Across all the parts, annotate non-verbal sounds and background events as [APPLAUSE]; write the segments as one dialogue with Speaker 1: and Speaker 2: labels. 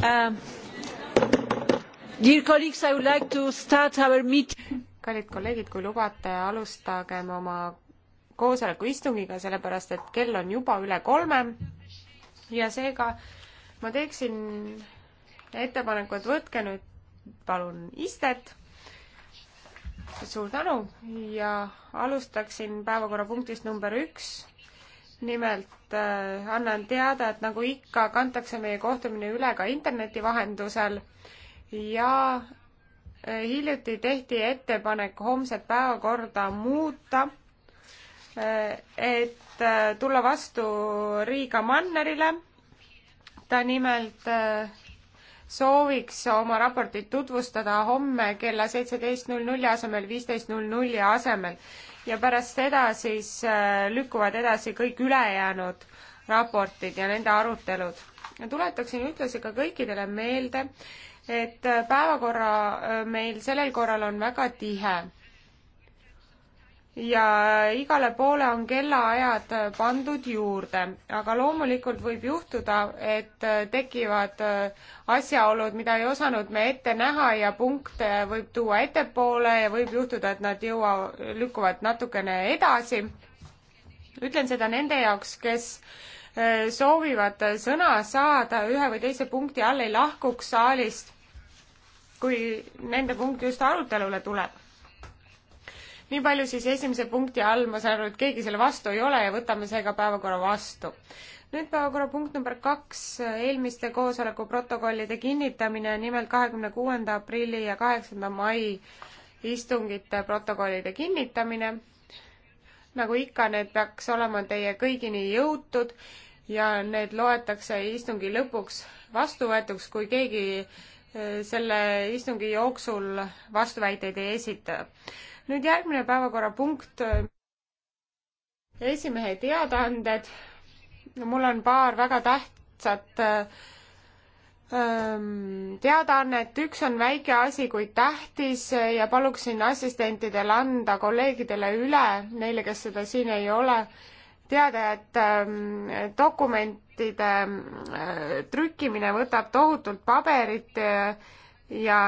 Speaker 1: Uh,
Speaker 2: dear colleagues, I would like to start our meeting. kallid kolleegid, kui lubate, alustagem oma koosoleku istungiga, sellepärast et kell on juba üle kolme ja seega ma teeksin ettepaneku, et võtke nüüd palun istet. suur tänu ja alustaksin päevakorrapunktist number üks nimelt äh, annan teada, et nagu ikka, kantakse meie kohtumine üle ka interneti vahendusel ja äh, hiljuti tehti ettepanek homset päevakorda muuta, äh, et tulla vastu Riiga Mannerile. ta nimelt sooviks oma raportit tutvustada homme kella seitseteist null nulli asemel viisteist null nulli asemel ja pärast seda siis äh, lükkuvad edasi kõik ülejäänud raportid ja nende arutelud. tuletaksin ühtlasi ka kõikidele meelde, et äh, päevakorra äh, meil sellel korral on väga tihe ja igale poole on kellaajad pandud juurde, aga loomulikult võib juhtuda, et tekivad asjaolud, mida ei osanud me ette näha ja punkte võib tuua ettepoole ja võib juhtuda, et nad jõua, lükkuvad natukene edasi. ütlen seda nende jaoks, kes äh, soovivad sõna saada ühe või teise punkti all, ei lahkuks saalist, kui nende punkt just arutelule tuleb nii palju siis esimese punkti all, ma saan aru, et keegi selle vastu ei ole ja võtame seega päevakorra vastu. nüüd päevakorrapunkt number kaks, eelmiste koosoleku protokollide kinnitamine, nimelt kahekümne kuuenda aprilli ja kaheksanda mai istungite protokollide kinnitamine. nagu ikka, need peaks olema teie kõigini jõutud ja need loetakse istungi lõpuks vastuvõetuks, kui keegi eh, selle istungi jooksul vastuväiteid ei esita nüüd järgmine päevakorrapunkt. Äh, esimehe teadaanded. mul on paar väga tähtsat äh, ähm, teadaannet, üks on väike asi, kuid tähtis äh, ja paluksin assistentidel anda kolleegidele üle, neile, kes seda siin ei ole, teada, et ähm, dokumentide trükkimine võtab tohutult paberit ja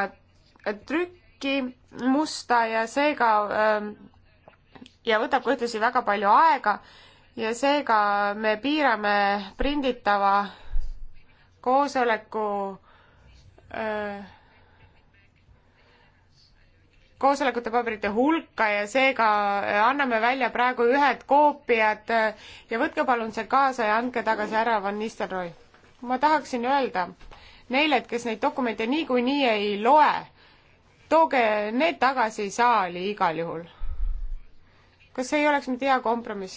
Speaker 2: trükki musta ja seega ähm, ja võtab ka ühtlasi väga palju aega ja seega me piirame prinditava koosoleku äh, koosolekute paberite hulka ja seega äh, anname välja praegu ühed koopiad äh, ja võtke palun see kaasa ja andke tagasi ära Van Nistelrooy. ma tahaksin öelda neile, et kes neid dokumente niikuinii ei loe, tooge need tagasi saali igal juhul. kas see ei oleks mitte hea kompromiss?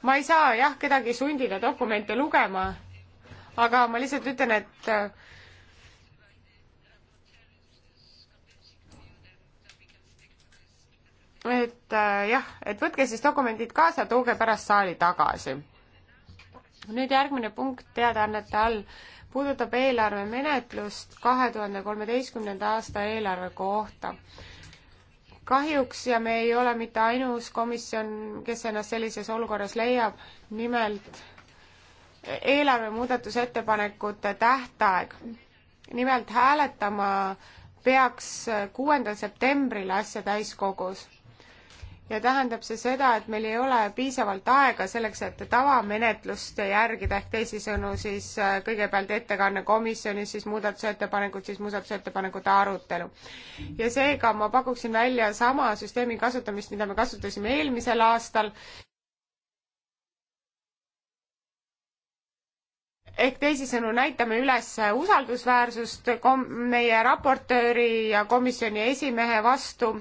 Speaker 2: ma ei saa jah kedagi sundida dokumente lugema, aga ma lihtsalt ütlen, et et jah, et võtke siis dokumendid kaasa, tooge pärast saali tagasi. nüüd järgmine punkt teadaannete all puudutab eelarvemenetlust kahe tuhande kolmeteistkümnenda aasta eelarve kohta. kahjuks ja me ei ole mitte ainus komisjon, kes ennast sellises olukorras leiab, nimelt eelarve muudatusettepanekute tähtaeg. nimelt hääletama peaks kuuendal septembril asja täiskogus ja tähendab see seda, et meil ei ole piisavalt aega selleks, et tavamenetlust järgida, ehk teisisõnu siis äh, kõigepealt ettekanne komisjonis, siis muudatusettepanekud, siis muudatusettepanekute arutelu. ja seega ma pakuksin välja sama süsteemi kasutamist, mida me kasutasime eelmisel aastal, ehk teisisõnu näitame üles usaldusväärsust kom-, meie raportööri ja komisjoni esimehe vastu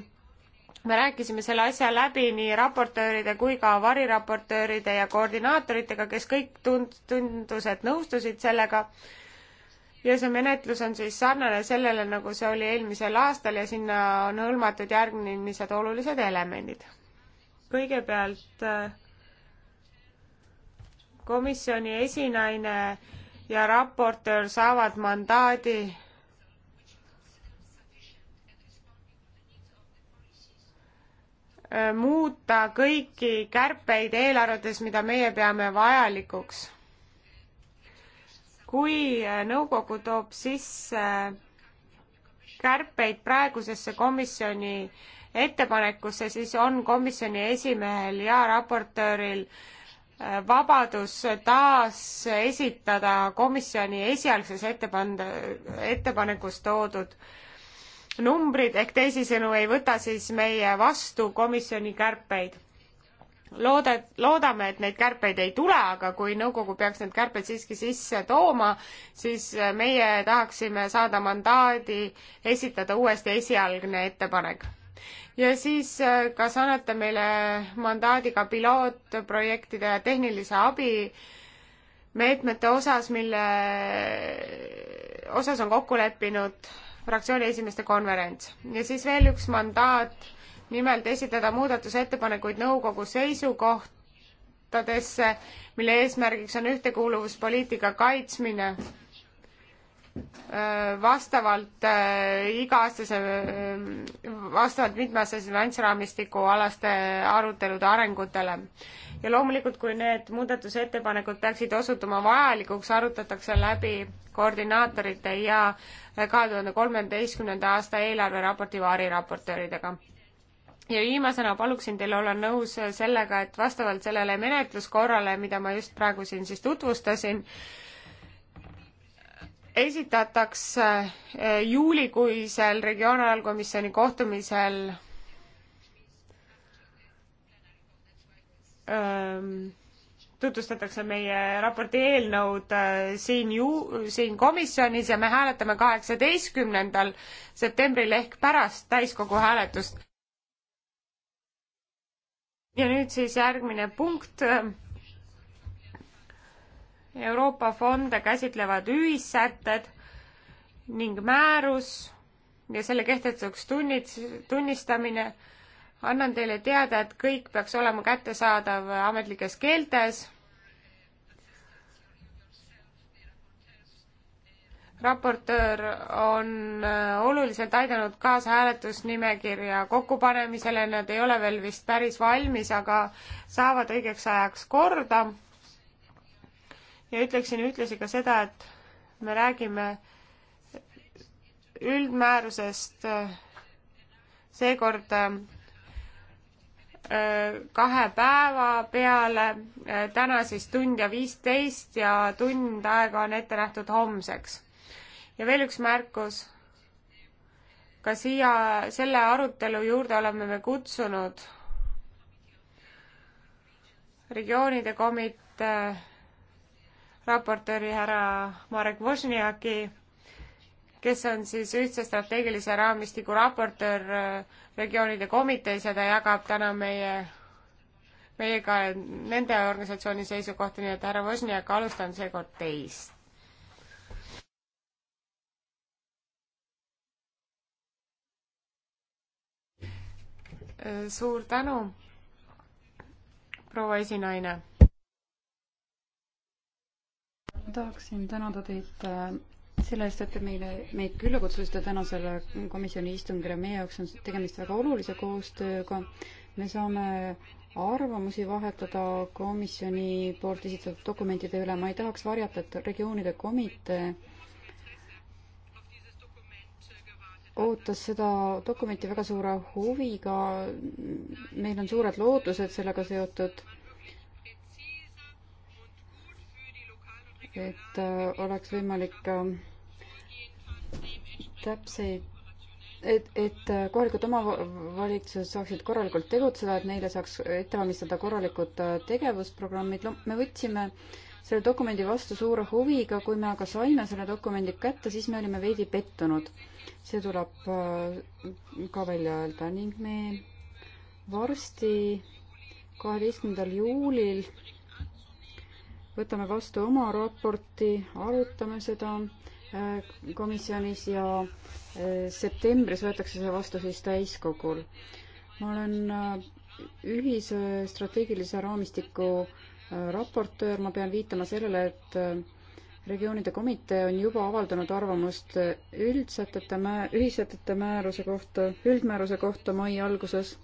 Speaker 2: me rääkisime selle asja läbi nii raportööride kui ka variraportööride ja koordinaatoritega, kes kõik tund-, tundus, et nõustusid sellega. ja see menetlus on siis sarnane sellele, nagu see oli eelmisel aastal ja sinna on hõlmatud järgmised olulised elemendid. kõigepealt komisjoni esinaine ja raportöör saavad mandaadi Äh, muuta kõiki kärpeid eelarvetes, mida meie peame vajalikuks. kui äh, nõukogu toob sisse äh, kärpeid praegusesse komisjoni ettepanekusse, siis on komisjoni esimehel ja raportööril vabadus taas esitada komisjoni esialgses ettepand-, ettepanekus toodud äh, numbrid ehk teisisõnu ei võta siis meie vastu komisjoni kärpeid. Loodet, loodame, et neid kärpeid ei tule, aga kui nõukogu peaks need kärped siiski sisse tooma, siis meie tahaksime saada mandaadi esitada uuesti esialgne ettepanek. ja siis, äh, kas annate meile mandaadi ka pilootprojektide ja tehnilise abi meetmete osas, mille osas on kokku leppinud fraktsiooni esimeeste konverents. ja siis veel üks mandaat, nimelt esitada muudatusettepanekuid nõukogu seisukohtadesse, mille eesmärgiks on ühtekuuluvuspoliitika kaitsmine äh, vastavalt äh, iga-aastase, äh, vastavalt mitmeaastase finantsraamistiku alaste arutelude arengutele. ja loomulikult, kui need muudatusettepanekud peaksid osutuma vajalikuks, arutatakse läbi koordinaatorite ja kahe tuhande kolmeteistkümnenda aasta eelarveraporti variraportööridega. ja viimasena paluksin teil olla nõus sellega, et vastavalt sellele menetluskorrale, mida ma just praegu siin siis tutvustasin, esitatakse eh, juulikuisel regionaalkomisjoni kohtumisel ähm, tutvustatakse meie raporti eelnõud äh, siin ju-, siin komisjonis ja me hääletame kaheksateistkümnendal septembril ehk pärast täiskogu hääletust. ja nüüd siis järgmine punkt. Euroopa fonde käsitlevad ühissätted ning määrus ja selle kehtetuks tunnid, tunnistamine annan teile teada, et kõik peaks olema kättesaadav ametlikes keeltes. raportöör on äh, oluliselt aidanud kaasa hääletusnimekirja kokkupanemisele, nad ei ole veel vist päris valmis, aga saavad õigeks ajaks korda. ja ütleksin ühtlasi ka seda, et me räägime üldmäärusest äh, seekord äh, kahe päeva peale, täna siis tund ja viisteist ja tund aega on ette nähtud homseks. ja veel üks märkus. ka siia selle arutelu juurde oleme me kutsunud regioonide komitee raportööri härra Marek Vožniaki kes on siis ühtse strateegilise raamistiku raportöör äh, regioonide komitees ja ta jagab täna meie, meiega nende organisatsiooni seisukohti, nii et härra Vosniak, alustan seekord teist. Äh, suur tänu, proua esinaine.
Speaker 3: tahaksin tänada teid äh, selle eest, et te meile, meid külla kutsusite tänasele komisjoni istungile. meie jaoks on tegemist väga olulise koostööga. me saame arvamusi vahetada komisjoni poolt esitatud dokumentide üle. ma ei tahaks varjata, et regioonide komitee ootas seda dokumenti väga suure huviga. meil on suured lootused sellega seotud. et oleks võimalik äh, täpseid et, et kohalikud omavalitsused saaksid korralikult tegutseda, et neile saaks ette valmistada korralikud äh, tegevusprogrammid. me võtsime selle dokumendi vastu suure huviga, kui me aga saime selle dokumendi kätte, siis me olime veidi pettunud. see tuleb äh, ka välja öelda ning me varsti, kaheteistkümnendal juulil võtame vastu oma raporti, arutame seda Äh, komisjonis ja äh, septembris võetakse see vastu siis täiskogul. ma olen äh, ühise strateegilise raamistiku raportöör, ma pean viitama sellele, et regioonide komitee on juba avaldanud arvamust üldsätete mä-, ühisätete määruse kohta, üldmääruse kohta mai alguses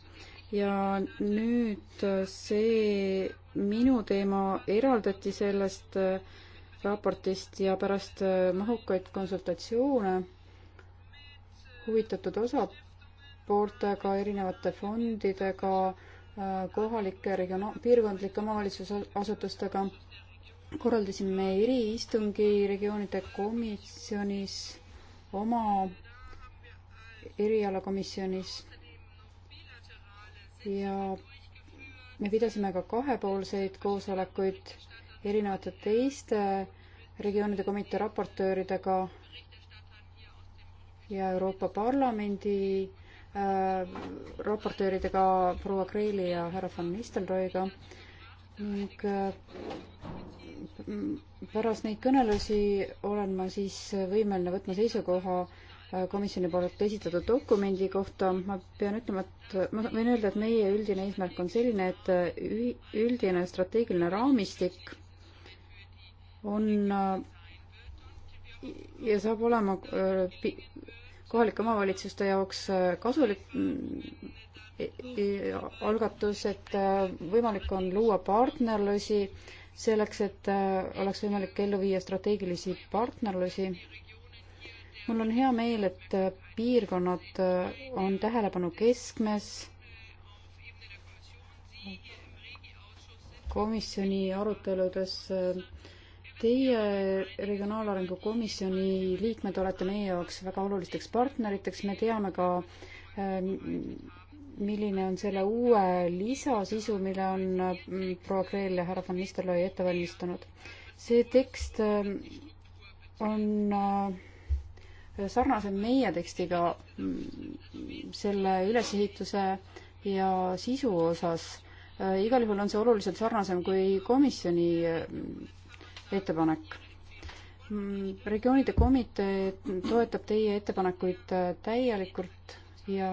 Speaker 3: ja nüüd see minu teema eraldati sellest äh, raportist ja pärast äh, mahukaid konsultatsioone huvitatud osapooltega, erinevate fondidega, äh, kohalike regionaal-, piirkondlike omavalitsusasutustega korraldasime eriistungi regioonide komisjonis, oma erialakomisjonis ja me pidasime ka kahepoolseid koosolekuid erinevate teiste regioonide komitee raportööridega ja Euroopa Parlamendi äh, raportööridega proua Kreili ja härra von Nistelrooiga ning äh, pärast neid kõnelusi olen ma siis võimeline võtma seisukoha äh, komisjoni poolt esitatud dokumendi kohta. ma pean ütlema, et ma võin öelda, et meie üldine eesmärk on selline, et äh, üldine strateegiline raamistik on ja saab olema äh, kohalike omavalitsuste jaoks äh, kasulik mm, e-, e-, algatus, et äh, võimalik on luua partnerlusi selleks, et oleks võimalik ellu viia strateegilisi partnerlusi. mul on hea meel, et piirkonnad on tähelepanu keskmes. komisjoni aruteludes äh, Teie Regionaalarengu Komisjoni liikmed olete meie jaoks väga olulisteks partneriteks, me teame ka, ähm, milline on selle uue lisasisu, mille on mm, proua Kreel ja härra Van Nistelrooy ette valmistanud. see tekst ähm, on äh, sarnasem meie tekstiga mm, selle ülesehituse ja sisu osas. Äh, igal juhul on see oluliselt sarnasem kui komisjoni äh, ettepanek. regioonide komitee toetab teie ettepanekuid täielikult ja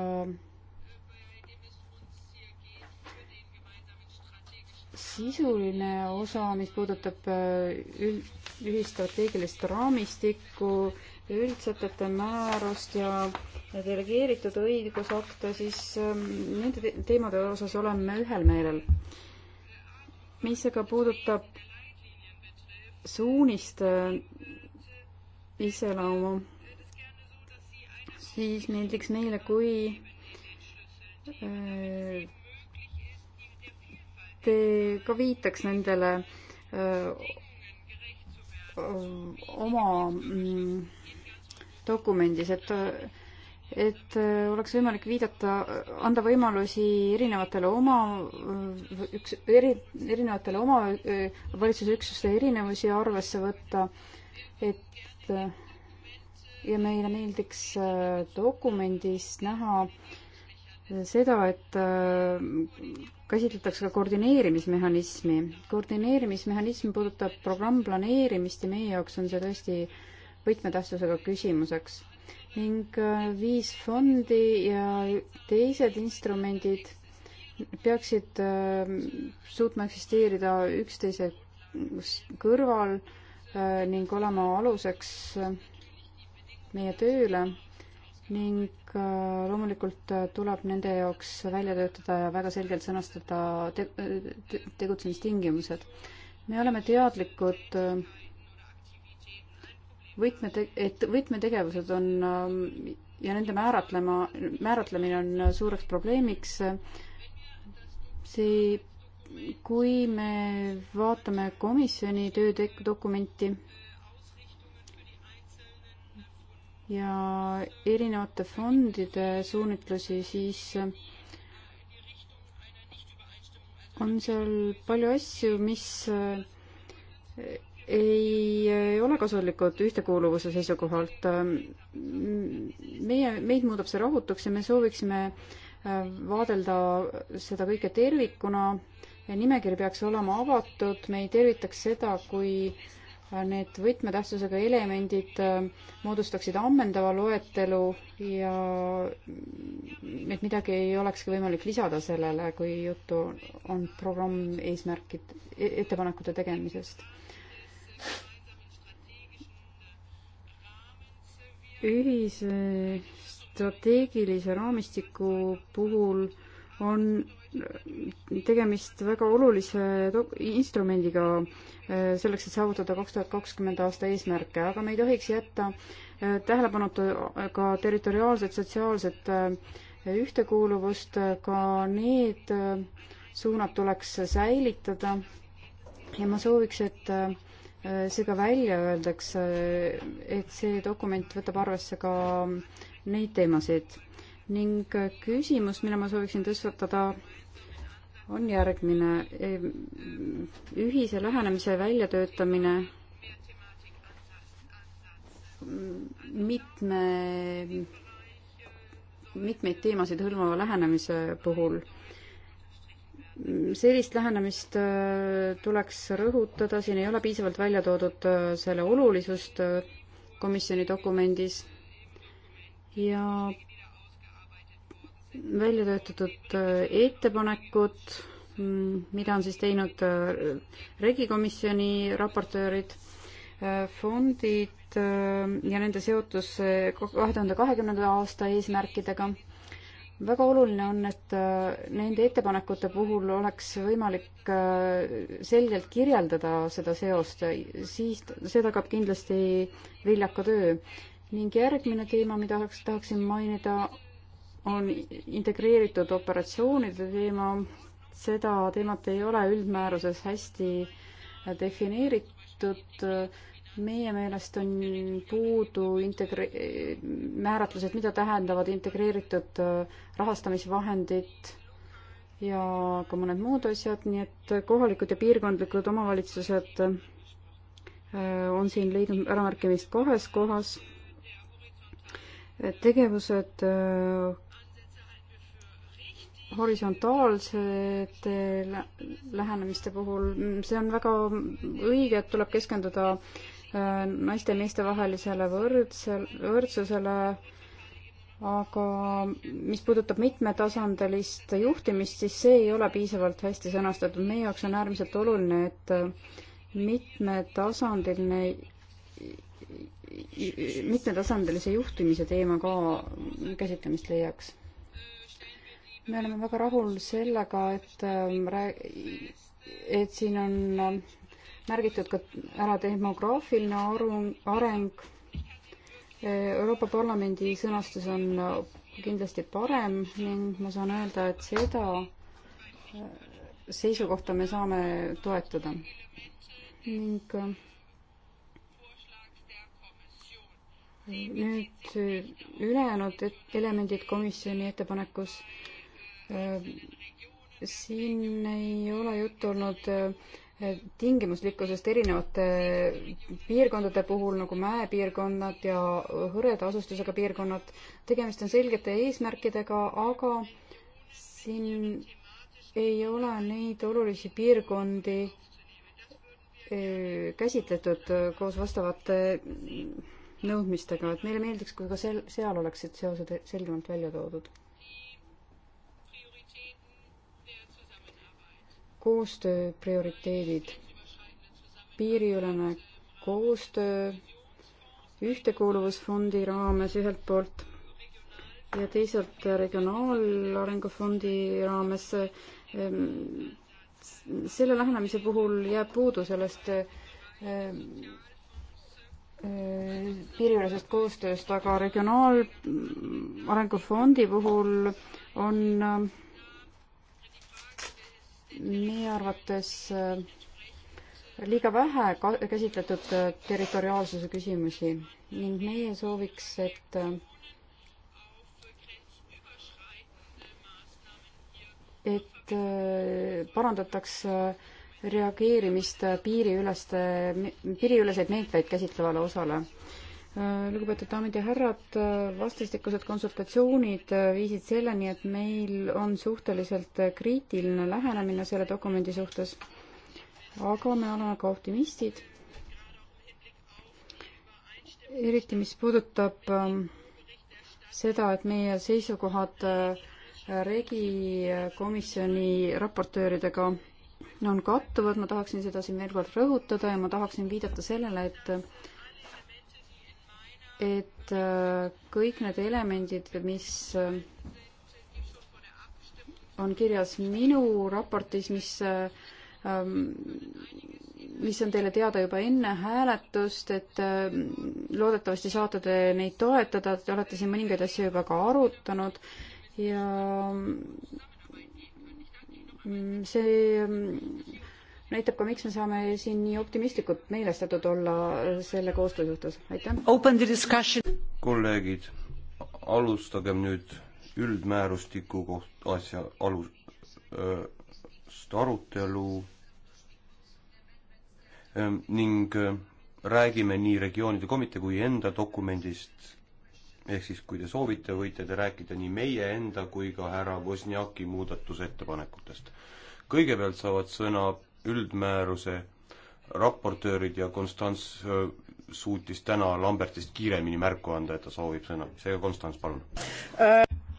Speaker 3: sisuline osa, mis puudutab äh, üld, ühistrateegilist raamistikku, üldsätete määrust ja delegeeritud õigusakte, siis ähm, nende teemade osas oleme ühel meelel. mis aga puudutab suunist äh, iseloomu, siis meeldiks meile, kui äh, te ka viitaks nendele äh, oma mm, dokumendis, et et äh, oleks võimalik viidata, anda võimalusi erinevatele oma, äh, üks, eri, erinevatele omavalitsusüksuste äh, erinevusi arvesse võtta, et ja meile meeldiks dokumendis näha seda, et käsitletakse ka koordineerimismehhanismi. koordineerimismehhanism puudutab programm planeerimist ja meie jaoks on see tõesti võtmetähtsusega küsimuseks ning äh, viis fondi ja teised instrumendid peaksid äh, suutma eksisteerida üksteise kõrval äh, ning olema aluseks meie tööle ning loomulikult tuleb nende jaoks välja töötada ja väga selgelt sõnastada te tegutsemistingimused. me oleme teadlikud võtmete-, et võtmetegevused on ähm, ja nende määratlema, määratlemine on äh, suureks probleemiks. see, kui me vaatame komisjoni töödokumenti ja erinevate fondide suunitlusi, siis äh, on seal palju asju, mis äh, ei, ei ole kasulikud ühtekuuluvuse seisukohalt. meie, meid muudab see rahutuks ja me sooviksime äh, vaadelda seda kõike tervikuna. nimekiri peaks olema avatud, me ei tervitaks seda, kui äh, need võtmetähtsusega elemendid äh, moodustaksid ammendava loetelu ja mm, et midagi ei olekski võimalik lisada sellele, kui juttu on programmi eesmärkid, e-, ettepanekute tegemisest ühise strateegilise raamistiku puhul on tegemist väga olulise instrumendiga äh, selleks, et saavutada kaks tuhat kakskümmend aasta eesmärke, aga me ei tohiks jätta äh, tähelepanuta ka territoriaalset, sotsiaalset äh, ühtekuuluvust, ka need suunad tuleks säilitada ja ma sooviks, et see ka välja öeldakse, et see dokument võtab arvesse ka neid teemasid. ning küsimus, mille ma sooviksin tõstatada, on järgmine. ühise lähenemise väljatöötamine mitme, mitmeid teemasid hõlmava lähenemise puhul sellist lähenemist äh, tuleks rõhutada, siin ei ole piisavalt välja toodud äh, selle olulisust äh, komisjoni dokumendis ja välja töötatud ettepanekud, mm, mida on siis teinud regikomisjoni raportöörid, fondid ja nende seotus kahe tuhande kahekümnenda aasta eesmärkidega väga oluline on, et äh, nende ettepanekute puhul oleks võimalik äh, selgelt kirjeldada seda seost, siis see tagab kindlasti viljaka töö. ning järgmine teema, mida tahaks, tahaksin mainida, on integreeritud operatsioonide teema. seda teemat ei ole üldmääruses hästi defineeritud äh, meie meelest on puudu integre-, määratlused, mida tähendavad integreeritud äh, rahastamisvahendid ja ka mõned muud asjad, nii et kohalikud ja piirkondlikud omavalitsused äh, on siin leidnud äramärkimist kahes kohas. tegevused äh, horisontaalsete lähenemiste puhul, mm, see on väga õige, et tuleb keskenduda äh, naiste ja meeste vahelisele võrdsel, võrdsusele, aga mis puudutab mitmetasandilist juhtimist, siis see ei ole piisavalt hästi sõnastatud. meie jaoks on äärmiselt oluline, et mitmetasandiline mitmetasandilise juhtimise teema ka käsitlemist leiaks. me oleme väga rahul sellega, et ähm, et siin on märgitud ka ära demograafiline areng. Euroopa Parlamendi sõnastus on kindlasti parem ning ma saan öelda, et seda seisukohta me saame toetada. ning nüüd ülejäänud elemendid komisjoni ettepanekus. siin ei ole juttu olnud äh, tingimuslikkusest erinevate piirkondade puhul, nagu mäepiirkonnad ja hõreda asustusega piirkonnad. tegemist on selgete eesmärkidega, aga siin ei ole neid olulisi piirkondi käsitletud koos vastavate nõudmistega, et meile meeldiks, kui ka sel, seal oleksid seosed selgemalt välja toodud koostöö prioriteedid, piiriülene koostöö ühtekuuluvusfondi raames ühelt poolt ja teisalt regionaalarengu fondi raames. Ehm, selle lähenemise puhul jääb puudu sellest ehm, ehm, piiriülesest koostööst, aga regionaalarengu fondi puhul on meie arvates äh, liiga vähe käsitletud äh, territoriaalsuse küsimusi ning meie sooviks, et äh, et parandataks reageerimist piiriüleste, piiriüleseid meetmeid käsitlevale osale lugupeetud daamid ja härrad, vastastikused konsultatsioonid viisid selleni, et meil on suhteliselt kriitiline lähenemine selle dokumendi suhtes, aga me oleme ka optimistid. eriti, mis puudutab ähm, seda, et meie seisukohad äh, regi komisjoni raportööridega on kattuvad, ma tahaksin seda siin veel kord rõhutada ja ma tahaksin viidata sellele, et et äh, kõik need elemendid, mis äh, on kirjas minu raportis, mis äh, ähm, mis on teile teada juba enne hääletust, et loodetavasti saate te neid toetada, te olete siin mõningaid asju juba ka arutanud ja mm, see mm, näitab ka, miks me saame siin nii optimistlikult meelestatud olla selle koostöö suhtes. aitäh!
Speaker 4: kolleegid, alustagem nüüd üldmäärustiku koht-, asja alust arutelu ehm, ning räägime nii regioonide komitee kui enda dokumendist, ehk siis kui te soovite, võite te rääkida nii meie enda kui ka härra Vosniaki muudatusettepanekutest. kõigepealt saavad sõna üldmääruse raportöörid ja Konstants äh, suutis täna Lambertist kiiremini märku anda, et ta soovib sõna. seega Konstants, palun.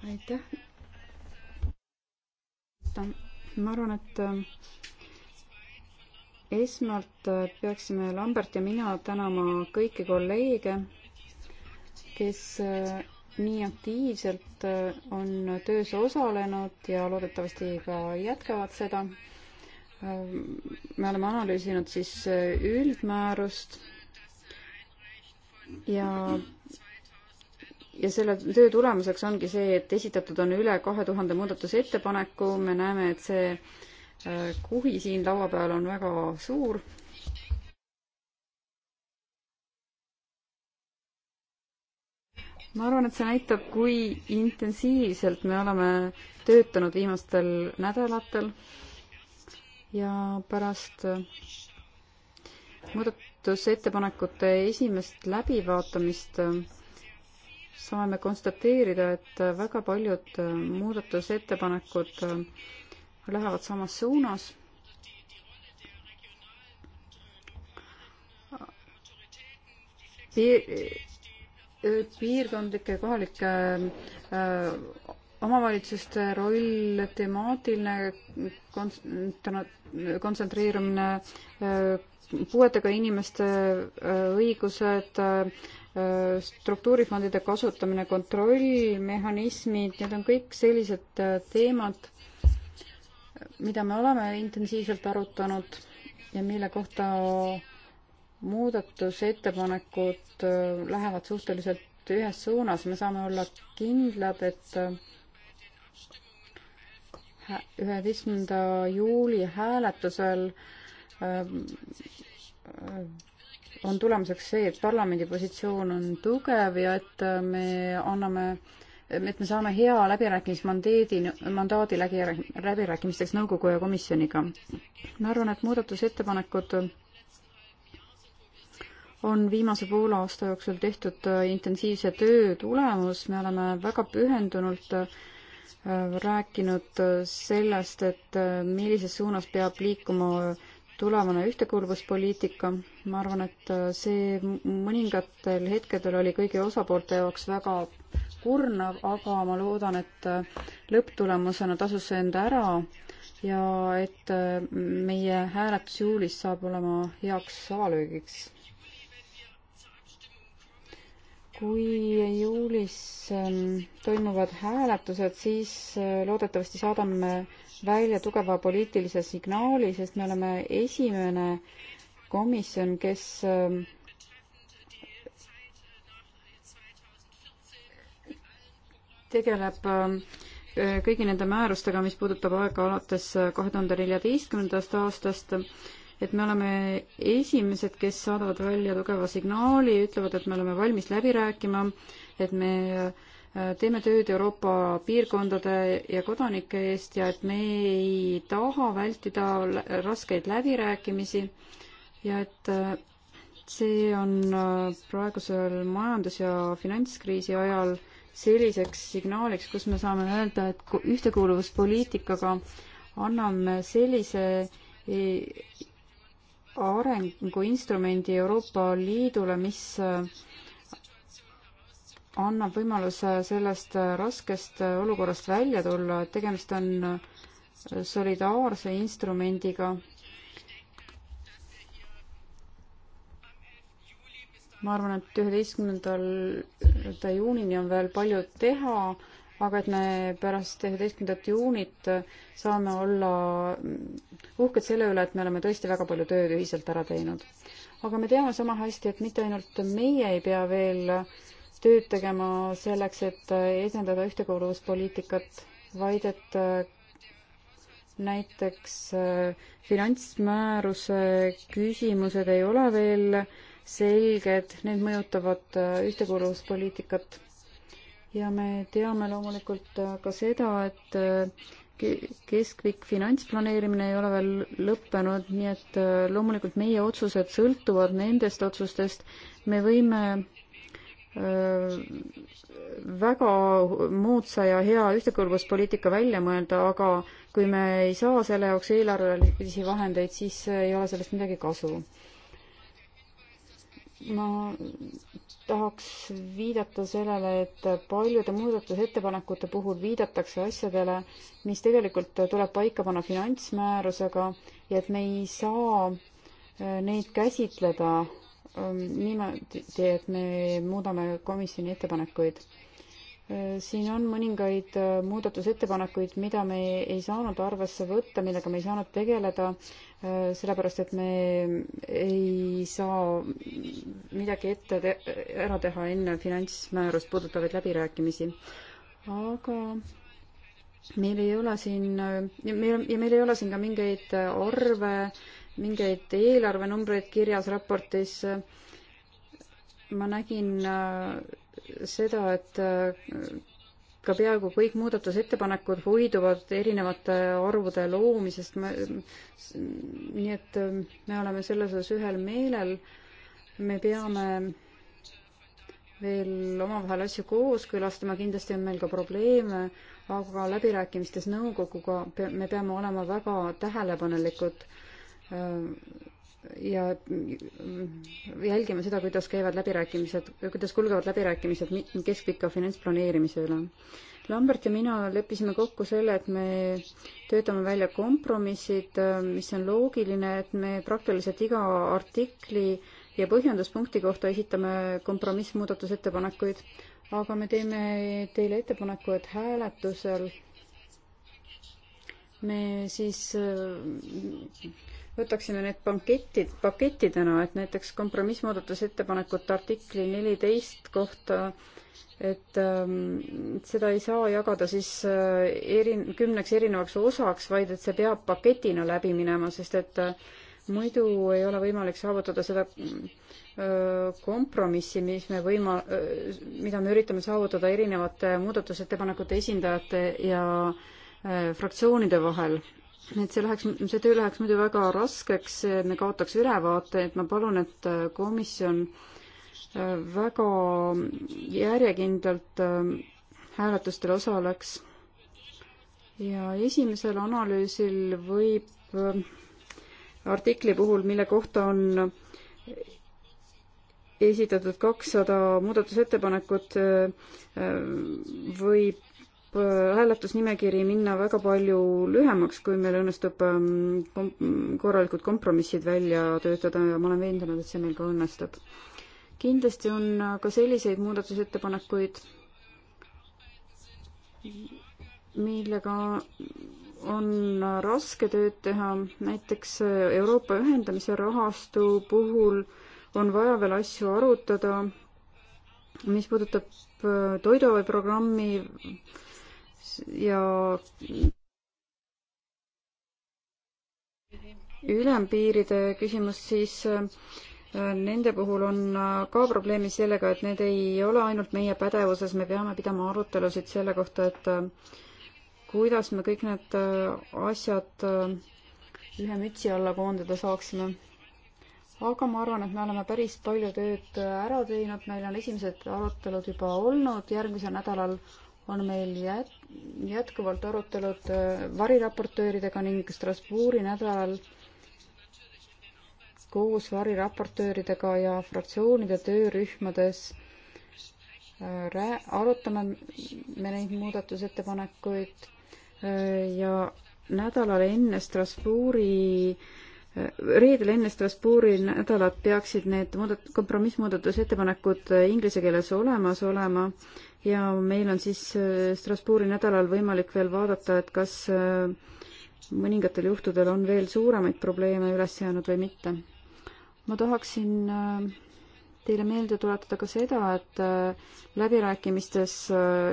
Speaker 3: aitäh. ma arvan, et äh, esmalt äh, peaksime Lambert ja mina tänama kõiki kolleege, kes nii aktiivselt on töös osalenud ja loodetavasti ka jätkavad seda me oleme analüüsinud siis üldmäärust ja ja selle töö tulemuseks ongi see, et esitatud on üle kahe tuhande muudatusettepaneku, me näeme, et see äh, kuhi siin laua peal on väga suur. ma arvan, et see näitab, kui intensiivselt me oleme töötanud viimastel nädalatel ja pärast äh, muudatusettepanekute esimest läbivaatamist äh, saame konstateerida, et äh, väga paljud muudatusettepanekud lähevad samas suunas. piir, piirkondlike kohalike äh, omavalitsuste roll, temaatiline kontsentreerumine, äh, puuetega inimeste äh, õigused, äh, struktuurifondide kasutamine, kontrollmehhanismid, need on kõik sellised teemad, mida me oleme intensiivselt arutanud ja mille kohta muudatusettepanekud lähevad suhteliselt ühes suunas, me saame olla kindlad, et üheteistkümnenda juuli hääletusel ähm, äh, on tulemuseks see, et parlamendi positsioon on tugev ja et äh, me anname, et me saame hea läbirääkimismandeedi, mandaadi läbi, läbirääkimisteks nõukogu ja komisjoniga. ma arvan, et muudatusettepanekud on viimase poole aasta jooksul tehtud äh, intensiivse töö tulemus, me oleme väga pühendunult äh, Äh, rääkinud äh, sellest, et äh, millises suunas peab liikuma tulevane ühtekuuluvuspoliitika. ma arvan, et see mõningatel hetkedel oli kõigi osapoolte jaoks väga kurnav, aga ma loodan, et lõpptulemusena tasus see enda ära ja et meie hääletus juulis saab olema heaks avalöögiks kui juulis ähm, toimuvad hääletused, siis äh, loodetavasti saadame välja tugeva poliitilise signaali, sest me oleme esimene komisjon, kes ähm, tegeleb ähm, kõigi nende määrustega, mis puudutab aega alates äh, kahe tuhande neljateistkümnendast aastast et me oleme esimesed, kes saadavad välja tugeva signaali, ütlevad, et me oleme valmis läbi rääkima, et me äh, teeme tööd Euroopa piirkondade ja kodanike eest ja et me ei taha vältida raskeid läbirääkimisi ja et äh, see on äh, praegusel majandus- ja finantskriisi ajal selliseks signaaliks, kus me saame öelda, et ühtekuuluvuspoliitikaga anname sellise e, arenguinstrumendi Euroopa Liidule, mis äh, annab võimaluse sellest äh, raskest äh, olukorrast välja tulla, et tegemist on solidaarse instrumendiga. ma arvan, et üheteistkümnendal juunini on veel palju teha aga et me pärast üheteistkümnendat juunit saame olla uhked selle üle, et me oleme tõesti väga palju tööd ühiselt ära teinud. aga me teame sama hästi, et mitte ainult meie ei pea veel tööd tegema selleks, et edendada ühtekuuluvuspoliitikat, vaid et näiteks finantsmääruse küsimused ei ole veel selged, need mõjutavad ühtekuuluvuspoliitikat ja me teame loomulikult äh, ka seda, et äh, keskpikk finantsplaneerimine ei ole veel lõppenud, nii et äh, loomulikult meie otsused sõltuvad nendest otsustest. me võime väga moodsa ja hea ühtekõlbuspoliitika välja mõelda, aga kui me ei saa selle jaoks eelarvelisi vahendeid, siis ei ole sellest midagi kasu ma tahaks viidata sellele, et paljude muudatusettepanekute puhul viidatakse asjadele, mis tegelikult tuleb paika panna finantsmäärusega ja et me ei saa äh, neid käsitleda ähm, niimoodi, et me muudame komisjoni ettepanekuid Äh, siin on mõningaid äh, muudatusettepanekuid, mida me ei saanud arvesse võtta, millega me ei saanud tegeleda, äh, sellepärast et me ei saa midagi ette te ära teha enne finantsmäärust puudutavaid läbirääkimisi. aga meil ei ole siin, meil, ja meil ei ole siin ka mingeid arve, mingeid eelarvenumbreid kirjas raportis, ma nägin seda, et äh, ka peaaegu kõik muudatusettepanekud hoiduvad erinevate arvude loomisest. nii et äh, me oleme selles osas ühel meelel. me peame veel omavahel asju kooskõlastama, kindlasti on meil ka probleeme, aga läbirääkimistes nõukoguga me peame olema väga tähelepanelikud äh, ja jälgime seda, kuidas käivad läbirääkimised, kuidas kulgevad läbirääkimised keskpika finantsplaneerimise üle. Lambert ja mina leppisime kokku selle, et me töötame välja kompromissid, mis on loogiline, et me praktiliselt iga artikli ja põhjenduspunkti kohta esitame kompromissmuudatusettepanekuid, aga me teeme teile ettepaneku, et hääletusel me siis võtaksime need panketid, pakettidena, et näiteks kompromissmuudatusettepanekute artikli neliteist kohta, et ähm, seda ei saa jagada siis äh, eri, kümneks erinevaks osaks, vaid et see peab paketina läbi minema, sest et äh, muidu ei ole võimalik saavutada seda äh, kompromissi, mis me võima-, äh, mida me üritame saavutada erinevate muudatusettepanekute esindajate ja äh, fraktsioonide vahel et see läheks, see töö läheks muidu väga raskeks, me kaotaks ülevaate, et ma palun, et komisjon äh, väga järjekindlalt äh, hääletustel osaleks. ja esimesel analüüsil võib äh, artikli puhul, mille kohta on esitatud kakssada muudatusettepanekut, võib Äh, hääletusnimekiri minna väga palju lühemaks, kui meil õnnestub ähm, kom-, korralikud kompromissid välja töötada ja ma olen veendunud, et see meil ka õnnestub. kindlasti on ka selliseid muudatusettepanekuid, millega on raske tööd teha, näiteks äh, Euroopa ühendamise rahastu puhul on vaja veel asju arutada, mis puudutab äh, toiduabiprogrammi ja ülempiiride küsimus, siis äh, nende puhul on äh, ka probleemi sellega, et need ei ole ainult meie pädevuses, me peame pidama arutelusid selle kohta, et äh, kuidas me kõik need asjad ühe mütsi alla koondada saaksime. aga ma arvan, et me oleme päris palju tööd ära teinud, meil on esimesed arutelud juba olnud, järgmisel nädalal on meil jät-, jätkuvalt arutelud äh, variraportööridega ning Strasbourgi nädalal koos variraportööridega ja fraktsioonide töörühmades äh, rää-, arutame me neid muudatusettepanekuid äh, ja nädalal enne Strasbourgi reedel enne Strasbourgi nädalat peaksid need muudat-, kompromissmuudatusettepanekud inglise keeles olemas olema ja meil on siis äh, Strasbourgi nädalal võimalik veel vaadata, et kas äh, mõningatel juhtudel on veel suuremaid probleeme üles jäänud või mitte. ma tahaksin äh, teile meelde tuletada ka seda, et läbirääkimistes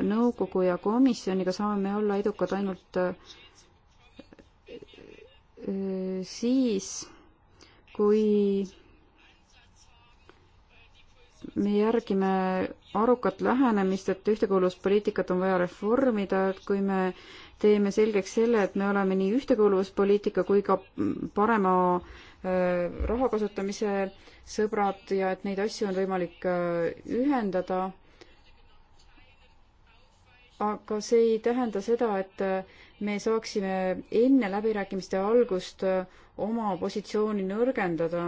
Speaker 3: nõukogu ja komisjoniga saame me olla edukad ainult siis, kui me järgime arukat lähenemist, et ühtekuuluvuspoliitikat on vaja reformida, et kui me teeme selgeks selle, et me oleme nii ühtekuuluvuspoliitika kui ka parema äh, raha kasutamise sõbrad ja et neid asju on võimalik äh, ühendada. aga see ei tähenda seda, et äh, me saaksime enne läbirääkimiste algust oma positsiooni nõrgendada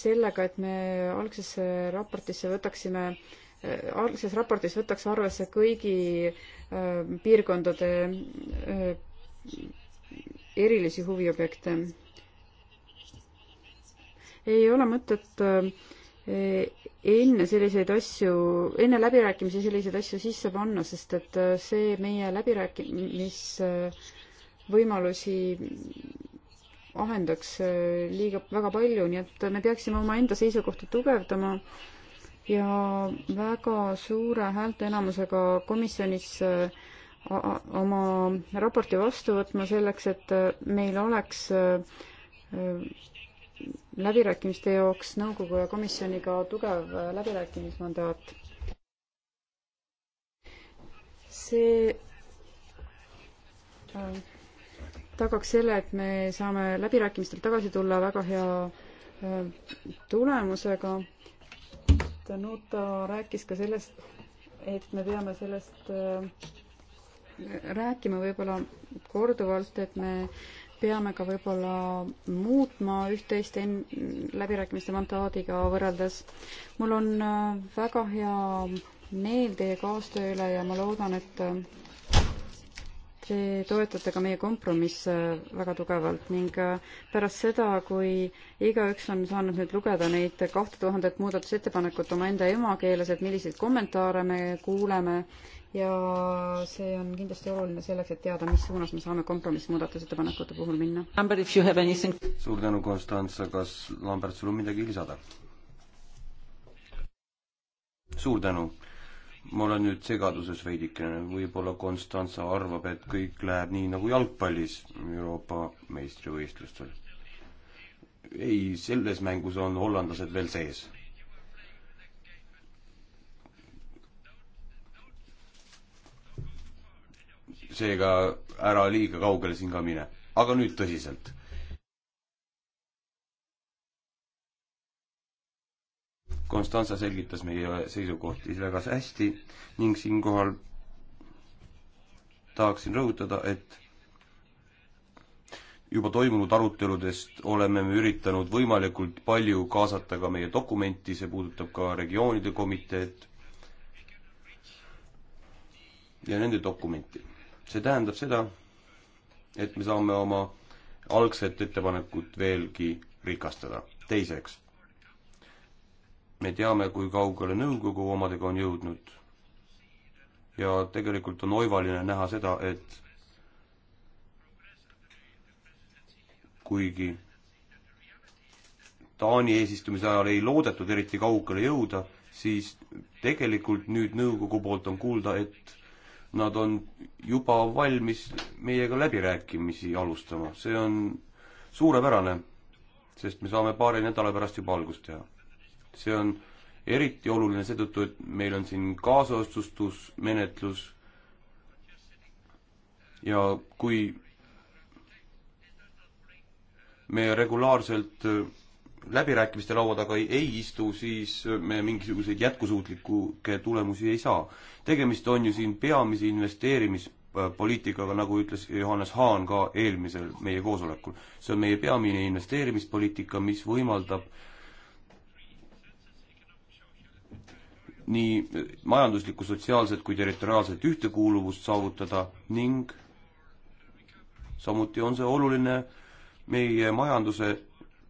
Speaker 3: sellega, et me algsesse raportisse võtaksime, algses raportis võtaks arvesse kõigi äh, piirkondade äh, erilisi huviobjekte. ei ole mõtet äh, enne selliseid asju, enne läbirääkimisi selliseid asju sisse panna, sest et see meie läbirääkimisvõimalusi ahendaks äh, liiga, väga palju, nii et me peaksime omaenda seisukohti tugevdama ja väga suure häälteenamusega komisjonis äh, oma raporti vastu võtma selleks, et äh, meil oleks läbirääkimiste jaoks nõukogu ja komisjoniga tugev läbirääkimismandaat. see tagaks selle, et me saame läbirääkimistel tagasi tulla väga hea äh, tulemusega. Danuta rääkis ka sellest, et me peame sellest äh, rääkima võib-olla korduvalt, et me peame ka võib-olla muutma üht-teist läbirääkimiste mandaadiga võrreldes. mul on äh, väga hea meel teie kaastöö üle ja ma loodan, et Te toetate ka meie kompromisse väga tugevalt ning äh, pärast seda, kui igaüks on saanud nüüd lugeda neid kahte tuhandet muudatusettepanekut omaenda emakeeles, et milliseid kommentaare me kuuleme ja see on kindlasti oluline selleks, et teada, mis suunas me saame kompromissmuudatusettepanekute puhul minna. Anything...
Speaker 4: suur tänu, Konstantse, kas Lambert, sul on midagi lisada? suur tänu ma olen nüüd segaduses veidikene, võib-olla Konstantsa arvab, et kõik läheb nii nagu jalgpallis Euroopa meistrivõistlustel. ei, selles mängus on hollandlased veel sees. seega ära liiga kaugele siin ka mine, aga nüüd tõsiselt Konstanza selgitas meie seisukohti väga hästi ning siinkohal tahaksin rõhutada, et juba toimunud aruteludest oleme me üritanud võimalikult palju kaasata ka meie dokumenti, see puudutab ka regioonide komiteed ja nende dokumenti. see tähendab seda, et me saame oma algset ettepanekut veelgi rikastada. teiseks me teame, kui kaugele nõukogu omadega on jõudnud. ja tegelikult on oivaline näha seda, et kuigi Taani eesistumise ajal ei loodetud eriti kaugele jõuda, siis tegelikult nüüd nõukogu poolt on kuulda, et nad on juba valmis meiega läbirääkimisi alustama. see on suurepärane, sest me saame paari nädala pärast juba algust teha see on eriti oluline seetõttu, et meil on siin kaasotsustusmenetlus ja kui me regulaarselt äh, läbirääkimiste laua taga ei, ei istu, siis äh, me mingisuguseid jätkusuutlikke tulemusi ei saa. tegemist on ju siin peamise investeerimispoliitikaga, nagu ütles Johannes Haan ka eelmisel meie koosolekul. see on meie peamine investeerimispoliitika, mis võimaldab äh, nii majanduslikku, sotsiaalset kui territoriaalset ühtekuuluvust saavutada ning samuti on see oluline meie majanduse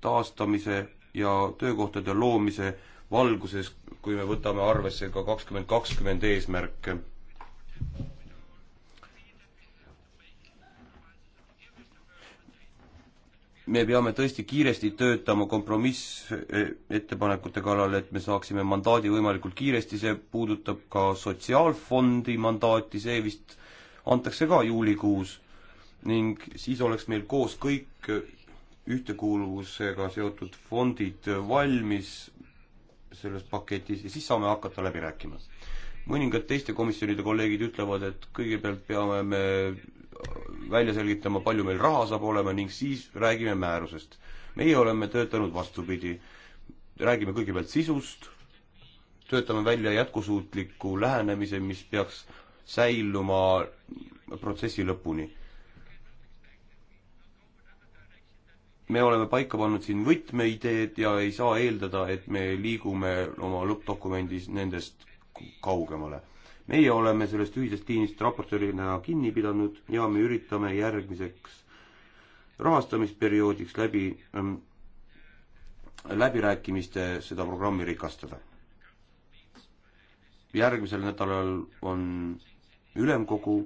Speaker 4: taastamise ja töökohtade loomise valguses, kui me võtame arvesse ka kakskümmend kakskümmend eesmärke. me peame tõesti kiiresti töötama kompromissettepanekute kallal, et me saaksime mandaadi võimalikult kiiresti, see puudutab ka sotsiaalfondi mandaati, see vist antakse ka juulikuus. ning siis oleks meil koos kõik ühtekuuluvusega seotud fondid valmis selles paketis ja siis saame hakata läbi rääkima. mõningad teiste komisjonide kolleegid ütlevad, et kõigepealt peame me välja selgitama, palju meil raha saab olema ning siis räägime määrusest. meie oleme töötanud vastupidi. räägime kõigepealt sisust, töötame välja jätkusuutliku lähenemise, mis peaks säiluma protsessi lõpuni. me oleme paika pannud siin võtmeideed ja ei saa eeldada, et me liigume oma lõppdokumendis nendest kaugemale meie oleme sellest ühisest liinist raportöörina kinni pidanud ja me üritame järgmiseks rahastamisperioodiks läbi ähm,, läbirääkimiste seda programmi rikastada. järgmisel nädalal on ülemkogu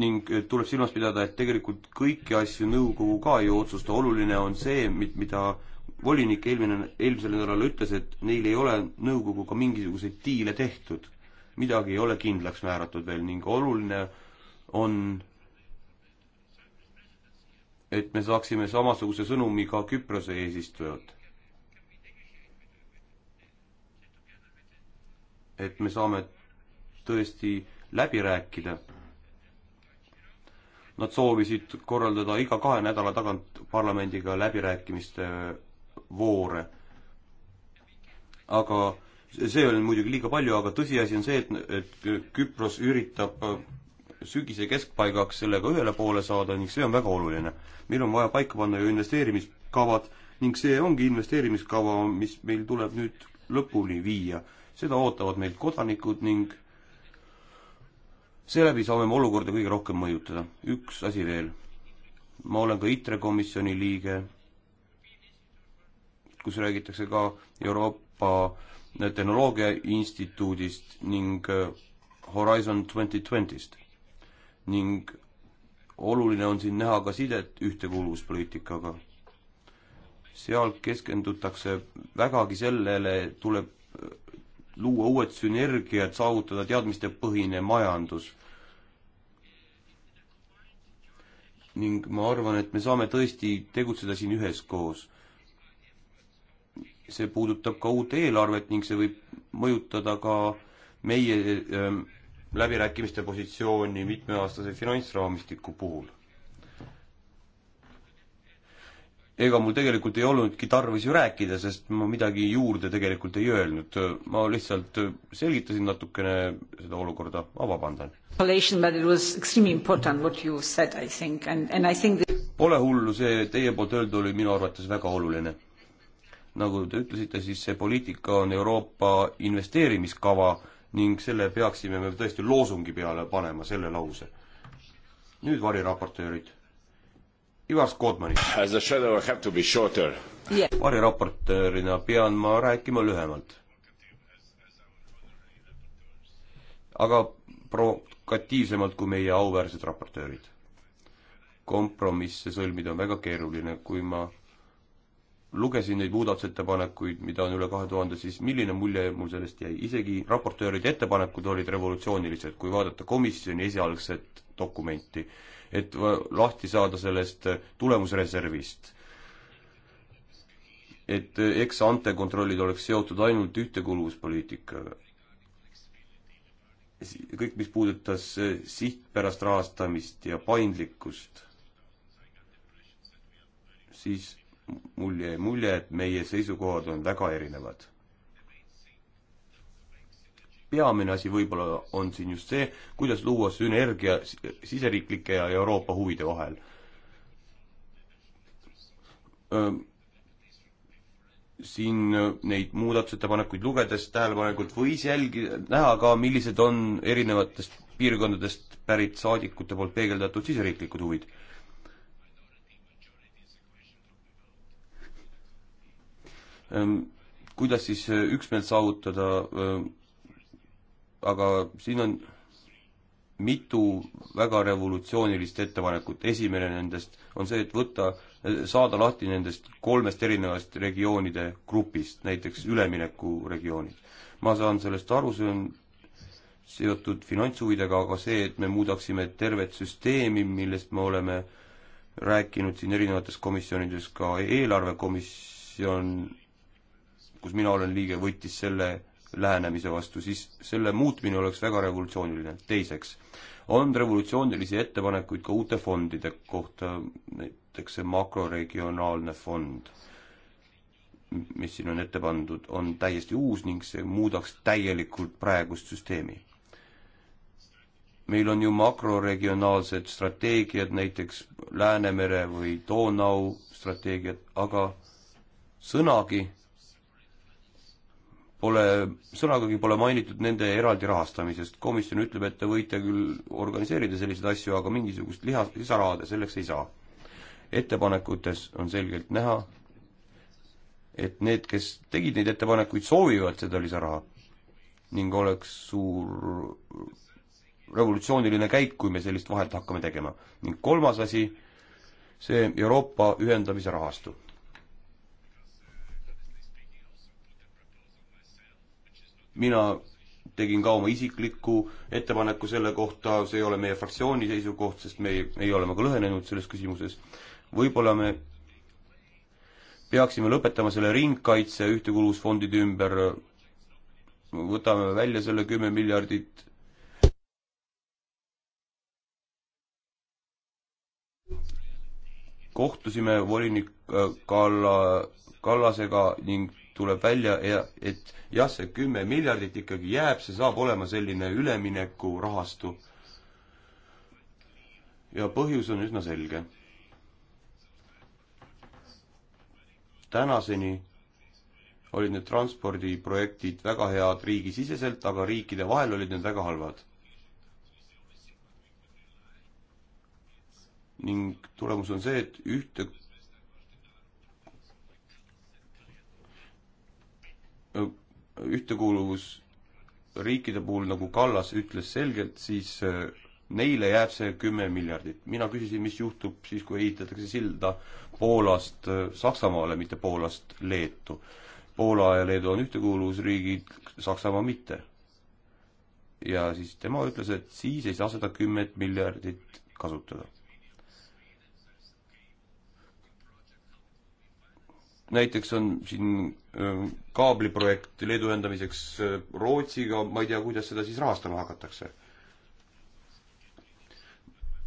Speaker 4: ning tuleb silmas pidada, et tegelikult kõiki asju nõukogu ka ei otsusta, oluline on see, mida volinik eelmine, eelmisel nädalal ütles, et neil ei ole nõukoguga mingisuguseid diile tehtud. midagi ei ole kindlaks määratud veel ning oluline on, et me saaksime samasuguse sõnumi ka Küprose eesistujalt. et me saame tõesti läbi rääkida Nad soovisid korraldada iga kahe nädala tagant parlamendiga läbirääkimiste voore. aga see on muidugi liiga palju, aga tõsiasi on see, et, et Küpros üritab sügise keskpaigaks sellega ühele poole saada ning see on väga oluline. meil on vaja paika panna ju investeerimiskavad ning see ongi investeerimiskava, mis meil tuleb nüüd lõpuni viia. seda ootavad meilt kodanikud ning seeläbi saame me olukorda kõige rohkem mõjutada. üks asi veel. ma olen ka ITRE komisjoni liige, kus räägitakse ka Euroopa Tehnoloogia Instituudist ning Horizon 2020-st ning oluline on siin näha ka sidet ühtekuuluvuspoliitikaga. seal keskendutakse vägagi sellele, tuleb luua uued sünergiad, saavutada teadmistepõhine majandus. ning ma arvan, et me saame tõesti tegutseda siin üheskoos. see puudutab ka uut eelarvet ning see võib mõjutada ka meie ähm, läbirääkimiste positsiooni mitmeaastase finantsraamistiku puhul ega mul tegelikult ei olnudki tarvis ju rääkida, sest ma midagi juurde tegelikult ei öelnud. ma lihtsalt selgitasin natukene seda olukorda, ma ah, vabandan. Pole hullu, see teie poolt öeldu oli minu arvates väga oluline. nagu te ütlesite, siis see poliitika on Euroopa investeerimiskava ning selle peaksime me tõesti loosungi peale panema, selle lause. nüüd variraportöörid Ivar Skodmani. As a shadow I have to be shorter yeah.. variraportöörina pean ma rääkima lühemalt. aga provokatiivsemalt kui meie auväärsed raportöörid. kompromisse sõlmida on väga keeruline, kui ma lugesin neid muudatusettepanekuid, mida on üle kahe tuhande, siis milline mulje mul sellest jäi, isegi raportööride ettepanekud olid revolutsioonilised, kui vaadata komisjoni esialgset dokumenti et lahti saada sellest tulemusreservist. et eks eh, antekontrollid oleks seotud ainult ühtekuuluvuspoliitikaga. kõik, mis puudutas eh, sihtpärast rahastamist ja paindlikkust, siis mul jäi mulje, et meie seisukohad on väga erinevad peamine asi võib-olla on siin just see, kuidas luua sünergia siseriiklike ja Euroopa huvide vahel. siin neid muudatusettepanekuid lugedes tähelepanelikult võis jälgida, näha ka, millised on erinevatest piirkondadest pärit saadikute poolt peegeldatud siseriiklikud huvid kuidas siis üksmeelt saavutada aga siin on mitu väga revolutsioonilist ettepanekut, esimene nendest on see, et võtta, saada lahti nendest kolmest erinevast regioonide grupist, näiteks üleminekuregioonid. ma saan sellest aru, see on seotud finantshuvidega, aga see, et me muudaksime tervet süsteemi, millest me oleme rääkinud siin erinevates komisjonides, ka eelarvekomisjon, kus mina olen liige, võttis selle lähenemise vastu, siis selle muutmine oleks väga revolutsiooniline. teiseks, on revolutsioonilisi ettepanekuid ka uute fondide kohta, näiteks see makroregionaalne fond, mis siin on ette pandud, on täiesti uus ning see muudaks täielikult praegust süsteemi. meil on ju makroregionaalsed strateegiad, näiteks Läänemere või Donau strateegiad, aga sõnagi pole, sõnagagi pole mainitud nende eraldi rahastamisest. komisjon ütleb, et te võite küll organiseerida selliseid asju, aga mingisugust liha, lisaraha te selleks ei saa. ettepanekutes on selgelt näha, et need, kes tegid neid ettepanekuid, soovivad seda lisaraha ning oleks suur revolutsiooniline käik, kui me sellist vahet hakkame tegema. ning kolmas asi, see Euroopa ühendamise rahastu mina tegin ka oma isikliku ettepaneku selle kohta, see ei ole meie fraktsiooni seisukoht, sest me ei, ei ole väga lõhenenud selles küsimuses. võib-olla me peaksime lõpetama selle ringkaitse ühtekuuluvusfondide ümber, võtame välja selle kümme miljardit, kohtusime volinik äh, Kalla, Kallasega ning tuleb välja ja et jah, see kümme miljardit ikkagi jääb, see saab olema selline üleminekurahastu. ja põhjus on üsna selge. tänaseni olid need transpordiprojektid väga head riigisiseselt, aga riikide vahel olid need väga halvad. ning tulemus on see, et ühte ühtekuuluvusriikide puhul, nagu Kallas ütles selgelt, siis neile jääb see kümme miljardit. mina küsisin, mis juhtub siis, kui ehitatakse silda Poolast Saksamaale, mitte Poolast Leetu. Poola ja Leedu on ühtekuuluvusriigid, Saksamaa mitte. ja siis tema ütles, et siis ei saa seda kümmet miljardit kasutada näiteks on siin äh, kaabliprojekt Leedu ühendamiseks äh, Rootsiga, ma ei tea, kuidas seda siis rahastama hakatakse.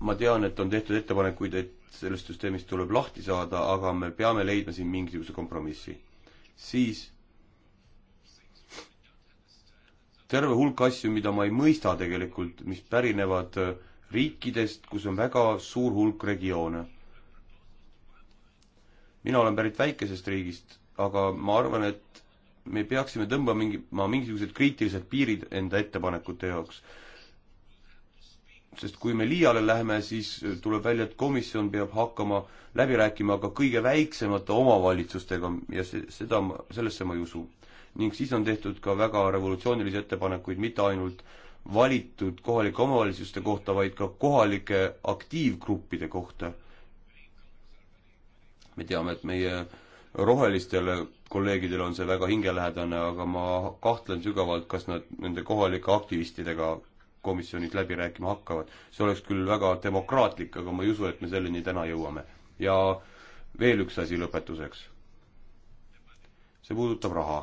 Speaker 4: ma tean, et on tehtud ettepanekuid, et sellest süsteemist tuleb lahti saada, aga me peame leidma siin mingisuguse kompromissi. siis terve hulk asju, mida ma ei mõista tegelikult, mis pärinevad äh, riikidest, kus on väga suur hulk regioone mina olen pärit väikesest riigist, aga ma arvan, et me peaksime tõmbama mingi, ma mingisugused kriitilised piirid enda ettepanekute jaoks. sest kui me liiale läheme, siis tuleb välja, et komisjon peab hakkama läbi rääkima ka kõige väiksemate omavalitsustega ja see, seda ma, sellesse ma ei usu. ning siis on tehtud ka väga revolutsioonilisi ettepanekuid, mitte ainult valitud kohalike omavalitsuste kohta, vaid ka kohalike aktiivgruppide kohta me teame, et meie rohelistele kolleegidele on see väga hingelähedane, aga ma kahtlen sügavalt, kas nad nende kohalike aktivistidega komisjonis läbi rääkima hakkavad. see oleks küll väga demokraatlik, aga ma ei usu, et me selleni täna jõuame. ja veel üks asi lõpetuseks. see puudutab raha.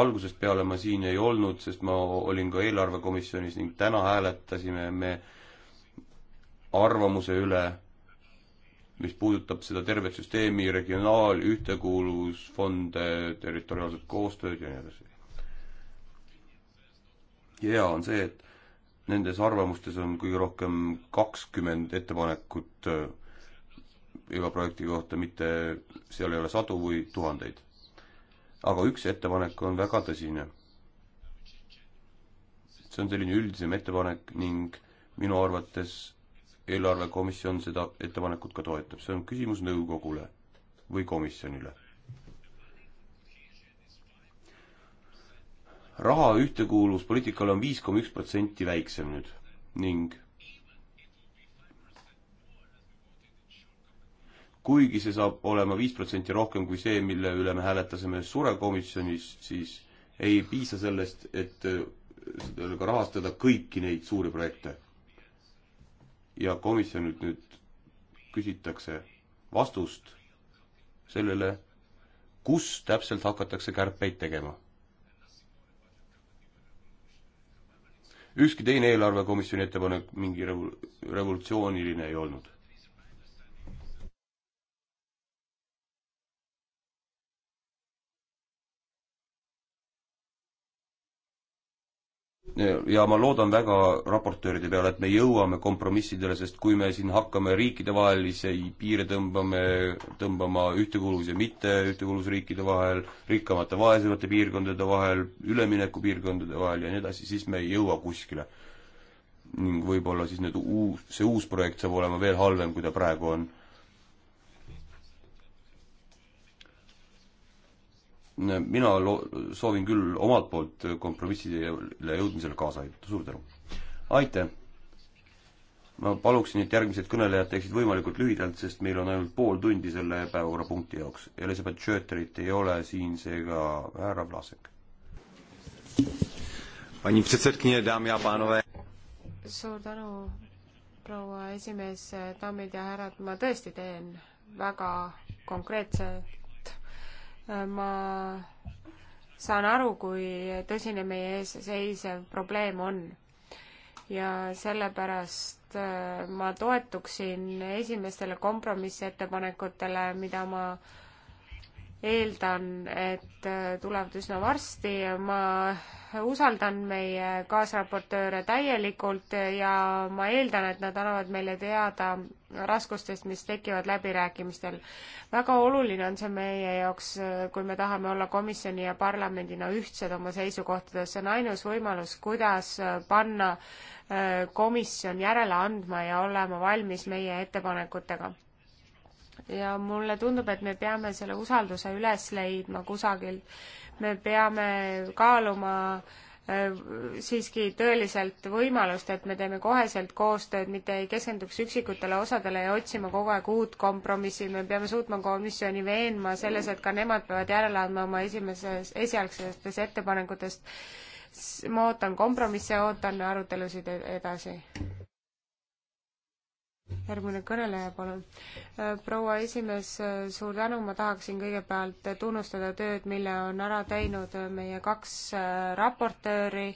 Speaker 4: algusest peale ma siin ei olnud, sest ma olin ka eelarvekomisjonis ning täna hääletasime me äh, arvamuse üle, mis puudutab seda tervet süsteemi, regionaal-, ühtekuuluvusfonde, territoriaalset koostööd ja nii edasi. hea on see, et nendes arvamustes on kõige rohkem kakskümmend ettepanekut äh, iga projekti kohta, mitte seal ei ole sadu või tuhandeid. aga üks ettepanek on väga tõsine. see on selline üldisem ettepanek ning minu arvates eelarvekomisjon seda ettepanekut ka toetab, see on küsimus nõukogule või komisjonile. raha ühtekuuluvuspoliitikale on viis koma üks protsenti väiksem nüüd ning kuigi see saab olema viis protsenti rohkem kui see, mille üle me hääletasime surekomisjonis, siis ei piisa sellest, et sellega rahastada kõiki neid suuri projekte ja komisjonilt nüüd küsitakse vastust sellele, kus täpselt hakatakse kärpeid tegema. ükski teine eelarvekomisjoni ettepanek mingi revo-, revolutsiooniline ei olnud. ja ma loodan väga raportööride peale, et me jõuame kompromissidele, sest kui me siin hakkame riikidevahelisi piire tõmbame, tõmbama ühtekuuluvus- ja mitteühtekuuluvusriikide vahel, rikkamate vaesemate piirkondade vahel, üleminekupiirkondade vahel ja nii edasi, siis me ei jõua kuskile. ning võib-olla siis need uus, see uus projekt saab olema veel halvem, kui ta praegu on mina lo-, soovin küll omalt poolt kompromissile jõudmisele kaasa aidata, suur tänu! aitäh! ma paluksin, et järgmised kõnelejad teeksid võimalikult lühidalt, sest meil on ainult pool tundi selle päevakorrapunkti jaoks. Elizabeth Schöterit ei ole siin, seega härra Vlasek.
Speaker 2: suur tänu, proua esimees, daamid ja härrad, ma tõesti teen väga konkreetse ma saan aru, kui tõsine meie ees seisev probleem on. ja sellepärast äh, ma toetuksin esimestele kompromissettepanekutele, mida ma eeldan, et äh, tulevad üsna varsti ja ma usaldan meie kaasraportööre täielikult ja ma eeldan, et nad annavad meile teada raskustest, mis tekivad läbirääkimistel. väga oluline on see meie jaoks, kui me tahame olla komisjoni ja parlamendina ühtsed oma seisukohtades, see on ainus võimalus, kuidas panna äh, komisjon järele andma ja olema valmis meie ettepanekutega ja mulle tundub, et me peame selle usalduse üles leidma kusagilt me peame kaaluma äh, siiski tõeliselt võimalust, et me teeme koheselt koostööd, mitte ei keskenduks üksikutele osadele ja otsima kogu aeg uut kompromissi, me peame suutma komisjoni veenma selles, et ka nemad peavad järele andma oma esimeses, esialgsetest ettepanekutest. ma ootan kompromisse, ootan arutelusid e-, edasi järgmine kõneleja, palun. Äh, proua esimees, äh, suur tänu, ma tahaksin kõigepealt tunnustada tööd, mille on ära teinud äh, meie kaks raportööri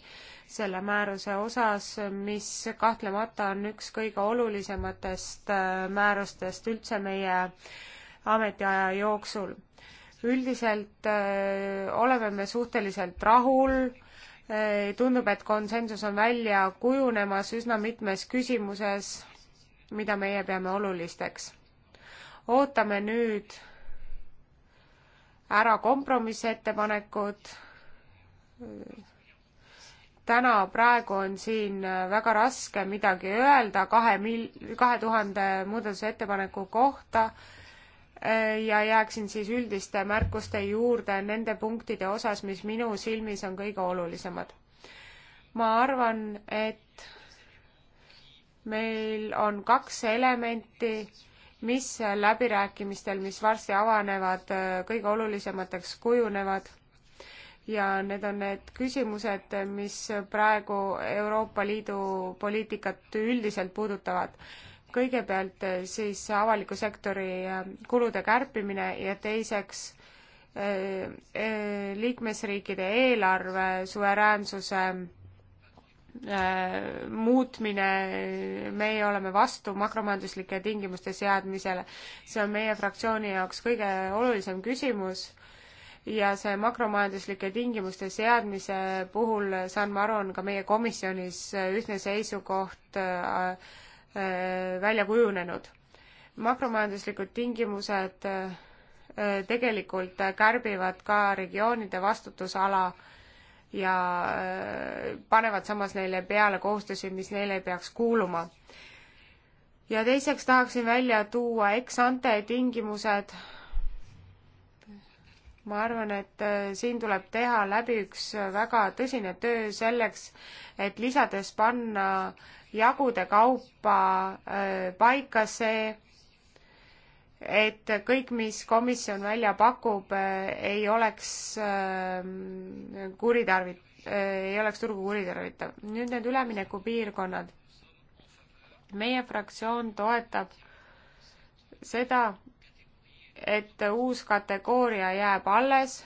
Speaker 2: selle määruse osas, mis kahtlemata on üks kõige olulisematest määrustest üldse meie ametiaja jooksul. üldiselt öö, oleme me suhteliselt rahul tundub, et konsensus on välja kujunemas üsna mitmes küsimuses mida meie peame olulisteks. ootame nüüd ära kompromissettepanekud. täna, praegu on siin väga raske midagi öelda kahe mil-, kahe tuhande muudatusettepaneku kohta ja jääksin siis üldiste märkuste juurde nende punktide osas, mis minu silmis on kõige olulisemad. ma arvan, et meil on kaks elementi, mis läbirääkimistel, mis varsti avanevad, kõige olulisemateks kujunevad. ja need on need küsimused, mis praegu Euroopa Liidu poliitikat üldiselt puudutavad kõigepealt siis avaliku sektori kulude kärpimine ja teiseks eh, eh, liikmesriikide eelarve suveräänsuse Äh, muutmine, meie oleme vastu makromajanduslike tingimuste seadmisele. see on meie fraktsiooni jaoks kõige olulisem küsimus ja see makromajanduslike tingimuste seadmise puhul, saan ma aru, on ka meie komisjonis ühtne seisukoht äh, äh, välja kujunenud. makromajanduslikud tingimused tegelikult kärbivad ka regioonide vastutusala äh, ja äh, panevad samas neile peale kohustusi, mis neile ei peaks kuuluma. ja teiseks tahaksin välja tuua ex-ante tingimused. ma arvan, et äh, siin tuleb teha läbi üks väga tõsine töö selleks, et lisades panna jagude kaupa äh, paika see, et kõik, mis komisjon välja pakub, eh, ei oleks ähm, kuritarvit-, eh, ei oleks turgu kuritarvitav. nüüd need üleminekupiirkonnad. meie fraktsioon toetab seda, et uus kategooria jääb alles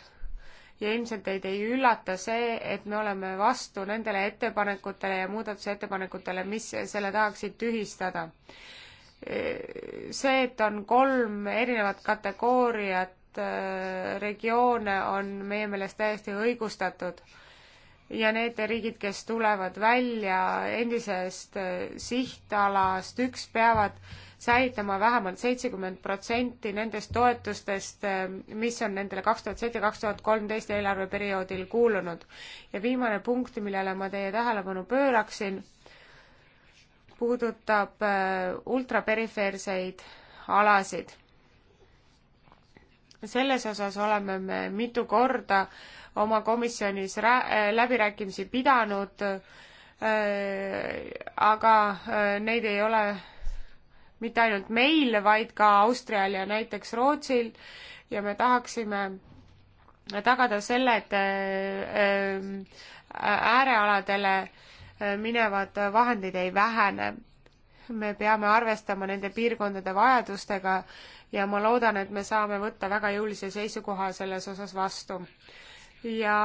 Speaker 2: ja ilmselt teid ei üllata see, et me oleme vastu nendele ettepanekutele ja muudatusettepanekutele, mis selle tahaksid tühistada see, et on kolm erinevat kategooriat äh, regioone, on meie meelest täiesti õigustatud. ja need riigid, kes tulevad välja endisest äh, sihtalast, üks peavad säilitama vähemalt seitsekümmend protsenti nendest toetustest, äh, mis on nendele kaks tuhat seitse, kaks tuhat kolmteist eelarveperioodil kuulunud. ja viimane punkt, millele ma teie tähelepanu pööraksin puudutab äh, ultraperifeerseid alasid. selles osas oleme me mitu korda oma komisjonis rää-, äh, läbirääkimisi pidanud, äh, aga neid ei ole mitte ainult meil, vaid ka Austrial ja näiteks Rootsil ja me tahaksime tagada selle, et äärealadele äh, minevad vahendid ei vähene. me peame arvestama nende piirkondade vajadustega ja ma loodan, et me saame võtta väga jõulise seisukoha selles osas vastu. ja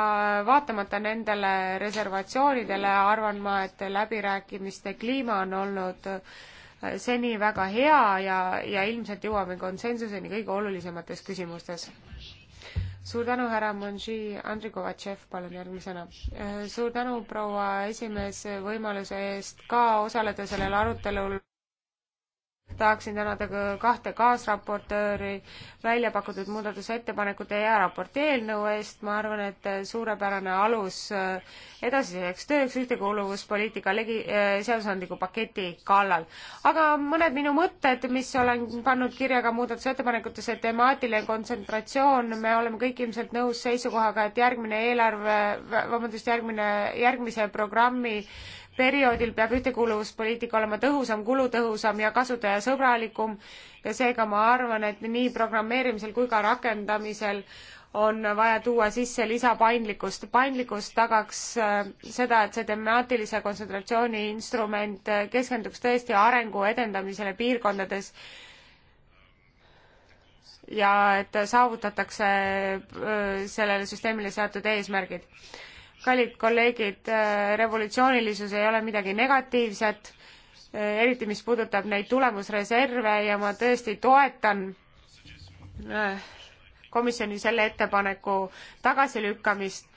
Speaker 2: vaatamata nendele reservatsioonidele arvan ma, et läbirääkimiste kliima on olnud äh, seni väga hea ja, ja ilmselt jõuame konsensuseni kõige olulisemates küsimustes suur tänu, härra Monži, Andrei Kovatšev, palun järgmisena. suur tänu, proua esimees, võimaluse eest ka osaleda sellel arutelul tahaksin tänada ka kahte kaasraportööri välja pakutud muudatusettepanekute ja raporti eelnõu eest, ma arvan, et suurepärane alus edasiseks tööks ühtekuuluvuspoliitika legi-, äh, seadusandliku paketi kallal. aga mõned minu mõtted, mis olen pannud kirja ka muudatusettepanekutesse, temaatiline kontsentratsioon, me oleme kõik ilmselt nõus seisukohaga, et järgmine eelarve, vabandust, järgmine, järgmise programmi perioodil peab ühtekuuluvuspoliitika olema tõhusam, kulutõhusam ja kasutajasõbralikum ja seega ma arvan, et nii programmeerimisel kui ka rakendamisel on vaja tuua sisse lisapaindlikkust. paindlikkus tagaks äh, seda, et see temaatilise kontsentratsiooni instrument äh, keskenduks tõesti arengu edendamisele piirkondades ja et saavutatakse äh, sellele süsteemile seatud eesmärgid kallid kolleegid, äh, revolutsioonilisus ei ole midagi negatiivset, äh, eriti mis puudutab neid tulemusreserve ja ma tõesti toetan äh, komisjoni selle ettepaneku tagasilükkamist.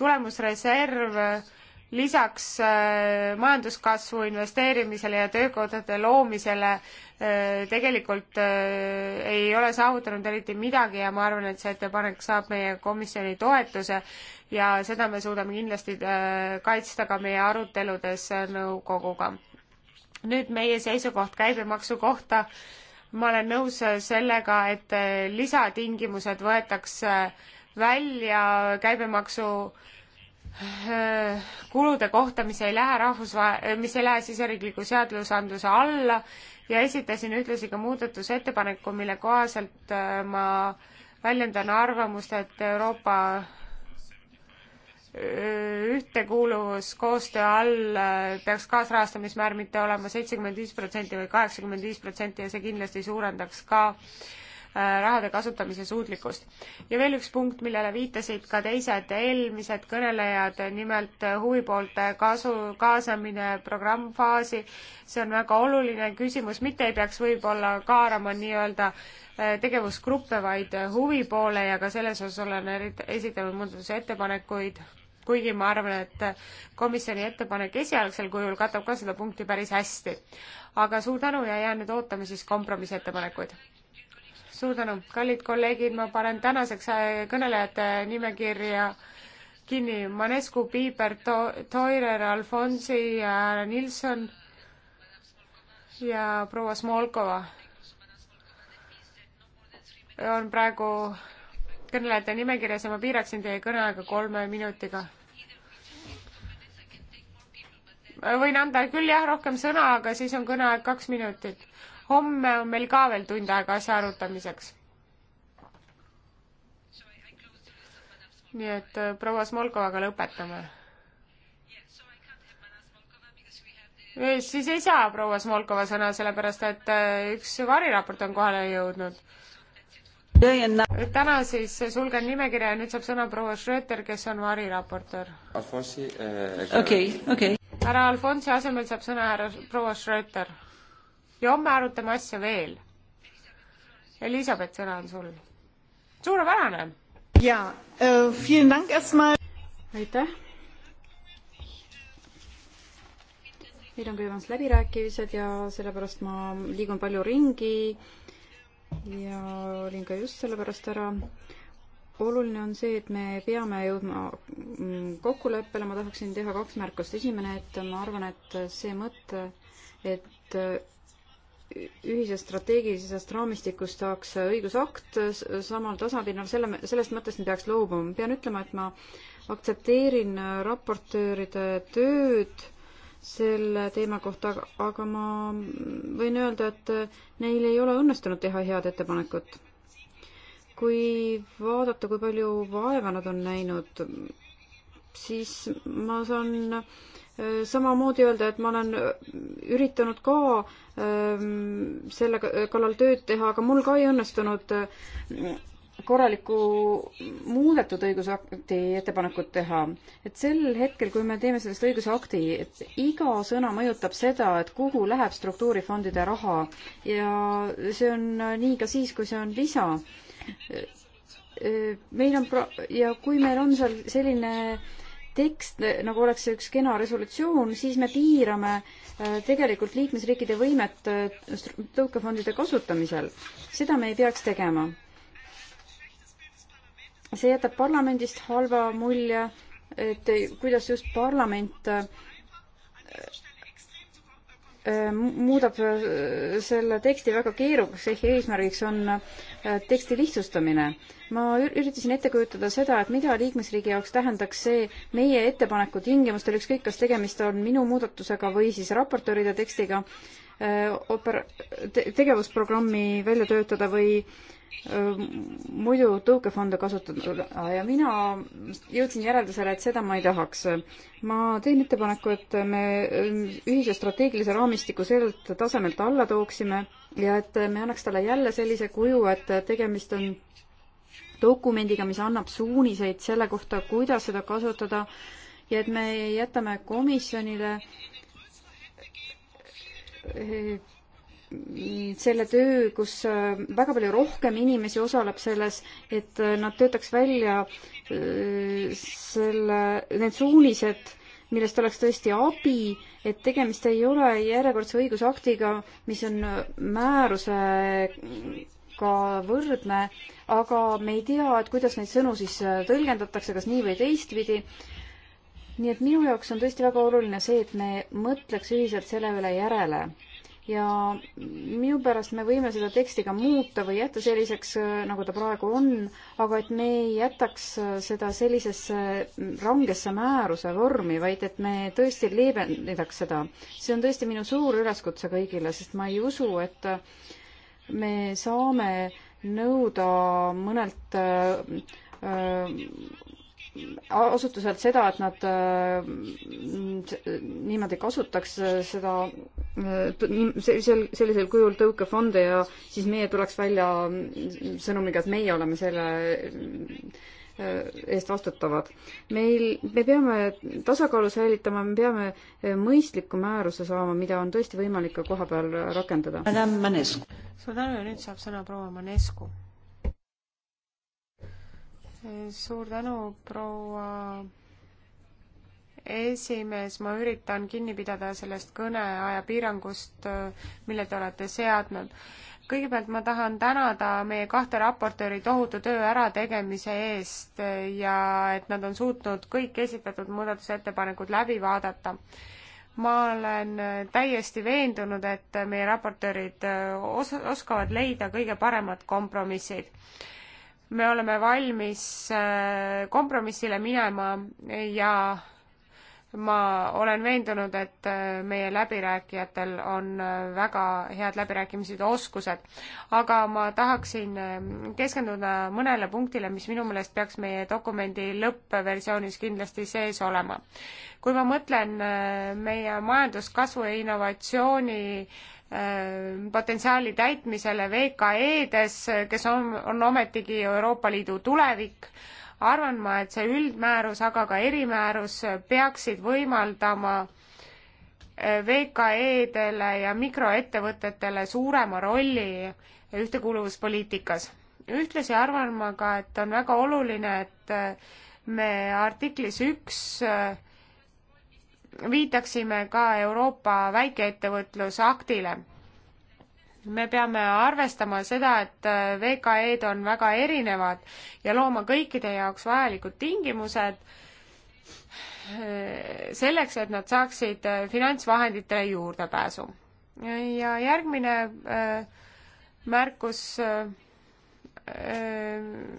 Speaker 2: tulemusreserv lisaks majanduskasvu investeerimisele ja töökohtade loomisele tegelikult ei ole saavutanud eriti midagi ja ma arvan, et see ettepanek saab meie komisjoni toetuse ja seda me suudame kindlasti äh, kaitsta ka meie aruteludes äh, nõukoguga. nüüd meie seisukoht käibemaksu kohta. ma olen nõus äh, sellega, et lisatingimused võetakse välja käibemaksu kulude kohta, mis ei lähe rahvusvahe-, mis ei lähe siseriikliku seadusandluse alla ja esitasin ühtlasi ka muudatusettepaneku, mille kohaselt ma väljendan arvamust, et Euroopa ühtekuuluvuskoostöö all äh, peaks kaasrahastamismäär mitte olema seitsekümmend viis protsenti, vaid kaheksakümmend viis protsenti ja see kindlasti suurendaks ka äh, rahade kasutamise suutlikkust. ja veel üks punkt, millele viitasid ka teised eelmised kõnelejad, nimelt äh, huvipoolte kasu, kaasamine programmfaasi. see on väga oluline küsimus, mitte ei peaks võib-olla kaarama nii-öelda tegevusgruppe, vaid huvipoole ja ka selles osas olen esitanud muudatusettepanekuid kuigi ma arvan, et komisjoni ettepanek esialgsel kujul katab ka seda punkti päris hästi. aga suur tänu ja jään nüüd ootama siis kompromissettepanekuid. suur tänu, kallid kolleegid, ma panen tänaseks äh, kõnelejate nimekirja kinni Manescu, Piiber to, Toirer, Alfonsi ja Nilsson ja proua Smolkova on praegu kõnelejate nimekirjas ja ma piiraksin teie kõneaega kolme minutiga võin anda küll jah rohkem sõna, aga siis on kõneaeg kaks minutit. homme on meil ka veel tund aega asja arutamiseks. nii et äh, proua Smolkovaga lõpetame. siis ei saa proua Smolkova sõna, sellepärast et äh, üks variraport on kohale jõudnud täna siis sulgen nimekirja ja nüüd saab sõna proua Schröter, kes on variraportöör. Äh, okei, okei härra Alfonsi asemel saab sõna härra proua Schröter. ja homme arutame asja veel. Elisabeth, sõna on sul. suurepärane.
Speaker 3: jaa, äh, aitäh. meil on käimas läbirääkimised ja sellepärast ma liigun palju ringi ja olin ka just sellepärast ära oluline on see, et me peame jõudma mm, kokkuleppele, ma tahaksin teha kaks märkust. esimene, et ma arvan, et see mõte, et ühisest strateegilisest raamistikust saaks õigusakt samal tasapinnal, selle, sellest mõttest me peaks loobuma. ma pean ütlema, et ma aktsepteerin raportööride tööd selle teema kohta, aga ma võin öelda, et neil ei ole õnnestunud teha head ettepanekut kui vaadata, kui palju vaeva nad on näinud, siis ma saan äh, samamoodi öelda, et ma olen äh, üritanud ka ähm, selle kallal tööd teha, aga mul ka ei õnnestunud äh, korralikku muudetud õigusakti ettepanekut teha. et sel hetkel, kui me teeme sellest õigusakti, et iga sõna mõjutab seda, et kuhu läheb struktuurifondide raha ja see on nii ka siis, kui see on lisa meil on pro-, ja kui meil on seal selline tekst, nagu oleks see üks kena resolutsioon, siis me piirame äh, tegelikult liikmesriikide võimet äh, tõukefondide kasutamisel. seda me ei peaks tegema. see jätab parlamendist halva mulje, et kuidas just parlament äh, Äh, muudab äh, selle teksti väga keerukaks, ehk eesmärgiks on äh, teksti lihtsustamine. ma üritasin ette kujutada seda, et mida liikmesriigi jaoks tähendaks see meie ettepaneku tingimustel, ükskõik kas tegemist on minu muudatusega või siis raportööride tekstiga, oper-, tegevusprogrammi välja töötada või muidu tõukefonde kasutada ja mina jõudsin järeldusele, et seda ma ei tahaks. ma teen ettepaneku, et me ühise strateegilise raamistiku sellelt tasemelt alla tooksime ja et me annaks talle jälle sellise kuju, et tegemist on dokumendiga, mis annab suuniseid selle kohta, kuidas seda kasutada ja et me jätame komisjonile selle töö, kus äh, väga palju rohkem inimesi osaleb selles, et äh, nad töötaks välja äh, selle, need suunised, millest oleks tõesti abi, et tegemist ei ole järjekordse õigusaktiga, mis on määrusega võrdne, aga me ei tea, et kuidas neid sõnu siis tõlgendatakse, kas nii või teistpidi nii et minu jaoks on tõesti väga oluline see, et me mõtleks ühiselt selle üle järele, ja minu pärast me võime seda teksti ka muuta või jätta selliseks, äh, nagu ta praegu on, aga et me ei jätaks äh, seda sellisesse rangesse määruse vormi, vaid et me tõesti leevendaks seda. see on tõesti minu suur üleskutse kõigile, sest ma ei usu, et äh, me saame nõuda mõnelt öö, osutuselt seda, et nad äh, niimoodi kasutaks äh, seda äh, sel, sellisel kujul tõukefonde ja siis meie tuleks välja mm, sõnumiga, et meie oleme selle eest vastutavad. meil, me peame tasakaalu säilitama, me peame mõistliku määruse saama, mida on tõesti võimalik ka koha peal rakendada. suur
Speaker 2: tänu ja nüüd saab sõna proua Manescu suur tänu, proua esimees, ma üritan kinni pidada sellest kõneaja piirangust, mille te olete seadnud. kõigepealt ma tahan tänada meie kahte raportööri tohutu töö ärategemise eest ja et nad on suutnud kõik esitatud muudatusettepanekud läbi vaadata. ma olen täiesti veendunud, et meie raportöörid os-, oskavad leida kõige paremad kompromissid me oleme valmis äh, kompromissile minema ja ma olen veendunud, et äh, meie läbirääkijatel on äh, väga head läbirääkimised ja oskused. aga ma tahaksin keskenduda mõnele punktile, mis minu meelest peaks meie dokumendi lõppversioonis kindlasti sees olema. kui ma mõtlen meie majanduskasvu ja innovatsiooni äh, Ähm, potentsiaali täitmisele VKE-des, kes on, on ometigi Euroopa Liidu tulevik, arvan ma, et see üldmäärus, aga ka erimäärus peaksid võimaldama äh, VKE-dele ja mikroettevõtetele suurema rolli ühtekuuluvuspoliitikas. ühtlasi arvan ma ka, et on väga oluline, et äh, me artiklis üks 1 äh, viitaksime ka Euroopa väikeettevõtluse aktile. me peame arvestama seda, et äh, VKE-d on väga erinevad ja looma kõikide jaoks vajalikud tingimused äh, selleks, et nad saaksid äh, finantsvahenditele juurdepääsu. ja järgmine märkus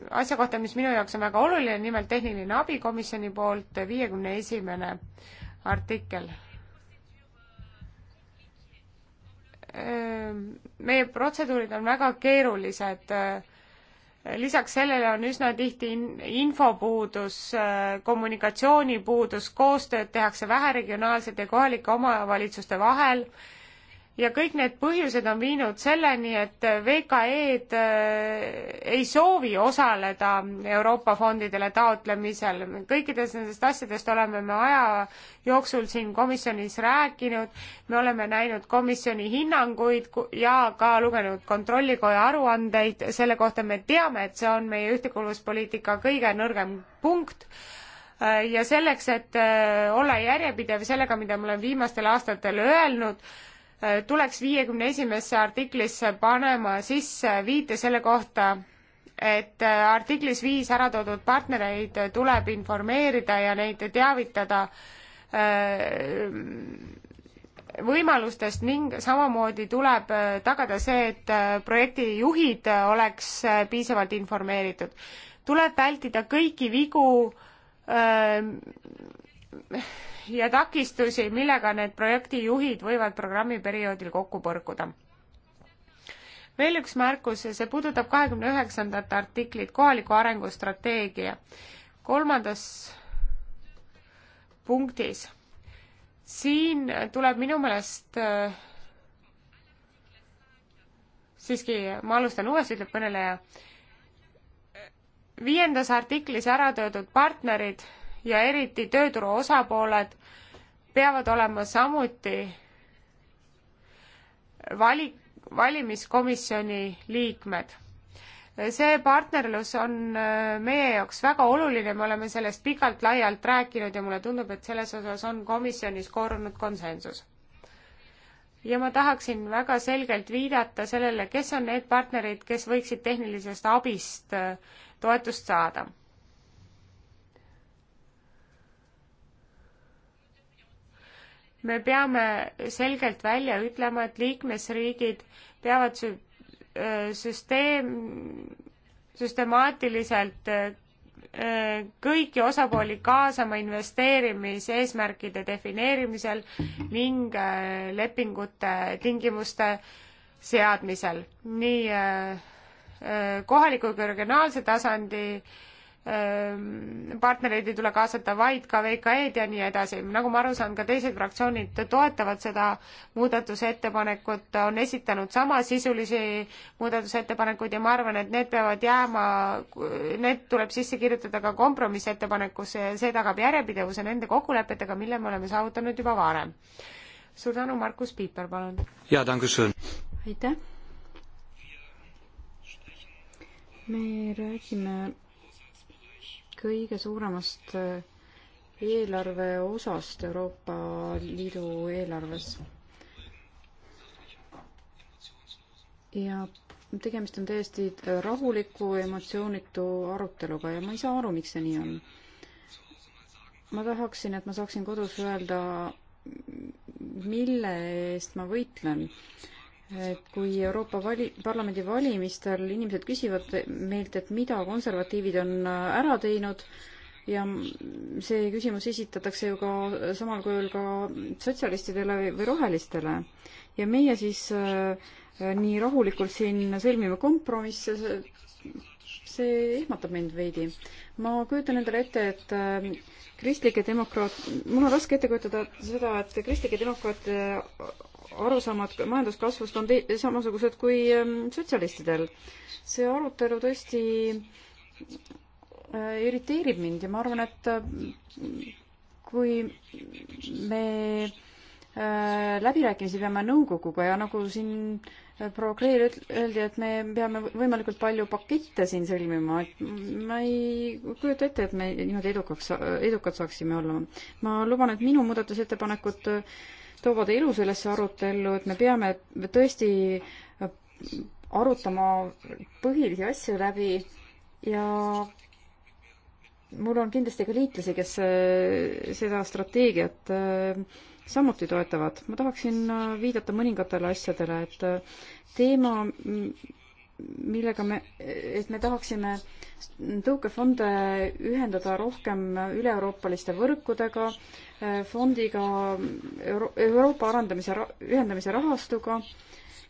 Speaker 2: asja kohta, mis minu jaoks on väga oluline, nimelt tehniline abi komisjoni poolt viiekümne esimene artikkel. Ehm, meie protseduurid on väga keerulised. Ehm, lisaks sellele on üsna tihti infopuudus, ehm, kommunikatsioonipuudus, koostööd tehakse väheregionaalsete ja kohalike omavalitsuste vahel ja kõik need põhjused on viinud selleni, et VKE-d äh, ei soovi osaleda Euroopa fondidele taotlemisel. kõikidest nendest asjadest oleme me aja jooksul siin komisjonis rääkinud, me oleme näinud komisjoni hinnanguid ja ka lugenud Kontrollikoja aruandeid, selle kohta me teame, et see on meie ühtekuuluvuspoliitika kõige nõrgem punkt äh, ja selleks, et äh, olla järjepidev sellega, mida ma olen viimastel aastatel öelnud, Äh, tuleks viiekümne esimesse artiklisse panema sisse viite selle kohta, et äh, artiklis viis ära toodud partnereid tuleb informeerida ja neid teavitada äh, võimalustest ning samamoodi tuleb tagada see, et projektijuhid oleks piisavalt informeeritud. tuleb vältida kõiki vigu öö, ja takistusi, millega need projektijuhid võivad programmiperioodil kokku põrkuda. veel üks märkus, see puudutab kahekümne üheksandat artiklit, kohaliku arengustrateegia. kolmandas punktis. siin tuleb minu meelest äh, siiski, ma alustan uuesti, ütleb kõneleja. viiendas artiklis ära toodud partnerid ja eriti tööturu osapooled peavad olema samuti vali-, valimiskomisjoni liikmed. see partnerlus on äh, meie jaoks väga oluline, me oleme sellest pikalt-laialt rääkinud ja mulle tundub, et selles osas on komisjonis koorunud konsensus. ja ma tahaksin väga selgelt viidata sellele, kes on need partnerid, kes võiksid tehnilisest abist äh, toetust saada me peame selgelt välja ütlema, et liikmesriigid peavad sü-, äh, süsteem, süstemaatiliselt äh, kõiki osapooli kaasama investeerimiseesmärkide defineerimisel ning äh, lepingute tingimuste seadmisel. nii kohaliku kui regionaalse tasandi äh, Ehm, partnereid ei tule kaasata, vaid ka VKE-d ja nii edasi. nagu ma aru saan, ka teised fraktsioonid toetavad seda muudatusettepanekut, on esitanud samasisulisi muudatusettepanekuid ja ma arvan, et need peavad jääma, need tuleb sisse kirjutada ka kompromissettepanekusse ja see tagab järjepidevuse nende kokkulepetega, mille me oleme saavutanud juba varem. suur tänu, Markus Piiper, palun! jaa, tänan küsimuse aitäh!
Speaker 3: me räägime kõige suuremast äh, eelarve osast Euroopa Liidu eelarves. ja tegemist on täiesti rahuliku, emotsioonitu aruteluga ja ma ei saa aru, miks see nii on. ma tahaksin, et ma saaksin kodus öelda, mille eest ma võitlen et kui Euroopa vali-, Parlamendi valimistel inimesed küsivad meilt, et mida konservatiivid on äh, ära teinud, ja see küsimus esitatakse ju ka samal kujul ka sotsialistidele või rohelistele. ja meie siis äh, äh, nii rahulikult siin sõlmime kompromisse, see ehmatab mind veidi. ma kujutan endale ette, et äh, kristlike demokraat, mul on raske ette kujutada seda, et kristlike demokraatide äh, arusaamad majanduskasvust on samasugused kui ähm, sotsialistidel. see arutelu tõesti äh, irriteerib mind ja ma arvan, et äh, kui me läbirääkimisi peame nõukoguga ja nagu siin proua Kreer öeldi, et me peame võimalikult palju pakette siin sõlmima, et ma ei kujuta ette, et me niimoodi edukaks, edukad saaksime olla. ma luban, et minu muudatusettepanekud toovad elu sellesse arutellu, et me peame tõesti arutama põhilisi asju läbi ja mul on kindlasti ka liitlasi, kes seda strateegiat samuti toetavad. ma tahaksin äh, viidata mõningatele asjadele, et äh, teema, millega me, et me tahaksime tõukefonde ühendada rohkem üle-euroopaliste võrkudega, äh, fondiga Euro, Euroopa arendamise, ühendamise rahastuga,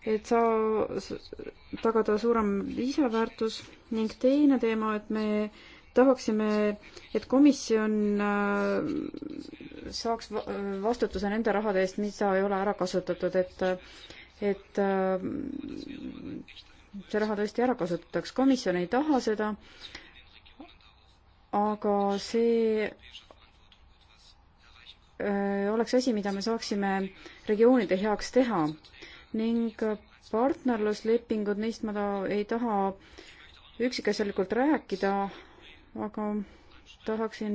Speaker 3: et saa tagada suurem lisaväärtus ning teine teema, et me äh, tahaksime, et komisjon äh, saaks vastutuse nende rahade eest, mida ei ole ära kasutatud, et et äh, see raha tõesti ära kasutataks. komisjon ei taha seda, aga see äh, oleks asi, mida me saaksime regioonide heaks teha ning partnerluslepingud, neist ma ta, ei taha üksikasjalikult rääkida, aga tahaksin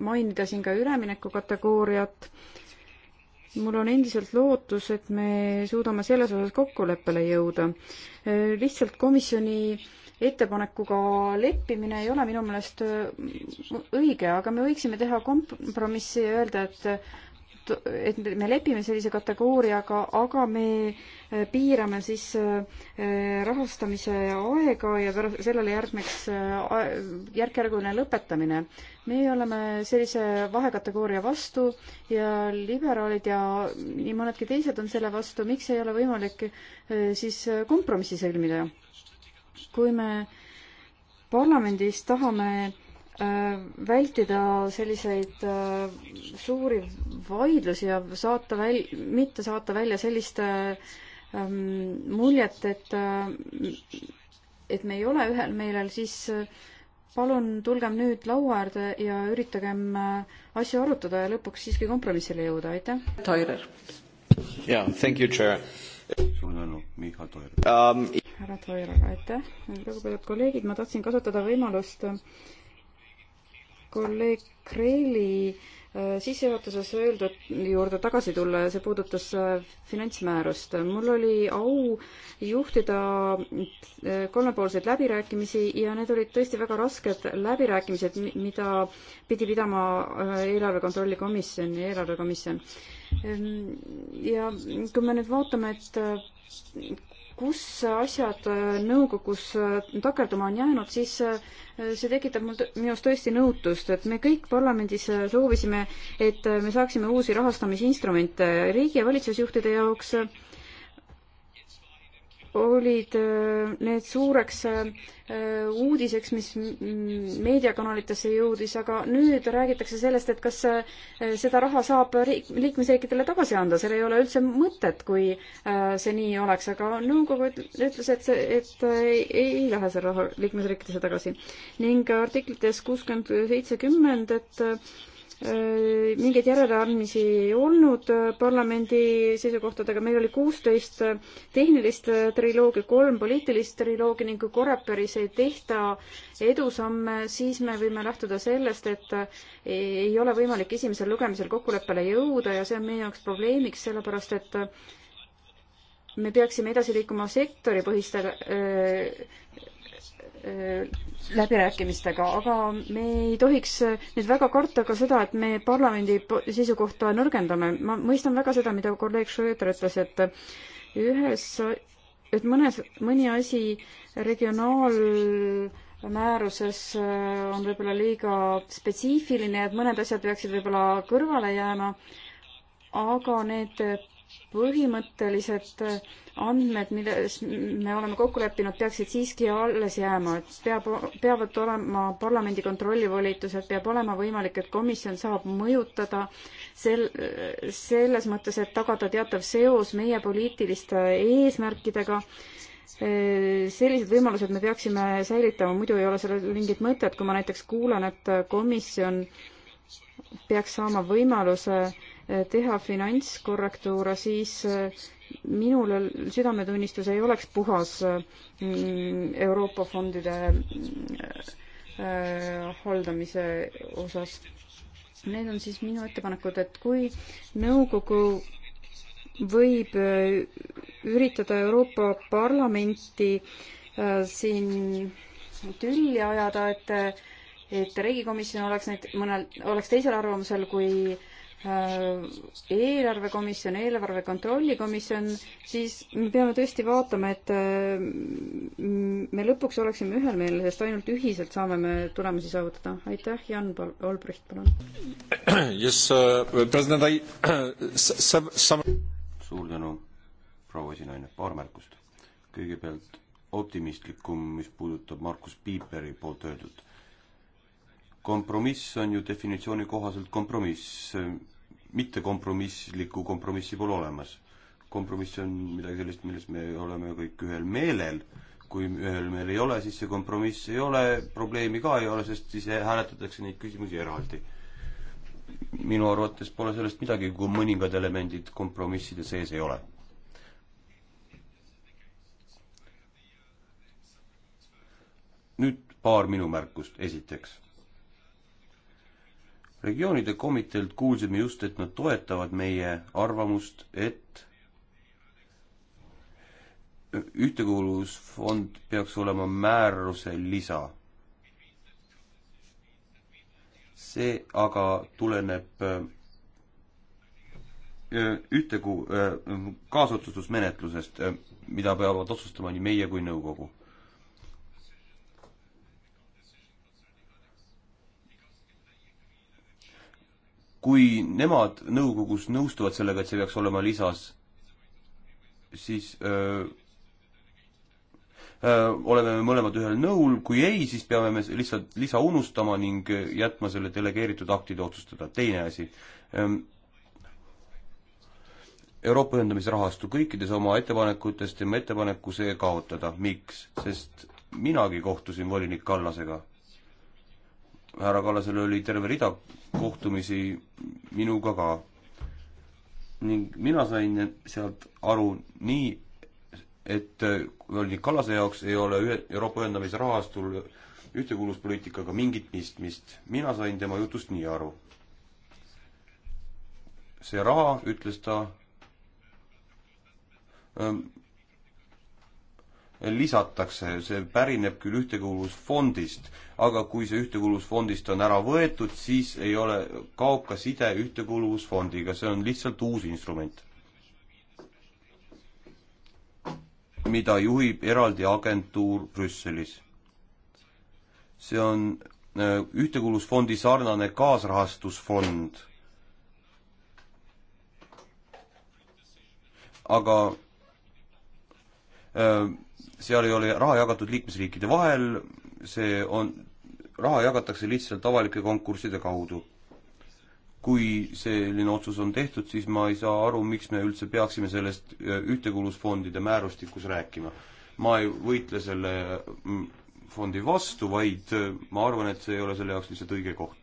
Speaker 3: mainida siin ka ülemineku kategooriat. mul on endiselt lootus, et me suudame selles osas kokkuleppele jõuda. lihtsalt komisjoni ettepanekuga leppimine ei ole minu meelest õige, aga me võiksime teha kompromissi ja öelda, et kohtu, et me lepime sellise kategooriaga, aga me äh, piirame siis äh, äh, rahastamise aega ja pärast sellele järgneks järk-järguline lõpetamine. meie oleme sellise vahekategooria vastu ja liberaalid ja nii mõnedki teised on selle vastu, miks ei ole võimalik siis kompromissi sõlmida. kui me parlamendis tahame Äh, vältida selliseid äh, suuri vaidlusi ja saata väl-, mitte saata välja sellist äh, ähm, muljet, et, et me ei ole ühel meelel, siis palun tulgem nüüd laua äärde ja üritagem asju arutada ja lõpuks siiski kompromissile jõuda, aitäh! Toirer.
Speaker 4: jaa, thank you, chair. suur tänu, Mihhail Toirer um....
Speaker 3: härra Toirer, aitäh! lugupeetud kolleegid, ma tahtsin kasutada võimalust äh, kolleeg Kreeli äh, sissejuhatuses öeldud juurde tagasi tulla ja see puudutas äh, finantsmäärust. mul oli au juhtida äh, kolmepoolseid läbirääkimisi ja need olid tõesti väga rasked läbirääkimised, mida pidi pidama eelarve kontrolli komisjon ja eelarvekomisjon. Ehm, ja kui me nüüd vaatame, et kus asjad äh, nõukogus äh, takerduma on jäänud, siis äh, see tekitab mul, minus tõesti nõutust, et me kõik parlamendis soovisime, et me saaksime uusi rahastamisinstrumente riigi ja valitsusjuhtide jaoks olid äh, need suureks äh, uudiseks, mis meediakanalitesse jõudis, aga nüüd räägitakse sellest, et kas äh, seda raha saab liikmesriikidele tagasi anda, seal ei ole üldse mõtet, kui see nii oleks, aga nõukogu ütles, et see, et ei, ei lähe see raha liikmesriikidesse tagasi. ning artiklites kuuskümmend, seitsekümmend, et Äh, mingeid järeleandmisi ei olnud äh, parlamendi seisukohtadega, meil oli kuusteist äh, tehnilist triloogi, kolm poliitilist triloogi ning kui Coreperis ei tehta edusamme, siis me võime lähtuda sellest, et ei ole võimalik esimesel lugemisel kokkuleppele jõuda ja see on meie jaoks probleemiks, sellepärast et me peaksime edasi liikuma sektoripõhiste Äh, läbirääkimistega, aga me ei tohiks nüüd väga karta ka seda, et me parlamendi seisukohta nõrgendame. ma mõistan väga seda, mida kolleeg Schröder ütles, et ühes, et mõnes, mõni asi regionaalmääruses äh, on võib-olla liiga spetsiifiline, et mõned asjad peaksid võib-olla kõrvale jääma, aga need põhimõtteliselt andmed, milles me oleme kokku leppinud, peaksid siiski alles jääma, et peab, peavad olema parlamendi kontrollivolitused, peab olema võimalik, et komisjon saab mõjutada sel, selles mõttes, et tagada teatav seos meie poliitiliste eesmärkidega. sellised võimalused me peaksime säilitama, muidu ei ole sellel mingit mõtet, kui ma näiteks kuulen, et komisjon peaks saama võimaluse äh, teha finantskorrektuure, siis äh, minul südametunnistus ei oleks puhas äh, Euroopa fondide äh, haldamise osas. Need on siis minu ettepanekud, et kui nõukogu võib üritada Euroopa Parlamenti siin tülli ajada, et et riigikomisjon oleks näit-, mõnel, oleks teisel arvamusel kui äh, Äh, eelarvekomisjon, eelarve kontrolli komisjon, siis me peame tõesti vaatama, et äh, me lõpuks oleksime ühel meelel, sest ainult ühiselt saame me tulemusi saavutada. aitäh, Jan Olbricht, palun. [CLEARS THROAT] Yes uh,, president, I [CLEARS THROAT] some...
Speaker 4: suur tänu, proua esinaine, paar märkust. kõigepealt optimistlikum, mis puudutab Markus Piiperi poolt öeldut kompromiss on ju definitsiooni kohaselt kompromiss, mitte kompromisslikku kompromissi pole olemas. kompromiss on midagi sellist, milles me oleme kõik ühel meelel, kui ühel meil ei ole, siis see kompromiss ei ole, probleemi ka ei ole, sest siis hääletatakse neid küsimusi eraldi. minu arvates pole sellest midagi, kui mõningad elemendid kompromisside sees ei ole nüüd paar minu märkust esiteks regioonide komiteelt kuulsime just, et nad toetavad meie arvamust, et ühtekuuluvusfond peaks olema määruse lisa. see aga tuleneb äh, ühtekuu- äh, kaasotsustusmenetlusest, äh, mida peavad otsustama nii meie kui nõukogu kui nemad nõukogus nõustuvad sellega, et see peaks olema lisas, siis öö, öö, oleme me mõlemad ühel nõul, kui ei, siis peame me lihtsalt lisa unustama ning jätma selle delegeeritud aktide otsustada. teine asi. Euroopa ühendamisrahastu kõikides oma ettepanekutes teeme ettepaneku see kaotada. miks? sest minagi kohtusin volinik Kallasega härra Kallasel oli terve rida kohtumisi minuga ka. ning mina sain sealt aru nii, et volinik Kallase jaoks ei ole ühe, Euroopa ühendamise rahastul ühtekuuluvuspoliitikaga mingit pistmist. mina sain tema jutust nii aru. see raha, ütles ta, lisatakse, see pärineb küll ühtekuuluvusfondist, aga kui see ühtekuuluvusfondist on ära võetud, siis ei ole, kaob ka side ühtekuuluvusfondiga, see on lihtsalt uus instrument. mida juhib eraldi agentuur Brüsselis. see on äh, ühtekuuluvusfondi sarnane kaasrahastusfond. aga öö, äh, seal ei ole raha jagatud liikmesriikide vahel, see on, raha jagatakse lihtsalt avalike konkursside kaudu. kui selline otsus on tehtud, siis ma ei saa aru, miks me üldse peaksime sellest äh, ühtekuuluvusfondide määrustikus rääkima. ma ei võitle selle mm, fondi vastu, vaid äh, ma arvan, et see ei ole selle jaoks lihtsalt õige koht.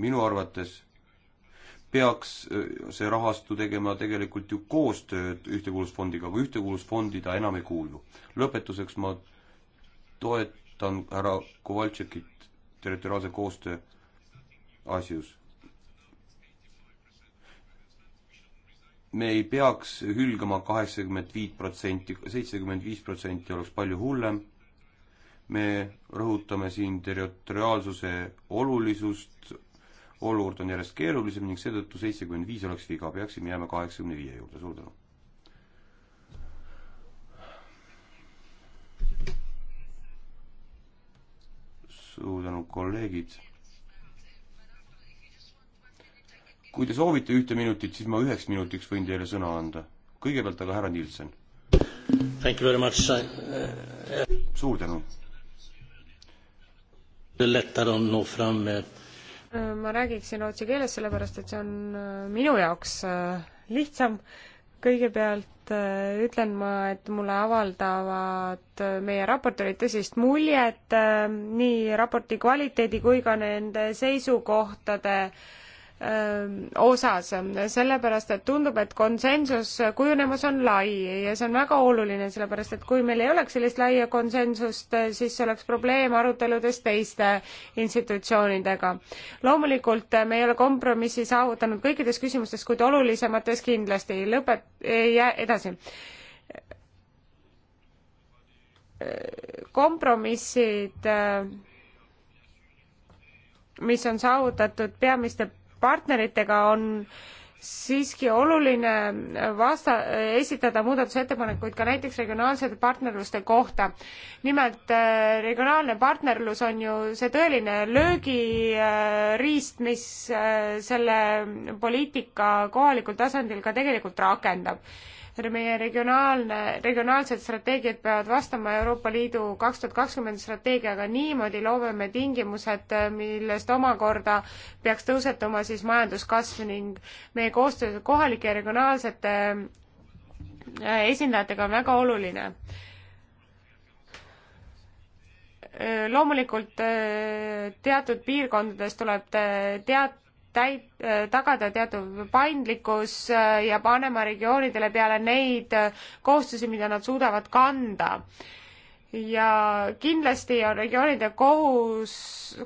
Speaker 4: minu arvates peaks äh, see rahastu tegema tegelikult ju koostööd Ühtekuuluvusfondiga, aga Ühtekuuluvusfondi ta enam ei kuulu. lõpetuseks ma toetan härra Kovaltšekit territoriaalse koostöö asjus. me ei peaks hülgama kaheksakümmend viit protsenti, seitsekümmend viis protsenti oleks palju hullem, me rõhutame siin territoriaalsuse olulisust, olukord on järjest keerulisem ning seetõttu seitsekümmend viis oleks viga, peaksime jääma kaheksakümne viie juurde, suur tänu. suur tänu, kolleegid. kui te soovite ühte minutit, siis ma üheks minutiks võin teile sõna anda. kõigepealt aga härra Nilsen. suur tänu. lätt on no fram
Speaker 2: ma räägiksin rootsi keeles, sellepärast et see on äh, minu jaoks äh, lihtsam. kõigepealt äh, ütlen ma, et mulle avaldavad meie raportöörid tõsist muljet nii raporti kvaliteedi kui ka nende seisukohtade äh, Ähm, osas, sellepärast et tundub, et konsensus kujunemas on lai ja see on väga oluline, sellepärast et kui meil ei oleks sellist laia konsensust, siis oleks probleem aruteludes teiste institutsioonidega. loomulikult me ei ole kompromissi saavutanud kõikides küsimustes, kuid olulisemates kindlasti. lõpet-, edasi kompromissid, äh, mis on saavutatud peamiste partneritega on siiski oluline vasta, esitada muudatusettepanekuid ka näiteks regionaalsete partnerluste kohta. nimelt äh, regionaalne partnerlus on ju see tõeline löögiriist, mis äh, selle poliitika kohalikul tasandil ka tegelikult rakendab meie regionaalne, regionaalsed strateegiad peavad vastama Euroopa Liidu kaks tuhat kakskümmend strateegiaga, niimoodi loome me tingimused, äh, millest omakorda peaks tõusetuma siis majanduskasv ning meie koostöö kohalike ja regionaalsete äh, esindajatega on väga oluline äh, loomulikult teatud piirkondades tuleb teat-, täit-, tagada teatud paindlikkus äh, ja panema regioonidele peale neid äh, kohustusi, mida nad suudavad kanda ja kindlasti on regioonide kohus,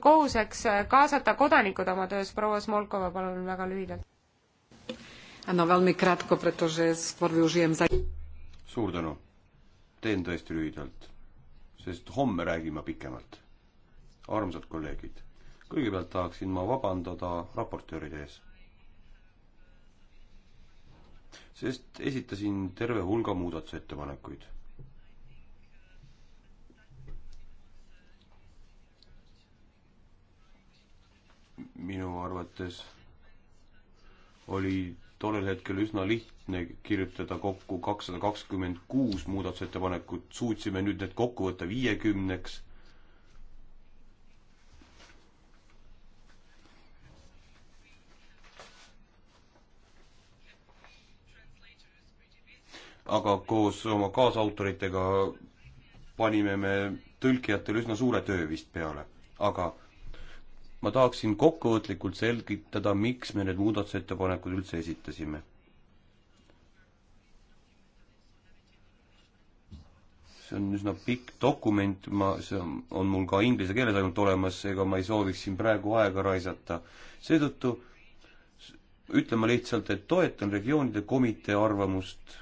Speaker 2: kohuseks äh, kaasata kodanikud oma töös. proua Smolkova, palun väga lühidalt.
Speaker 4: suur tänu. teen tõesti lühidalt, sest homme räägime pikemalt. armsad kolleegid, kõigepealt tahaksin ma vabandada raportööride ees. sest esitasin terve hulga muudatusettepanekuid. minu arvates oli tollel hetkel üsna lihtne kirjutada kokku kakssada kakskümmend kuus muudatusettepanekut, suutsime nüüd need kokku võtta viiekümneks aga koos oma kaasautoritega panime me tõlkijatele üsna suure töö vist peale, aga ma tahaksin kokkuvõtlikult selgitada, miks me need muudatusettepanekud üldse esitasime. see on üsna pikk dokument, ma, see on, on mul ka inglise keeles ainult olemas, ega ma ei sooviks siin praegu aega raisata. seetõttu ütlen ma lihtsalt, et toetan regioonide komitee arvamust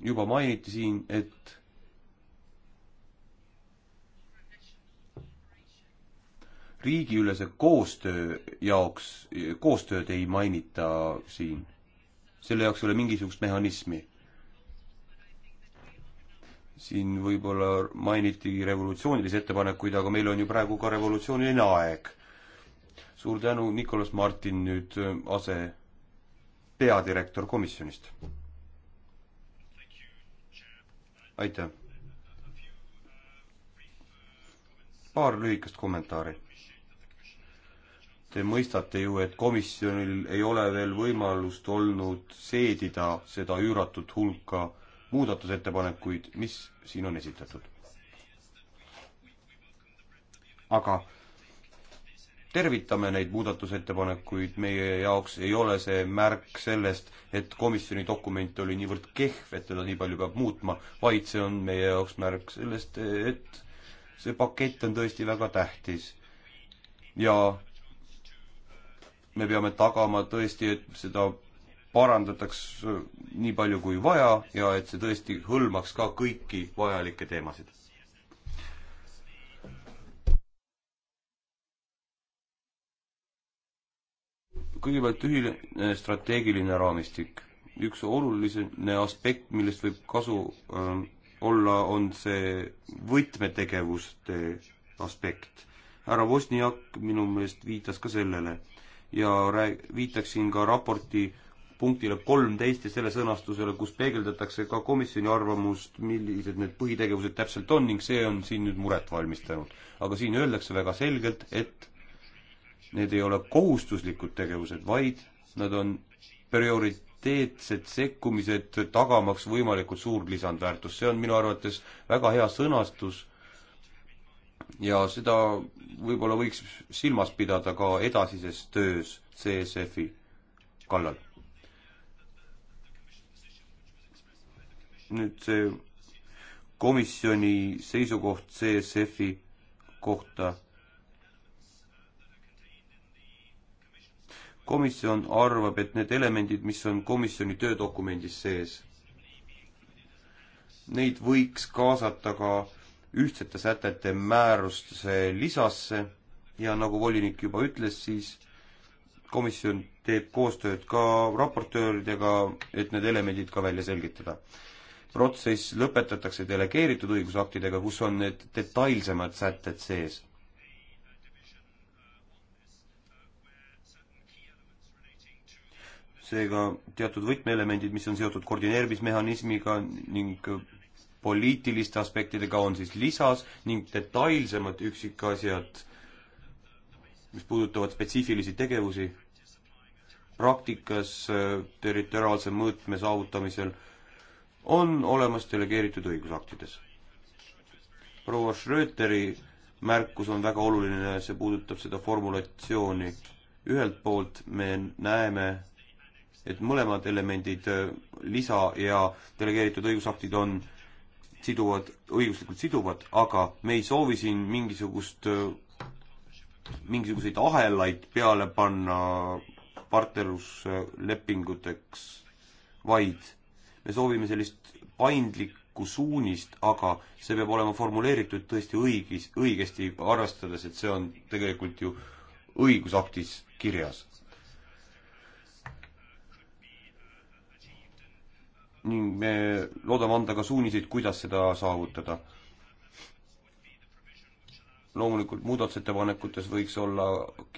Speaker 4: juba mainiti siin, et riigiülese koostöö jaoks, koostööd ei mainita siin. selle jaoks ei ole mingisugust mehhanismi. siin võib-olla mainiti revolutsioonilisi ettepanekuid, aga meil on ju praegu ka revolutsiooniline aeg. suur tänu, Nicolas Martin nüüd ase peadirektor komisjonist aitäh! paar lühikest kommentaari. Te mõistate ju, et komisjonil ei ole veel võimalust olnud seedida seda üüratut hulka muudatusettepanekuid, mis siin on esitatud. aga tervitame neid muudatusettepanekuid, meie jaoks ei ole see märk sellest, et komisjoni dokument oli niivõrd kehv, et teda nii palju peab muutma, vaid see on meie jaoks märk sellest, et see pakett on tõesti väga tähtis. ja me peame tagama tõesti, et seda parandataks nii palju kui vaja ja et see tõesti hõlmaks ka kõiki vajalikke teemasid. kõigepealt ühine äh, strateegiline raamistik. üks oluline aspekt, millest võib kasu äh, olla, on see võtmetegevuste aspekt. härra Vosniak minu meelest viitas ka sellele ja rääg-, viitaksin ka raporti punktile kolmteist ja selle sõnastusele, kus peegeldatakse ka komisjoni arvamust, millised need põhitegevused täpselt on ning see on siin nüüd muret valmistanud. aga siin öeldakse väga selgelt, et Need ei ole kohustuslikud tegevused, vaid nad on prioriteetsed sekkumised, tagamaks võimalikult suur lisandväärtus. see on minu arvates väga hea sõnastus ja seda võib-olla võiks silmas pidada ka edasises töös CSF-i kallal. nüüd see komisjoni seisukoht CSF-i kohta komisjon arvab, et need elemendid, mis on komisjoni töödokumendis sees, neid võiks kaasata ka ühtsete sätete määrustuse lisasse ja nagu volinik juba ütles, siis komisjon teeb koostööd ka raportööridega, et need elemendid ka välja selgitada. protsess lõpetatakse delegeeritud õigusaktidega, kus on need detailsemad sätted sees seega teatud võtmeelemendid, mis on seotud koordineerimismehhanismiga ning poliitiliste aspektidega, on siis lisas ning detailsemad üksikasjad, mis puudutavad spetsiifilisi tegevusi, praktikas äh, territoriaalse mõõtme saavutamisel, on olemas delegeeritud õigusaktides. proua Schröteri märkus on väga oluline, see puudutab seda formulatsiooni. ühelt poolt me näeme et mõlemad elemendid, äh, lisa ja delegeeritud õigusaktid on siduvad, õiguslikult siduvad, aga me ei soovi siin mingisugust, äh, mingisuguseid ahelaid peale panna partnerluslepinguteks, vaid me soovime sellist paindlikku suunist, aga see peab olema formuleeritud tõesti õigis, õigesti, arvestades, et see on tegelikult ju õigusaktis kirjas ning me loodame anda ka suuniseid, kuidas seda saavutada. loomulikult muudatusettepanekutes võiks olla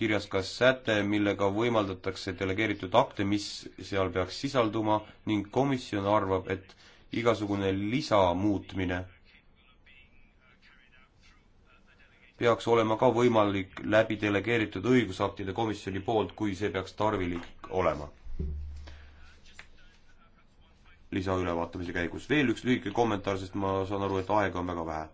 Speaker 4: kirjas ka säte, millega võimaldatakse delegeeritud akte, mis seal peaks sisalduma ning komisjon arvab, et igasugune lisamuutmine peaks olema ka võimalik läbi delegeeritud õigusaktide komisjoni poolt, kui see peaks tarvilik olema lisaülevaatamise käigus. veel üks lühike kommentaar, sest ma saan aru, et aega on väga vähe.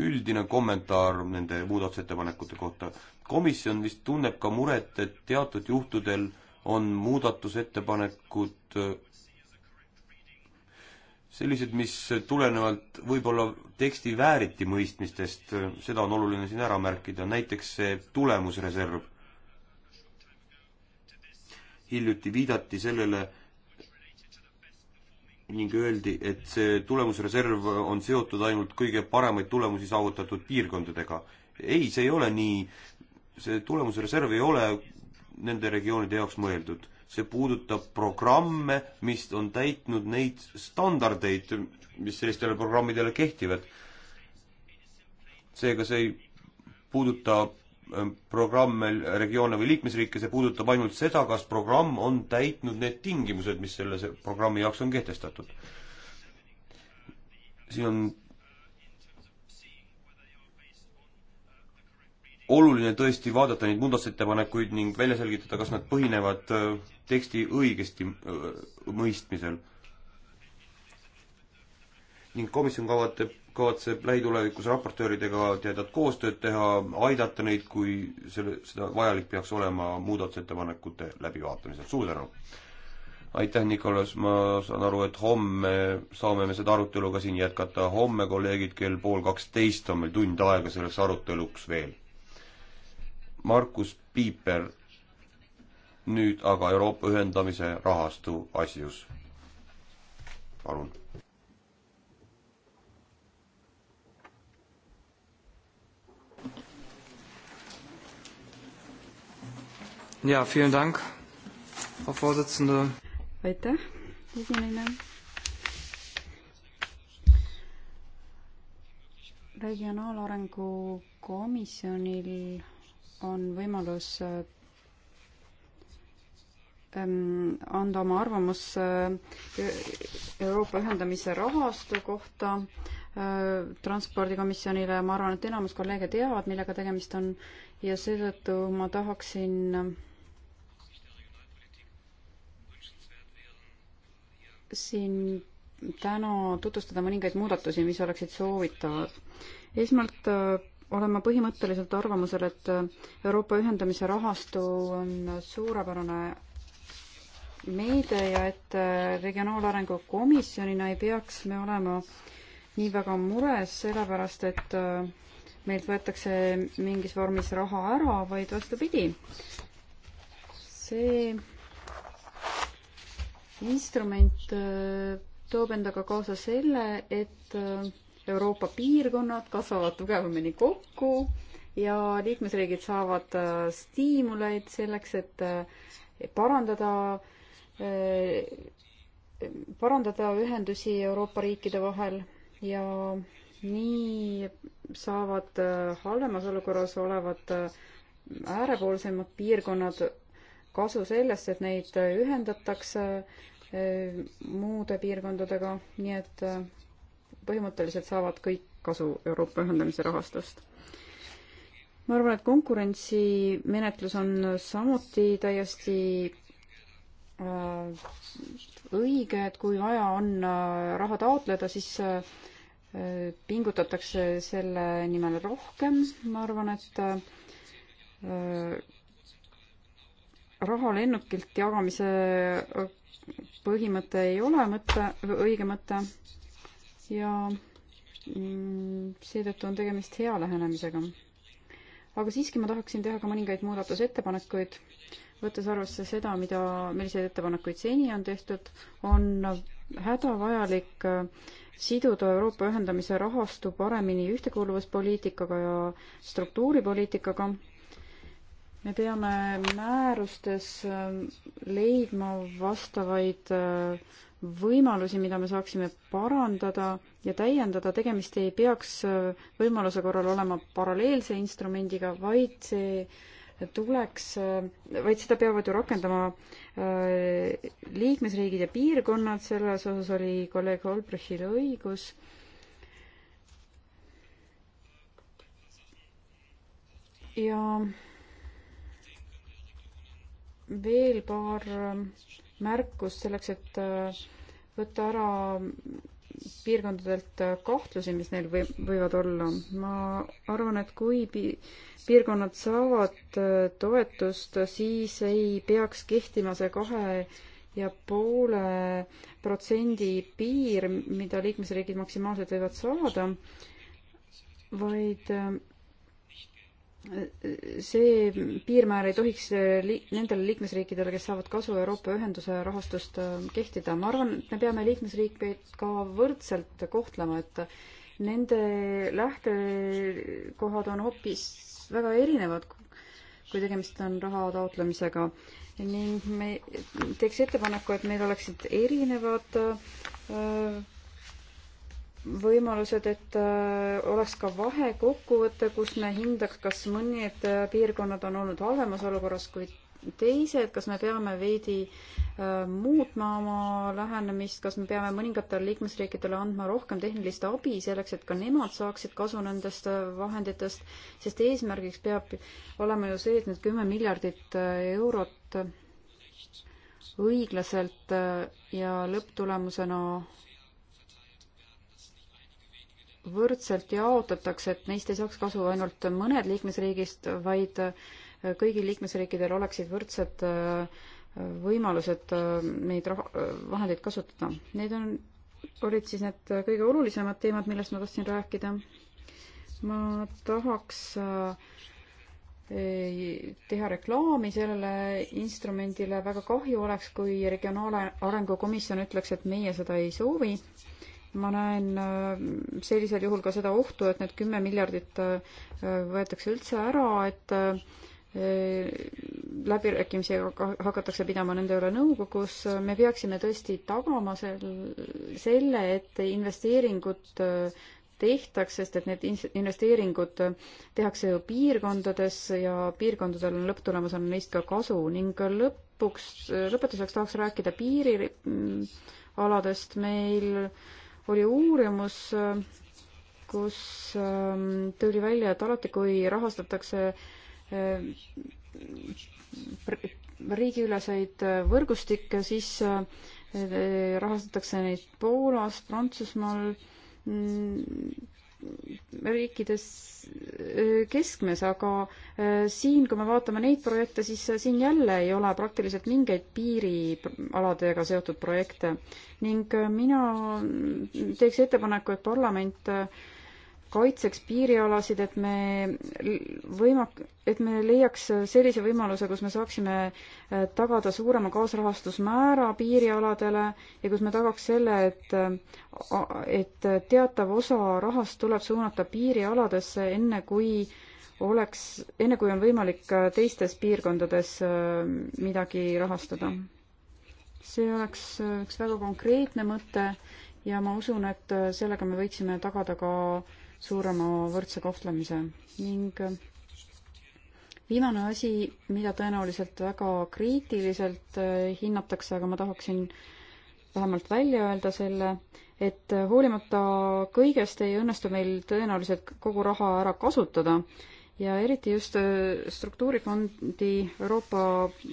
Speaker 4: üldine kommentaar nende muudatusettepanekute kohta. komisjon vist tunneb ka muret, et teatud juhtudel on muudatusettepanekud äh, sellised, mis tulenevalt võib-olla teksti vääritimõistmistest, äh, seda on oluline siin ära märkida, näiteks see tulemusreserv hiljuti viidati sellele ning öeldi, et see tulemusreserv on seotud ainult kõige paremaid tulemusi saavutatud piirkondadega. ei, see ei ole nii, see tulemusreserv ei ole nende regioonide jaoks mõeldud. see puudutab programme, mis on täitnud neid standardeid, mis sellistele programmidele kehtivad. seega see ei puuduta Ähm, programme, regioone või liikmesriike, see puudutab ainult seda, kas programm on täitnud need tingimused, mis selle programmi jaoks on kehtestatud. siin on oluline tõesti vaadata neid muudatusettepanekuid ning välja selgitada, kas nad põhinevad äh, teksti õigesti äh, mõistmisel. ning komisjon kavatseb kavatseb lähitulevikus raportööridega teadat koostööd teha, aidata neid, kui selle, seda vajalik peaks olema muudatusettepanekute läbivaatamisel. suur tänu! aitäh, Nikolas, ma saan aru, et homme saame me seda arutelu ka siin jätkata, homme, kolleegid, kell pool kaksteist on meil tund aega selleks aruteluks veel. Markus Piiper, nüüd aga Euroopa ühendamise rahastu asjus. palun jaa, vielen dank, Frau Vorsitzende.
Speaker 3: aitäh, esinaine. regionaalarengu komisjonil on võimalus ähm, anda oma arvamus äh, Euroopa ühendamise rahastu kohta äh, transpordikomisjonile, ma arvan, et enamus kolleege teavad, millega tegemist on ja seetõttu ma tahaksin siin täna tutvustada mõningaid muudatusi, mis oleksid soovitavad. esmalt äh, olen ma põhimõtteliselt arvamusel, et äh, Euroopa ühendamise rahastu on suurepärane meede ja et äh, Regionaalarengu Komisjonina ei peaks me olema nii väga mures, sellepärast et meilt võetakse mingis vormis raha ära, vaid vastupidi, see instrument äh, toob endaga kaasa selle, et äh, Euroopa piirkonnad kasvavad tugevamini kokku ja liikmesriigid saavad äh, stiimuleid selleks, et parandada, parandada ühendusi Euroopa riikide vahel ja nii saavad halvemas olukorras olevad äärepoolsemad piirkonnad kasu sellest, et neid ühendatakse Äh, muude piirkondadega, nii et äh, põhimõtteliselt saavad kõik kasu Euroopa ühendamise rahastust. ma arvan, et konkurentsimenetlus on samuti täiesti äh, õige, et kui vaja on raha taotleda, siis pingutatakse selle nimel rohkem, ma arvan, et raha lennukilt jagamise põhimõte ei ole mõte, õige mõte ja mm, seetõttu on tegemist hea lähenemisega. aga siiski ma tahaksin teha ka mõningaid muudatusettepanekuid, võttes arvesse seda, mida, milliseid ettepanekuid seni on tehtud, on hädavajalik äh, siduda Euroopa ühendamise rahastu paremini ühtekuuluvuspoliitikaga ja struktuuripoliitikaga me peame määrustes äh, leidma vastavaid äh, võimalusi, mida me saaksime parandada ja täiendada, tegemist ei peaks äh, võimaluse korral olema paralleelse instrumendiga, vaid see tuleks, vaid seda peavad ju rakendama liikmesriigid ja piirkonnad, selles osas oli kolleeg Olbrechil õigus. ja veel paar ähm, märkust selleks, et äh, võtta ära piirkondadelt äh, kahtlusi, mis neil või, võivad olla. ma arvan, et kui pi-, piirkonnad saavad äh, toetust, siis ei peaks kehtima see kahe ja poole protsendi piir, mida liikmesriigid maksimaalselt võivad saada, vaid ähm, see piirmäär ei tohiks li-, nendele liikmesriikidele, kes saavad kasu Euroopa ühenduse rahastust, äh, kehtida. ma arvan, et me peame liikmesriike ka võrdselt kohtlema, et nende lähtekohad on hoopis väga erinevad, kui tegemist on raha taotlemisega. ning me teeks ettepaneku, et meil oleksid erinevad öö, äh, võimalused, et äh, oleks ka vahekokkuvõte, kus me hindaks, kas mõned äh, piirkonnad on olnud halvemas olukorras kui teised, kas me peame veidi äh, muutma oma lähenemist, kas me peame mõningatele liikmesriikidele andma rohkem tehnilist abi selleks, et ka nemad saaksid kasu nendest vahenditest, sest eesmärgiks peab olema ju see, et need kümme miljardit eurot õiglaselt ja lõpptulemusena võrdselt jaotatakse, et neist ei saaks kasu ainult mõned liikmesriigist, vaid äh, kõigil liikmesriikidel oleksid võrdsed äh, võimalused äh, neid raha, vahendeid kasutada. Need on, olid siis need kõige olulisemad teemad, millest ma tahtsin rääkida. ma tahaks teha reklaami sellele instrumendile, väga kahju oleks, kui Regionaalarengu Komisjon ütleks, et meie seda ei soovi ma näen äh, sellisel juhul ka seda ohtu, et need kümme miljardit äh, võetakse üldse ära, et äh, läbirääkimisi hakatakse pidama nende üle nõukogus. me peaksime tõesti tagama sel-, selle, et investeeringud tehtaks, sest et need investeeringud tehakse ju piirkondades ja piirkondadel on lõpptulemusena neist ka kasu ning lõpuks, lõpetuseks tahaks rääkida piirialadest mm, meil äh, oli uurimus, kus ähm, tuli välja, et alati, kui rahastatakse äh, riigiüleseid äh, võrgustikke, siis äh, rahastatakse neid Poolas, Prantsusmaal mm, riikides keskmes, aga siin, kui me vaatame neid projekte, siis äh, siin jälle ei ole praktiliselt mingeid piirialadega seotud projekte ning äh, mina teeks ettepaneku, et parlament äh, kaitseks piirialasid, et me võima-, et me leiaks sellise võimaluse, kus me saaksime äh, tagada suurema kaasrahastusmäära piirialadele ja kus me tagaks selle, et, äh, et teatav osa rahast tuleb suunata piirialadesse, enne kui oleks, enne kui on võimalik äh, teistes piirkondades midagi rahastada. see oleks üks väga konkreetne mõte ja ma usun, et sellega me võiksime tagada ka äh, suurema võrdse kohtlemise ning äh, viimane asi, mida tõenäoliselt väga kriitiliselt äh, hinnatakse, aga ma tahaksin vähemalt välja öelda selle, et äh, hoolimata kõigest ei õnnestu meil tõenäoliselt kogu raha ära kasutada ja eriti just struktuurifondi, Euroopa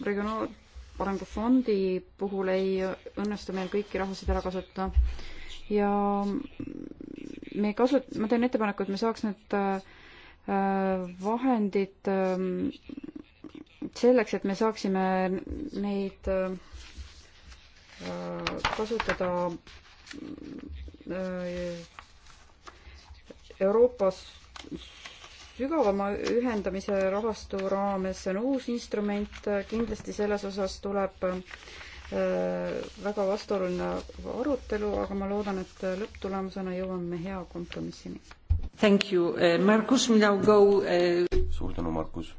Speaker 3: Regionaalarengu Fondi puhul ei õnnestu meil kõiki rahasid ära kasutada ja me kasu-, ma teen ettepaneku, et me saaks need äh, vahendid ähm, selleks, et me saaksime neid äh, kasutada äh, Euroopas sügavama ühendamise rahastu raames, see on uus instrument, kindlasti selles osas tuleb äh, Äh, väga vastuoluline arutelu, aga ma loodan, et lõpptulemusena jõuame hea kompromissini.
Speaker 2: Thank you, äh, Markus, mina go uh.... suur tänu, Markus.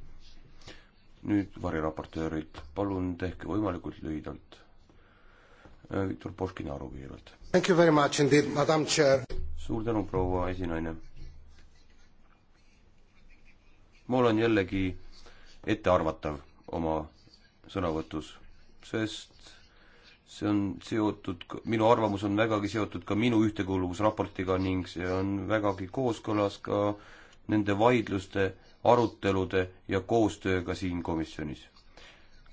Speaker 4: nüüd variraportöörid, palun tehke võimalikult lühidalt. Viktor Poškina aru kõigepealt.
Speaker 1: Thank you very much indeed, madam chair.
Speaker 4: suur tänu, proua esinaine. ma olen jällegi ettearvatav oma sõnavõtus, sest see on seotud, minu arvamus on vägagi seotud ka minu ühtekuuluvusraportiga ning see on vägagi kooskõlas ka nende vaidluste, arutelude ja koostööga siin komisjonis.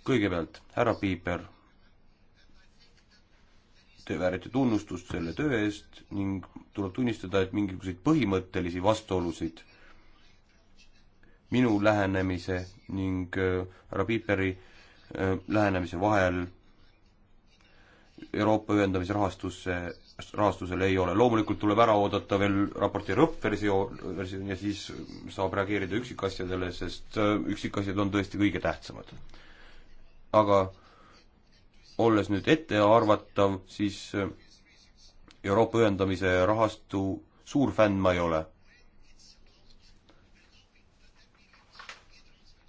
Speaker 4: kõigepealt, härra Piiper, te väärite tunnustust selle töö eest ning tuleb tunnistada, et mingisuguseid põhimõttelisi vastuolusid minu lähenemise ning äh, härra Piiperi äh, lähenemise vahel Euroopa ühendamise rahastusse, rahastusele ei ole. loomulikult tuleb ära oodata veel raporti lõppversioon ja siis saab reageerida üksikasjadele, sest äh, üksikasjad on tõesti kõige tähtsamad. aga olles nüüd ettearvatav, siis äh, Euroopa ühendamise rahastu suur fänn ma ei ole.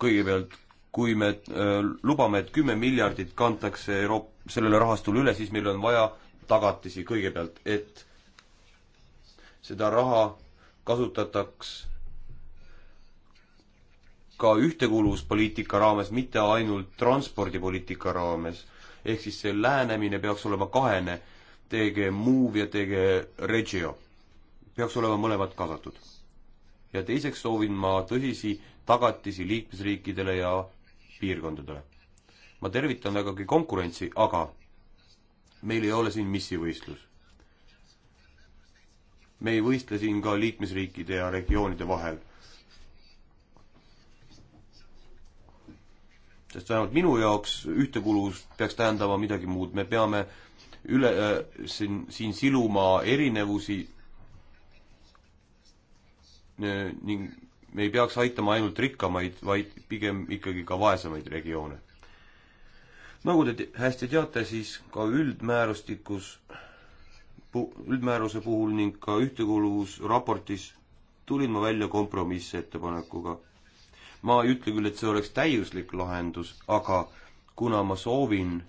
Speaker 4: kõigepealt kui me äh, lubame, et kümme miljardit kantakse Euroop-, sellele rahastule üle, siis meil on vaja tagatisi kõigepealt, et seda raha kasutataks ka ühtekuuluvuspoliitika raames, mitte ainult transpordipoliitika raames. ehk siis see lähenemine peaks olema kahene, tege Move ja tege Regio. peaks olema mõlemad kaasatud. ja teiseks soovin ma tõsisi tagatisi liikmesriikidele ja piirkondadele. ma tervitan vägagi konkurentsi, aga meil ei ole siin missivõistlus. me ei võistle siin ka liikmesriikide ja regioonide vahel. sest vähemalt minu jaoks ühtekuuluvus peaks tähendama midagi muud, me peame üle äh, siin, siin siluma erinevusi äh, ning me ei peaks aitama ainult rikkamaid, vaid pigem ikkagi ka vaesemaid regioone. nagu te hästi teate, siis ka üldmäärustikus, üldmääruse puhul ning ka ühtekuuluvusraportis tulin ma välja kompromissettepanekuga. ma ei ütle küll, et see oleks täiuslik lahendus, aga kuna ma soovin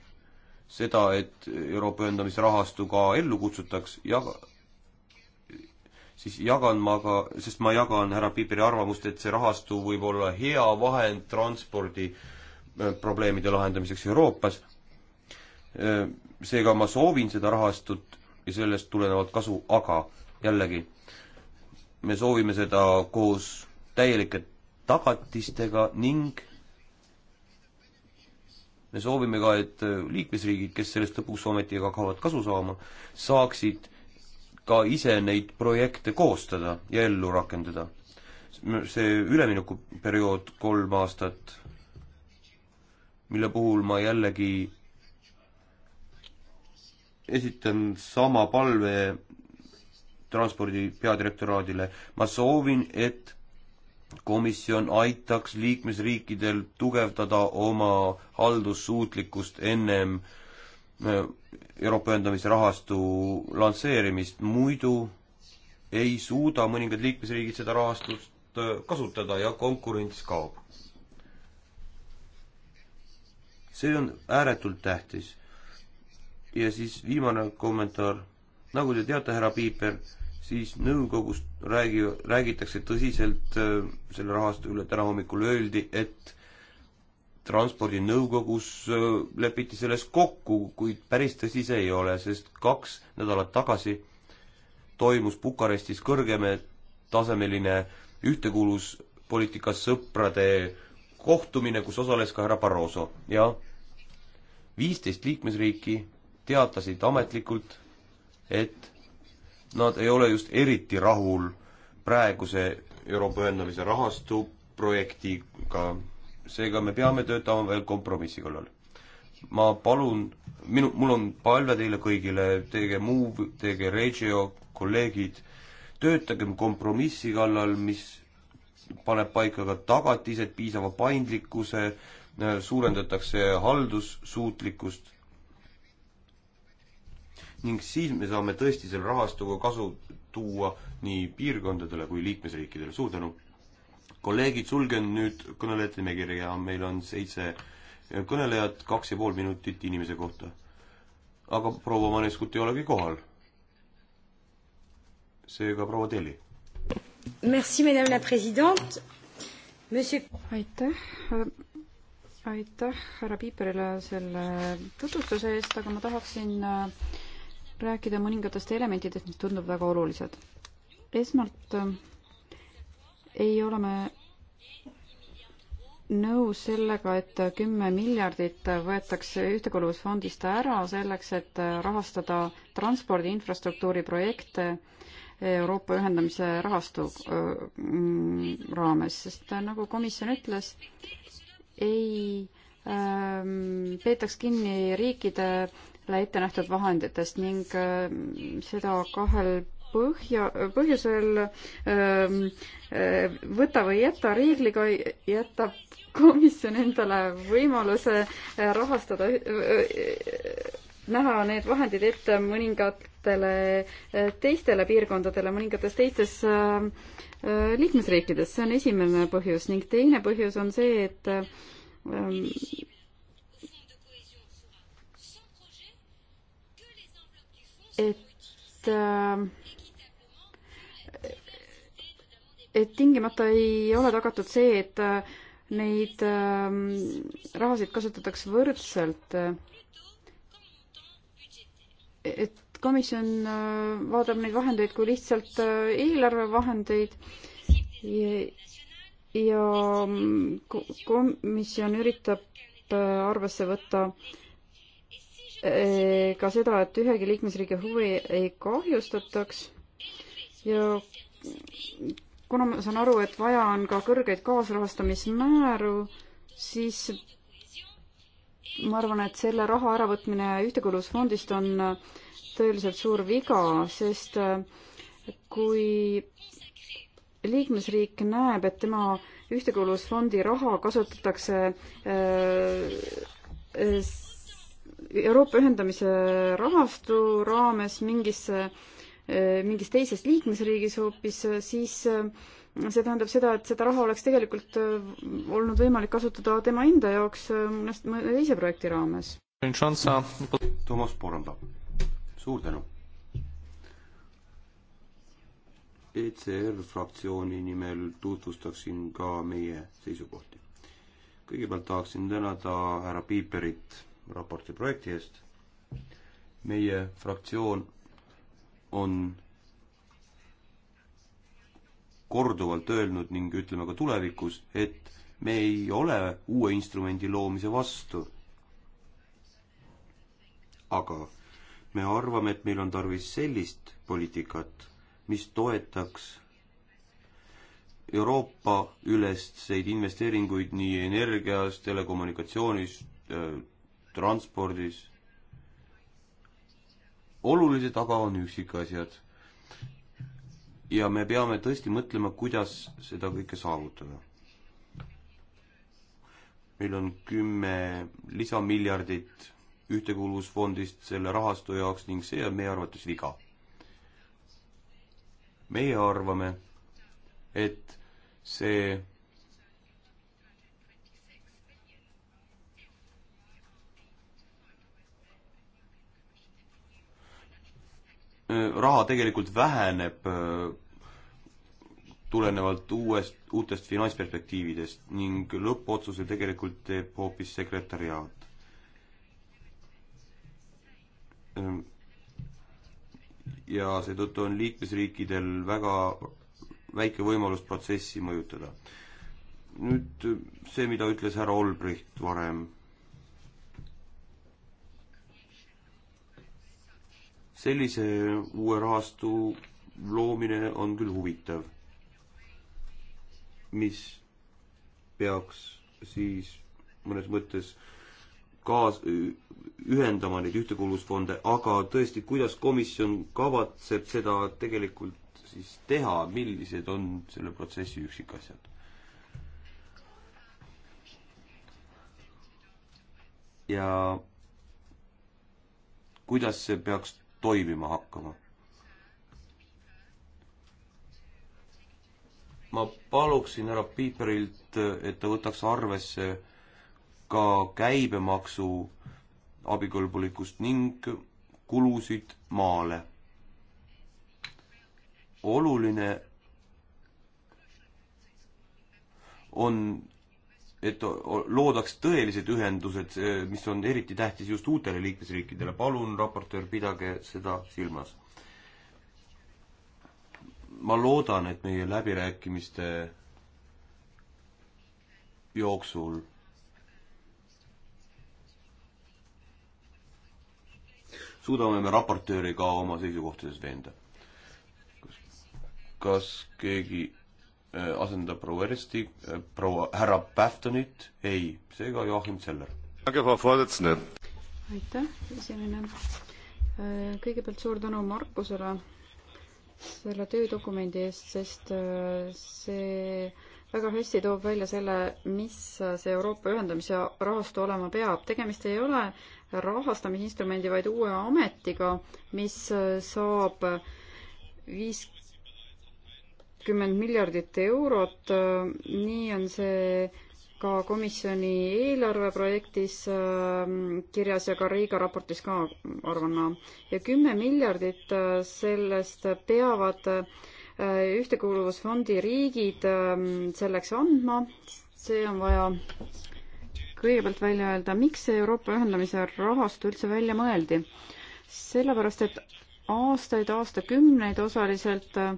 Speaker 4: seda, et Euroopa ühendamisrahastu ka ellu kutsutaks ja siis jagan ma ka, sest ma jagan härra Piiperi arvamust, et see rahastu võib olla hea vahend transpordi äh, probleemide lahendamiseks Euroopas. Äh, seega ma soovin seda rahastut ja sellest tulenevalt kasu, aga jällegi, me soovime seda koos täielike tagatistega ning me soovime ka, et äh, liikmesriigid, kes sellest lõpuks ometi hakkavad kasu saama, saaksid ka ise neid projekte koostada ja ellu rakendada. see üleminekuperiood kolm aastat, mille puhul ma jällegi esitan sama palve transpordi peadirektoraadile, ma soovin, et komisjon aitaks liikmesriikidel tugevdada oma haldussuutlikkust ennem äh, Euroopa ühendamise rahastu lansseerimist, muidu ei suuda mõningad liikmesriigid seda rahastust äh, kasutada ja konkurents kaob. see on ääretult tähtis. ja siis viimane kommentaar, nagu te teate, härra Piiper, siis nõukogus räägi, räägitakse tõsiselt äh, selle rahastu üle, täna hommikul öeldi, et transpordinõukogus äh, lepiti selles kokku, kuid päris tõsi see ei ole, sest kaks nädalat tagasi toimus Bukarestis kõrgeme tasemeline ühtekuuluspoliitika sõprade kohtumine, kus osales ka härra Barroso ja viisteist liikmesriiki teatasid ametlikult, et nad ei ole just eriti rahul praeguse Euroopa ühendamise rahastu projektiga seega me peame töötama veel kompromissi kallal. ma palun, minu, mul on palve teile kõigile, tege Move, tege Regio, kolleegid, töötagem kompromissi kallal, mis paneb paika ka tagatised, piisava paindlikkuse, suurendatakse haldussuutlikkust ning siis me saame tõesti selle rahastuga kasu tuua nii piirkondadele kui liikmesriikidele. suur tänu! kolleegid, sulgen nüüd kõnelejate nimekirja, meil on seitse kõnelejat, kaks ja pool minutit inimese kohta. aga proua Maneskut ei olegi kohal. seega proua Teli.
Speaker 3: Merci, madame la president. Monsieur... aitäh, aitäh härra Piiperile selle tutvustuse eest, aga ma tahaksin äh, rääkida mõningatest elementidest, mis tunduvad väga olulised. esmalt äh, ei ole me nõus sellega, et kümme miljardit võetakse Ühtekuuluvusfondist ära selleks, et rahastada transpordi infrastruktuuri projekte Euroopa ühendamise rahastu mm, raames, sest nagu komisjon ütles, ei ähm, peetaks kinni riikidele ette nähtud vahenditest ning äh, seda kahel põhja, põhjusel ähm, äh, võta või jäta reegliga jätab komisjon endale võimaluse äh, rahastada, äh, näha need vahendid ette mõningatele teistele piirkondadele mõningates teistes liikmesriikides, see on esimene põhjus ning teine põhjus on see, et ähm, et äh, et tingimata ei ole tagatud see, et äh, neid ähm, rahasid kasutatakse võrdselt. et komisjon äh, vaatab neid vahendeid kui lihtsalt äh, eelarvevahendeid ja komisjon üritab arvesse võtta ka seda, et ühegi liikmesriigi huvi ei kahjustataks ja kuna ma saan aru, et vaja on ka kõrgeid kaasrahastamismääru, siis ma arvan, et selle raha äravõtmine Ühtekuuluvusfondist on tõeliselt suur viga, sest äh, kui liikmesriik näeb, et tema Ühtekuuluvusfondi raha kasutatakse äh, äh, Euroopa ühendamise rahastu raames mingisse Äh, mingis teises liikmesriigis hoopis, äh, siis äh, see tähendab seda, et seda raha oleks tegelikult olnud võimalik kasutada tema enda jaoks mõne teise projekti raames.
Speaker 4: Toomas Poranda, suur tänu. ECR fraktsiooni nimel tutvustaksin ka meie seisukohti. kõigepealt tahaksin tänada härra Piiperit raporti projekti eest. meie fraktsioon on korduvalt öelnud ning ütleme ka tulevikus, et me ei ole uue instrumendi loomise vastu. aga me arvame, et meil on tarvis sellist poliitikat, mis toetaks Euroopa ülestseid investeeringuid nii energias, telekommunikatsioonis, äh, transpordis olulise taga on üksikasjad. ja me peame tõesti mõtlema, kuidas seda kõike saavutada. meil on kümme lisamiljardit ühtekuuluvusfondist selle rahastu jaoks ning see on meie arvates viga. meie arvame, et see Äh, raha tegelikult väheneb äh, tulenevalt uuest, uutest finantsperspektiividest ning lõppotsuse tegelikult teeb hoopis sekretäriaat. Äh, ja seetõttu on liikmesriikidel väga väike võimalus protsessi mõjutada. nüüd see, mida ütles härra Olbricht varem sellise uue rahastu loomine on küll huvitav, mis peaks siis mõnes mõttes kaas-, ühendama neid ühtekuuluvusfonde, aga tõesti, kuidas komisjon kavatseb seda tegelikult siis teha, millised on selle protsessi üksikasjad? ja kuidas see peaks toimima hakkama. ma paluksin härra Piiperilt, et ta võtaks arvesse ka käibemaksu abikõlbulikkust ning kulusid maale. oluline on et loodaks tõelised ühendused, mis on eriti tähtis just uutele liikmesriikidele. palun, raportöör, pidage seda silmas. ma loodan, et meie läbirääkimiste jooksul suudame me raportööri ka oma seisukohtades veenda. kas keegi Äh, asendab proua Ersti, äh, proua härra Päftonit, ei, seega Joachim Zeller. aitäh,
Speaker 3: esimene. Äh, kõigepealt suur tänu Markusele selle töödokumendi eest, sest see väga hästi toob välja selle, mis see Euroopa ühendamise rahastu olema peab. tegemist ei ole rahastamisinstrumendi, vaid uue ametiga, mis saab viis kakskümmend miljardit eurot, äh, nii on see ka komisjoni eelarveprojektis äh, kirjas ja ka Riiga raportis ka arvana. ja kümme miljardit äh, sellest peavad Ühtekuuluvusfondi riigid selleks andma, see on vaja kõigepealt välja öelda, miks see Euroopa ühendamise rahastu üldse välja mõeldi. sellepärast, et aastaid, aastakümneid osaliselt äh,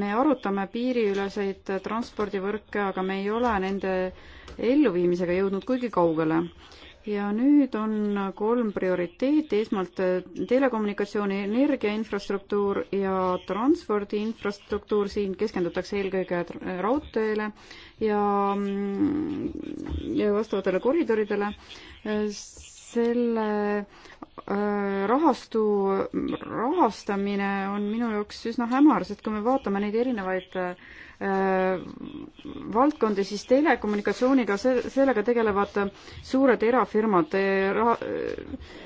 Speaker 3: me arutame piiriüleseid transpordivõrke, aga me ei ole nende elluviimisega jõudnud kuigi kaugele. ja nüüd on kolm prioriteeti, esmalt telekommunikatsiooni energiainfrastruktuur ja transpordi infrastruktuur, siin keskendutakse eelkõige raudteele ja, ja vastavatele koridoridele S selle äh, rahastu rahastamine on minu jaoks üsna hämar, sest kui me vaatame neid erinevaid äh, valdkondi, siis telekommunikatsiooniga, sellega tegelevad suured erafirmad. Äh,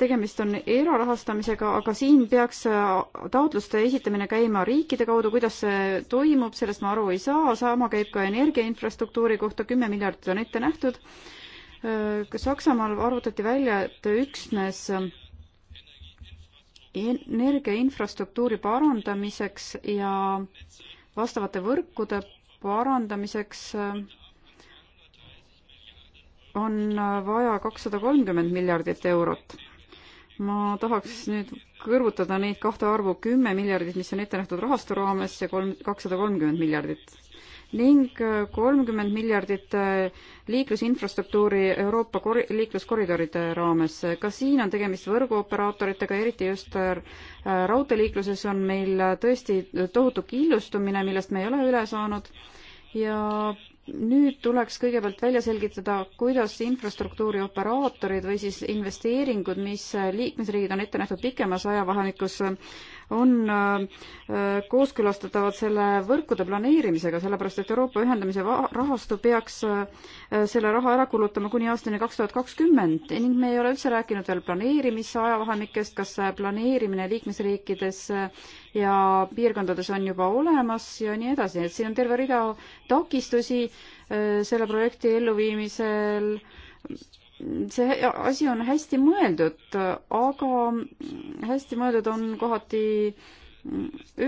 Speaker 3: tegemist on erarahastamisega, aga siin peaks taotluste esitamine käima riikide kaudu, kuidas see toimub, sellest ma aru ei saa, sama käib ka energiainfrastruktuuri kohta, kümme miljardit on ette nähtud Äh, Saksamaal arvutati välja, et üksnes äh, energiainfrastruktuuri parandamiseks ja vastavate võrkude parandamiseks äh, on vaja kakssada kolmkümmend miljardit eurot. ma tahaks nüüd kõrvutada neid kahte arvu, kümme miljardit, mis on ette nähtud rahastu raames ja kolm, kakssada kolmkümmend miljardit ning kolmkümmend miljardit äh, liiklusinfrastruktuuri Euroopa kor-, liikluskoridoride raames. ka siin on tegemist võrguoperaatoritega, eriti just äh, raudteeliikluses on meil äh, tõesti tohutu killustumine, millest me ei ole üle saanud ja nüüd tuleks kõigepealt välja selgitada, kuidas infrastruktuuri operaatorid või siis investeeringud, mis liikmesriigid on ette nähtud pikemas ajavahemikus, on äh, kooskõlastatavad selle võrkude planeerimisega, sellepärast et Euroopa ühendamise rahastu peaks äh, selle raha ära kulutama kuni aastani kaks tuhat kakskümmend ning me ei ole üldse rääkinud veel planeerimise ajavahemikest, kas planeerimine liikmesriikides äh, ja piirkondades on juba olemas ja nii edasi, et siin on terve rida takistusi selle projekti elluviimisel see asi on hästi mõeldud, aga hästi mõeldud on kohati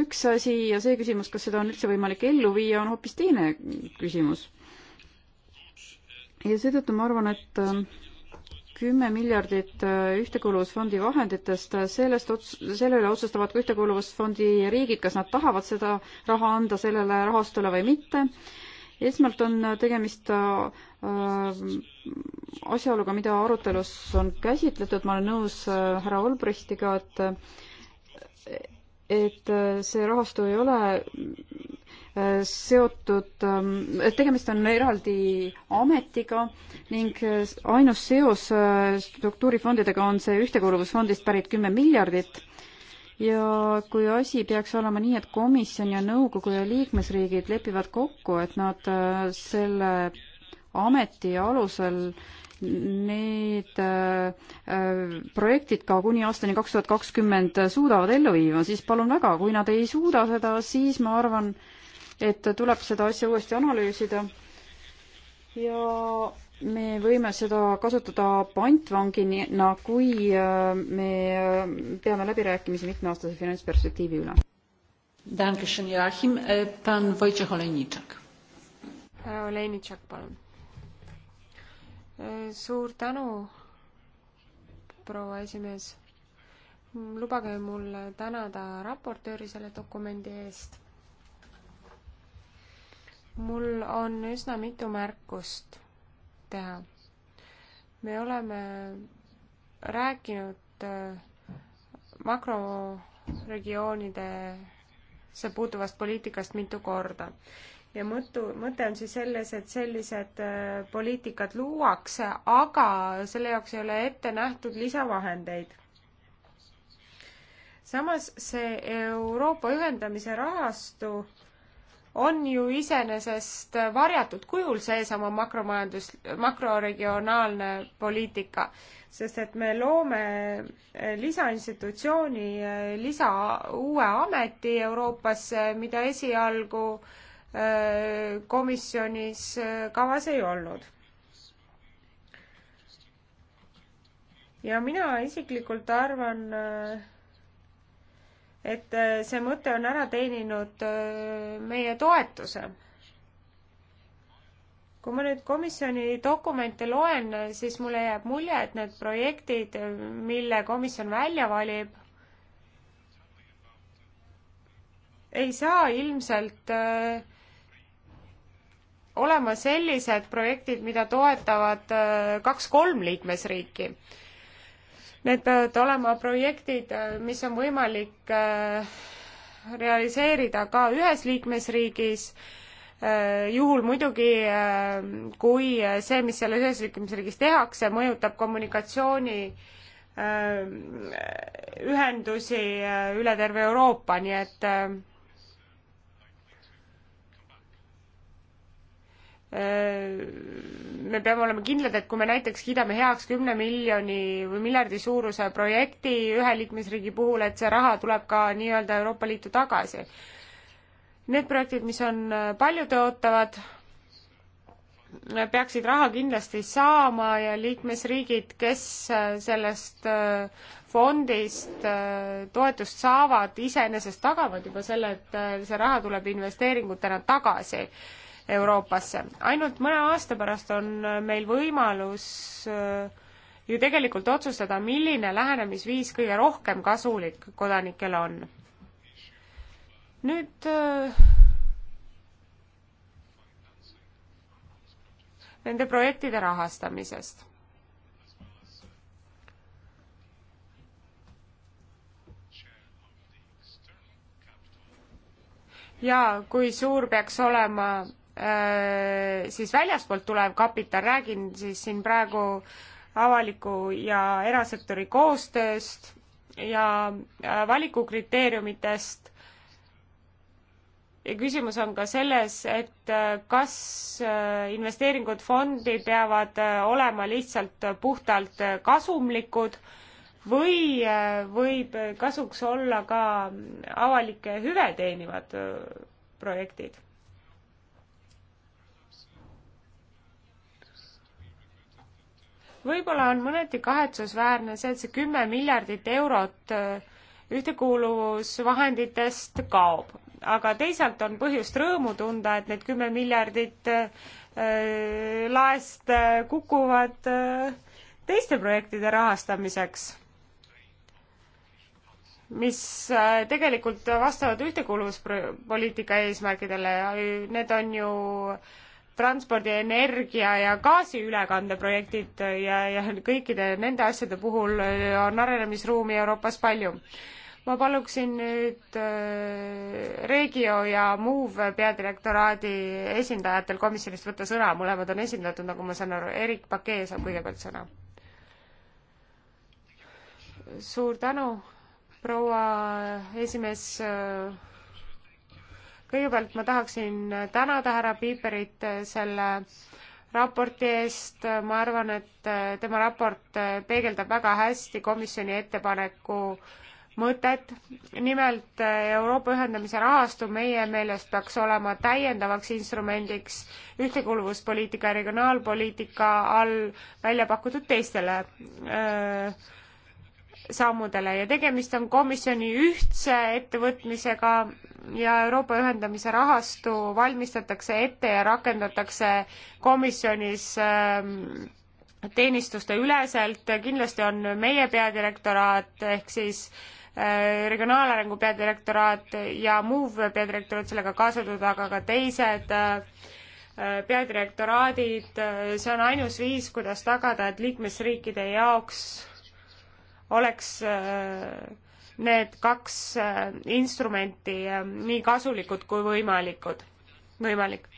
Speaker 3: üks asi ja see küsimus, kas seda on üldse võimalik ellu viia, on hoopis teine küsimus. ja seetõttu ma arvan, et äh, kümme miljardit äh, ühtekuuluvusfondi vahenditest, äh, sellest ots-, selle üle otsustavad ka ühtekuuluvusfondi riigid, kas nad tahavad seda raha anda sellele rahastule või mitte esmalt on tegemist äh, asjaoluga, mida arutelus on käsitletud, ma olen nõus äh, härra Olbrichtiga, et et äh, see rahastu ei ole seotud, et tegemist on eraldi ametiga ning ainus seos struktuurifondidega on see ühtekuuluvusfondist pärit kümme miljardit ja kui asi peaks olema nii, et komisjon ja nõukogu ja liikmesriigid lepivad kokku, et nad äh, selle ameti alusel need äh, äh, projektid ka kuni aastani kaks tuhat kakskümmend suudavad ellu viima, siis palun väga, kui nad ei suuda seda, siis ma arvan, et tuleb seda asja uuesti analüüsida ja me võime seda kasutada pantvangina, kui äh, me äh, peame läbirääkimisi mitmeaastase finantsperspektiivi üle. Dankeschön, Joachim. Pan äh, Wojciech Olejniczak.
Speaker 2: härra Olejniczak, palun. suur tänu, proua esimees. lubage mul tänada raportööri selle dokumendi eest. mul on üsna mitu märkust teha. me oleme rääkinud äh, makroregioonide see puutuvast poliitikast mitu korda. ja mõtu, mõte on siis selles, et sellised äh, poliitikad luuakse, aga selle jaoks ei ole ette nähtud lisavahendeid. samas see Euroopa ühendamise rahastu on ju iseenesest varjatud kujul seesama makromajandus, makroregionaalne poliitika, sest et me loome lisainstitutsiooni, lisa uue ameti Euroopasse, mida esialgu komisjonis kavas ei olnud. ja mina isiklikult arvan, et äh, see mõte on ära teeninud äh, meie toetuse. kui ma nüüd komisjoni dokumente loen, siis mulle jääb mulje, et need projektid, mille komisjon välja valib, ei saa ilmselt äh, olema sellised projektid, mida toetavad kaks-kolm liikmesriiki Need peavad olema projektid, äh, mis on võimalik äh, realiseerida ka ühes liikmesriigis, äh, juhul muidugi, kui see, mis selles ühes liikmesriigis tehakse, mõjutab kommunikatsiooni ühendusi üle terve Euroopa, nii et Äh, me peame olema kindlad, et kui me näiteks kiidame heaks kümne miljoni või miljardi suuruse projekti ühe liikmesriigi puhul, et see raha tuleb ka nii-öelda Euroopa Liitu tagasi. Need projektid, mis on äh, paljutõotavad, äh, peaksid raha kindlasti saama ja liikmesriigid, kes sellest fondist toetust saavad, iseenesest tagavad juba selle, et see raha tuleb investeeringutena tagasi Euroopasse. ainult mõne aasta pärast on äh, meil võimalus äh, ju tegelikult otsustada, milline lähenemisviis kõige rohkem kasulik kodanikele on. nüüd äh, nende projektide rahastamisest ja kui suur peaks olema Äh, siis väljaspoolt tulev kapital, räägin siis siin praegu avaliku ja erasektori koostööst ja äh, valikukriteeriumitest. ja küsimus on ka selles, et äh, kas investeeringud fondi peavad olema lihtsalt puhtalt kasumlikud või võib kasuks olla ka avalikke hüve teenivad projektid võib-olla on mõneti kahetsusväärne see, et see kümme miljardit eurot äh, ühtekuuluvusvahenditest kaob, aga teisalt on põhjust rõõmu tunda, et need kümme miljardit äh, äh, laest kukuvad teiste projektide rahastamiseks, mis tegelikult vastavad ühtekuuluvuspoliitika eesmärkidele ja need on ju äh, transpordi, energia ja gaasiülekandeprojektid ja, ja kõikide nende asjade puhul äh, on arenemisruumi Euroopas palju ma paluksin nüüd äh, Regio ja Move peadirektoraadi esindajatel komisjonist võtta sõna, mõlemad on esindatud, nagu ma saan aru, Erik Pakee saab kõigepealt sõna. suur tänu, proua esimees äh, kõigepealt ma tahaksin tänada härra Piiperit selle raporti eest, ma arvan, et tema raport peegeldab väga hästi komisjoni ettepaneku mõtet. nimelt Euroopa ühendamise rahastu meie meelest peaks olema täiendavaks instrumendiks ühtekuuluvuspoliitika ja regionaalpoliitika all välja pakutud teistele öö, äh, sammudele ja tegemist on komisjoni ühtse ettevõtmisega ja Euroopa ühendamise rahastu valmistatakse ette ja rakendatakse komisjonis ähm, teenistuste üleselt, kindlasti on meie peadirektoraat ehk siis äh, regionaalarengu peadirektoraat ja MOVE peadirektoraat sellega kaasatud, aga ka teised äh, äh, peadirektoraadid, see on ainus viis, kuidas tagada, et liikmesriikide jaoks oleks äh, need kaks äh, instrumenti äh, nii kasulikud kui võimalikud, võimalik.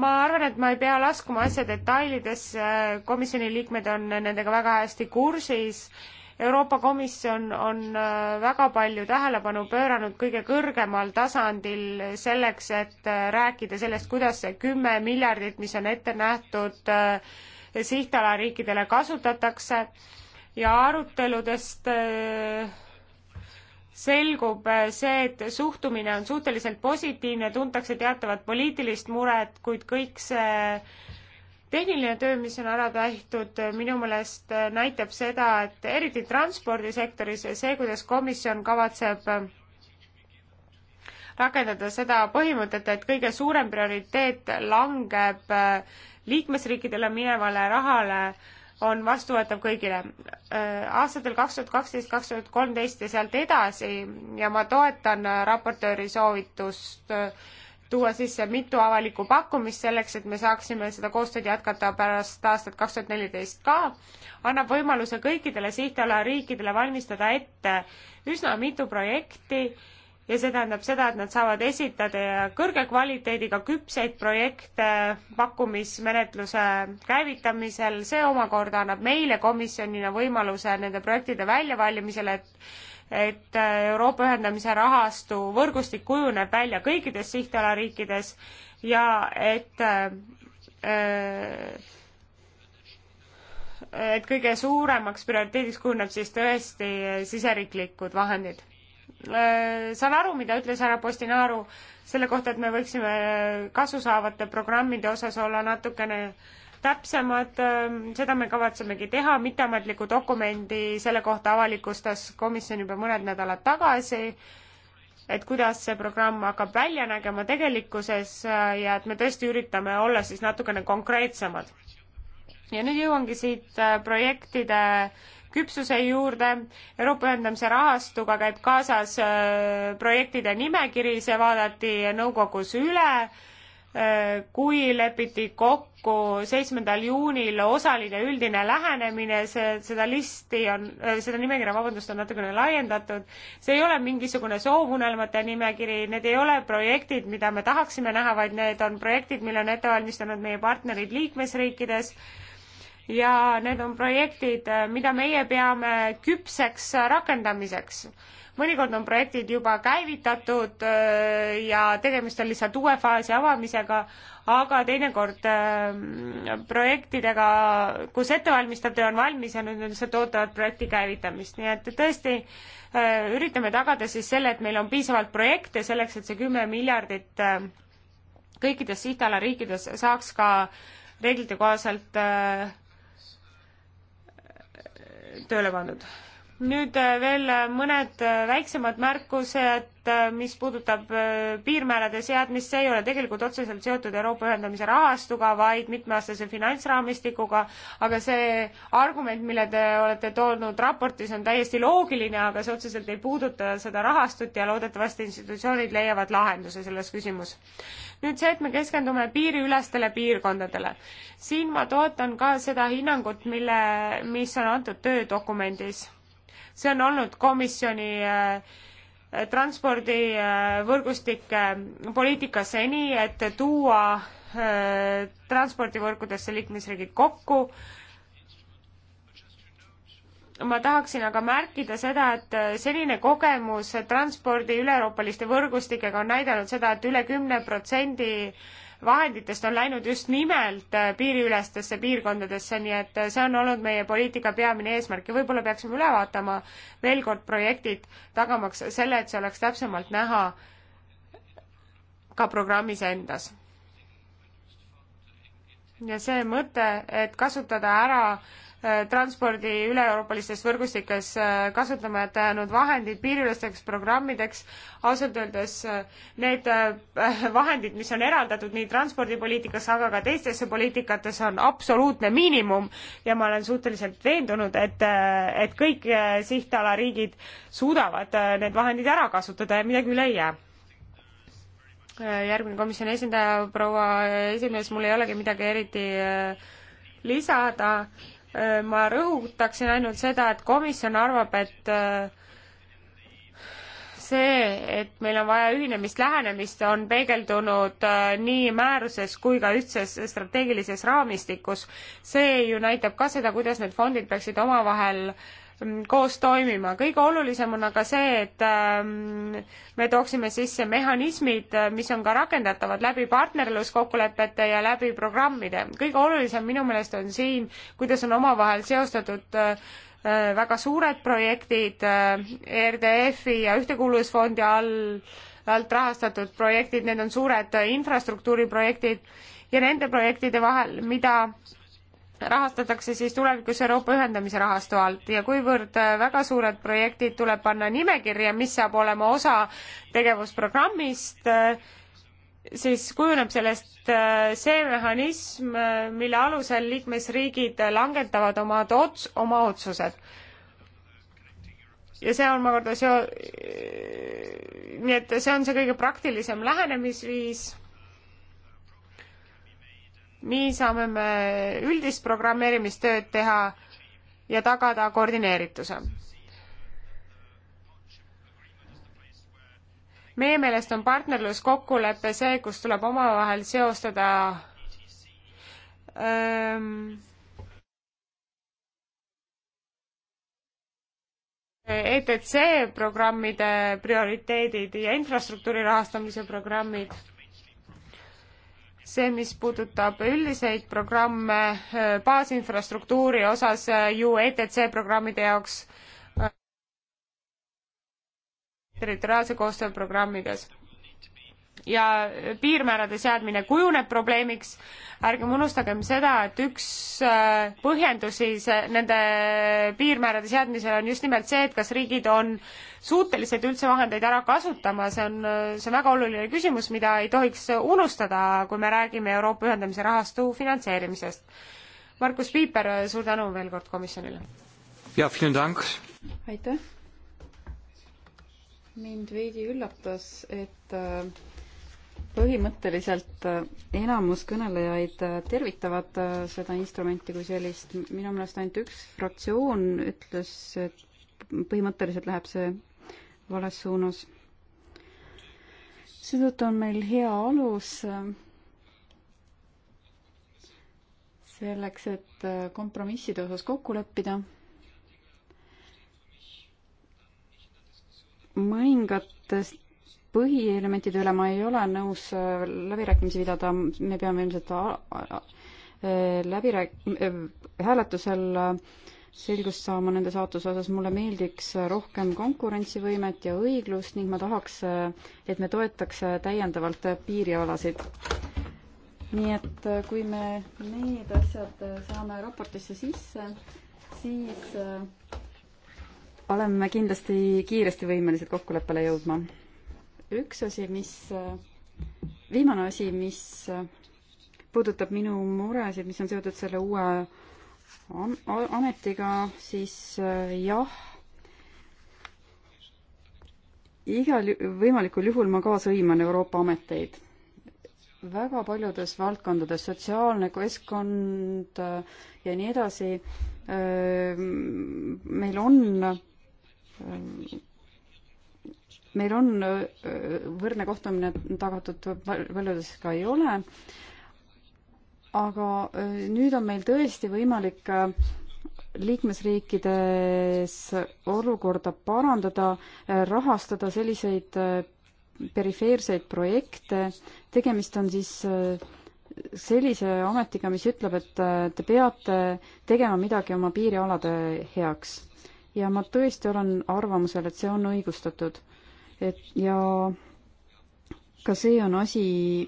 Speaker 2: ma arvan, et ma ei pea laskuma asja detailidesse, komisjoni liikmed on nendega väga hästi kursis, Euroopa Komisjon on väga palju tähelepanu pööranud kõige kõrgemal tasandil selleks, et rääkida sellest, kuidas see kümme miljardit, mis on ette nähtud sihtalariikidele, kasutatakse ja aruteludest äh, selgub äh, see, et suhtumine on suhteliselt positiivne, tuntakse teatavat poliitilist muret, kuid kõik see tehniline töö, mis on ära tehtud, minu meelest äh, näitab seda, et eriti transpordisektoris see, kuidas komisjon kavatseb rakendada seda põhimõtet, et kõige suurem prioriteet langeb liikmesriikidele minevale rahale on vastuvõetav kõigile. Äh, aastatel kaks tuhat kaksteist, kaks tuhat kolmteist ja sealt edasi ja ma toetan äh, raportööri soovitust äh, tuua sisse mitu avalikku pakkumist selleks, et me saaksime seda koostööd jätkata pärast aastat kaks tuhat neliteist ka, annab võimaluse kõikidele sihtala riikidele valmistada ette üsna mitu projekti ja see tähendab seda, et nad saavad esitada kõrge kvaliteediga küpseid projekte pakkumismenetluse käivitamisel, see omakorda annab meile komisjonina võimaluse nende projektide väljavalimisel, et et Euroopa ühendamise rahastu võrgustik kujuneb välja kõikides sihtalariikides ja et äh, äh et kõige suuremaks prioriteediks kujuneb siis tõesti siseriiklikud vahendid. Äh, saan aru, mida ütles härra Postinaru selle kohta, et me võiksime kasu saavate programmide osas olla natukene täpsemad, ähm, seda me kavatsemegi teha, mitteametliku dokumendi selle kohta avalikustas komisjon juba mõned nädalad tagasi, et kuidas see programm hakkab välja nägema tegelikkuses äh, ja et me tõesti üritame olla siis natukene konkreetsemad. ja nüüd jõuangi siit äh, projektide äh, küpsuse juurde. Euroopa ühendamise rahastuga käib kaasas äh, projektide nimekiri, see vaadati nõukogus üle, äh, kui lepiti kokku seitsmendal juunil osaline üldine lähenemine, see, seda listi on, äh, seda nimekirja, vabandust, on natukene laiendatud. see ei ole mingisugune soovunelmate nimekiri, need ei ole projektid, mida me tahaksime näha, vaid need on projektid, mille on ette valmistanud meie partnerid liikmesriikides ja need on projektid, äh, mida meie peame küpseks äh, rakendamiseks. mõnikord on projektid juba käivitatud äh, ja tegemist on lihtsalt uue faasi avamisega, aga teinekord ähm, projektidega, kus ettevalmistav töö on valmis ja nüüd lihtsalt ootavad projekti käivitamist, nii et tõesti üritame tagada siis selle, et meil on piisavalt projekte selleks, et see kümme miljardit kõikides sihtala riikides saaks ka reeglite kohaselt äh, tööle pandud nüüd äh, veel äh, mõned äh, väiksemad märkused, mis puudutab piirmäärade seadmist, see ei ole tegelikult otseselt seotud Euroopa ühendamise rahastuga, vaid mitmeaastase finantsraamistikuga, aga see argument, mille te olete toonud raportis, on täiesti loogiline, aga see otseselt ei puuduta seda rahastut ja loodetavasti institutsioonid leiavad lahenduse selles küsimus. nüüd see, et me keskendume piiriülestele piirkondadele. siin ma toetan ka seda hinnangut, mille, mis on antud töödokumendis see on olnud komisjoni äh, transpordivõrgustike äh, poliitika seni, et tuua äh, transpordivõrkudesse liikmesriigid kokku. ma tahaksin aga märkida seda, et senine kogemus transpordi üle-euroopaliste võrgustikega on näidanud seda et, et üle kümne protsendi vahenditest on läinud just nimelt äh, piiriülestesse piirkondadesse, nii et äh, see on olnud meie poliitika peamine eesmärk ja võib-olla peaksime üle vaatama veel kord projektid, tagamaks selle, et see oleks täpsemalt näha ka programmis endas ja see mõte, et kasutada ära Äh, transpordi üle-euroopalistes võrgustikes äh, kasutamata jäänud vahendid piiriülesteks programmideks, ausalt öeldes äh, need [LAUGHS] vahendid, mis on eraldatud nii transpordipoliitikasse, aga ka teistesse poliitikates, on absoluutne miinimum ja ma olen suhteliselt veendunud, et, et kõik sihtala riigid suudavad need vahendid ära kasutada ja midagi üle ei jää järgmine komisjoni esindaja, proua esimees, mul ei olegi midagi eriti lisada Äh, ma rõhutaksin ainult seda, et komisjon arvab, et äh, see, et meil on vaja ühinemist, lähenemist, on peegeldunud äh, nii määruses kui ka ühtses strateegilises raamistikus. see ju näitab ka seda, kuidas need fondid peaksid omavahel äh, Mm, koos toimima. kõige olulisem on aga see, et ähm, me tooksime sisse mehhanismid, äh, mis on ka rakendatavad läbi partnerluskokkulepete ja läbi programmide. kõige olulisem minu meelest on siin, kuidas on omavahel seostatud äh, äh, väga suured projektid ERDF-i ja Ühtekuuluvusfondi all, alt rahastatud projektid, need on suured infrastruktuuriprojektid ja nende projektide vahel, mida rahastatakse siis tulevikus Euroopa ühendamise rahastu alt ja kuivõrd äh, väga suured projektid tuleb panna nimekirja, mis saab olema osa tegevusprogrammist, äh, siis kujuneb sellest äh, see mehhanism, mille alusel liikmesriigid langetavad oma ots-, oma otsused. ja see on omakorda seo-, nii et see on see kõige praktilisem lähenemisviis nii saame me üldist programmeerimistööd teha ja tagada koordineerituse. meie meelest on partnerluskokkulepe see, kus tuleb omavahel seostada ähm, ETC programmide prioriteedid ja infrastruktuuri rahastamise programmid see, mis puudutab üldiseid programme äh, baasinfrastruktuuri osas äh, ju ETC programmide jaoks äh, territoriaalse koostöö programmides ja piirmäärade seadmine kujuneb probleemiks, ärgem unustagem seda, et üks äh, põhjendusi see, nende piirmäärade seadmisel on just nimelt see, et kas riigid on suutelised üldse vahendeid ära kasutama, see on, äh, see on väga oluline küsimus, mida ei tohiks unustada, kui me räägime Euroopa ühendamise rahastu finantseerimisest. Markus Piiper, suur tänu veel kord komisjonile! jaa, aitäh!
Speaker 3: mind veidi üllatas, et äh, põhimõtteliselt äh, enamus kõnelejaid äh, tervitavad äh, seda instrumenti kui sellist. minu meelest ainult üks fraktsioon ütles, et põhimõtteliselt läheb see vales suunas. seetõttu on meil hea alus selleks, et kompromisside osas kokku leppida. mõningatest põhielementide üle ma ei ole nõus äh, läbirääkimisi pidada, me peame ilmselt äh, läbirääk-, äh, hääletusel selgust saama nende saatuse osas, mulle meeldiks rohkem konkurentsivõimet ja õiglust ning ma tahaks, et me toetaks täiendavalt piirialasid. nii et kui me need asjad saame raportisse sisse, siis oleme kindlasti kiiresti võimelised kokkuleppele jõudma üks asi, mis, viimane asi, mis puudutab minu muresid, mis on seotud selle uue am ametiga, siis jah, igal võimalikul juhul ma ka sõiman Euroopa ameteid väga paljudes valdkondades, sotsiaalne keskkond äh, ja nii edasi, äh, meil on äh, meil on võrdne kohtumine tagatud, paljudes ka ei ole. aga nüüd on meil tõesti võimalik liikmesriikides olukorda parandada, rahastada selliseid perifeerseid projekte, tegemist on siis sellise ametiga, mis ütleb, et te peate tegema midagi oma piirialade heaks. ja ma tõesti olen arvamusel, et see on õigustatud et ja ka see on asi,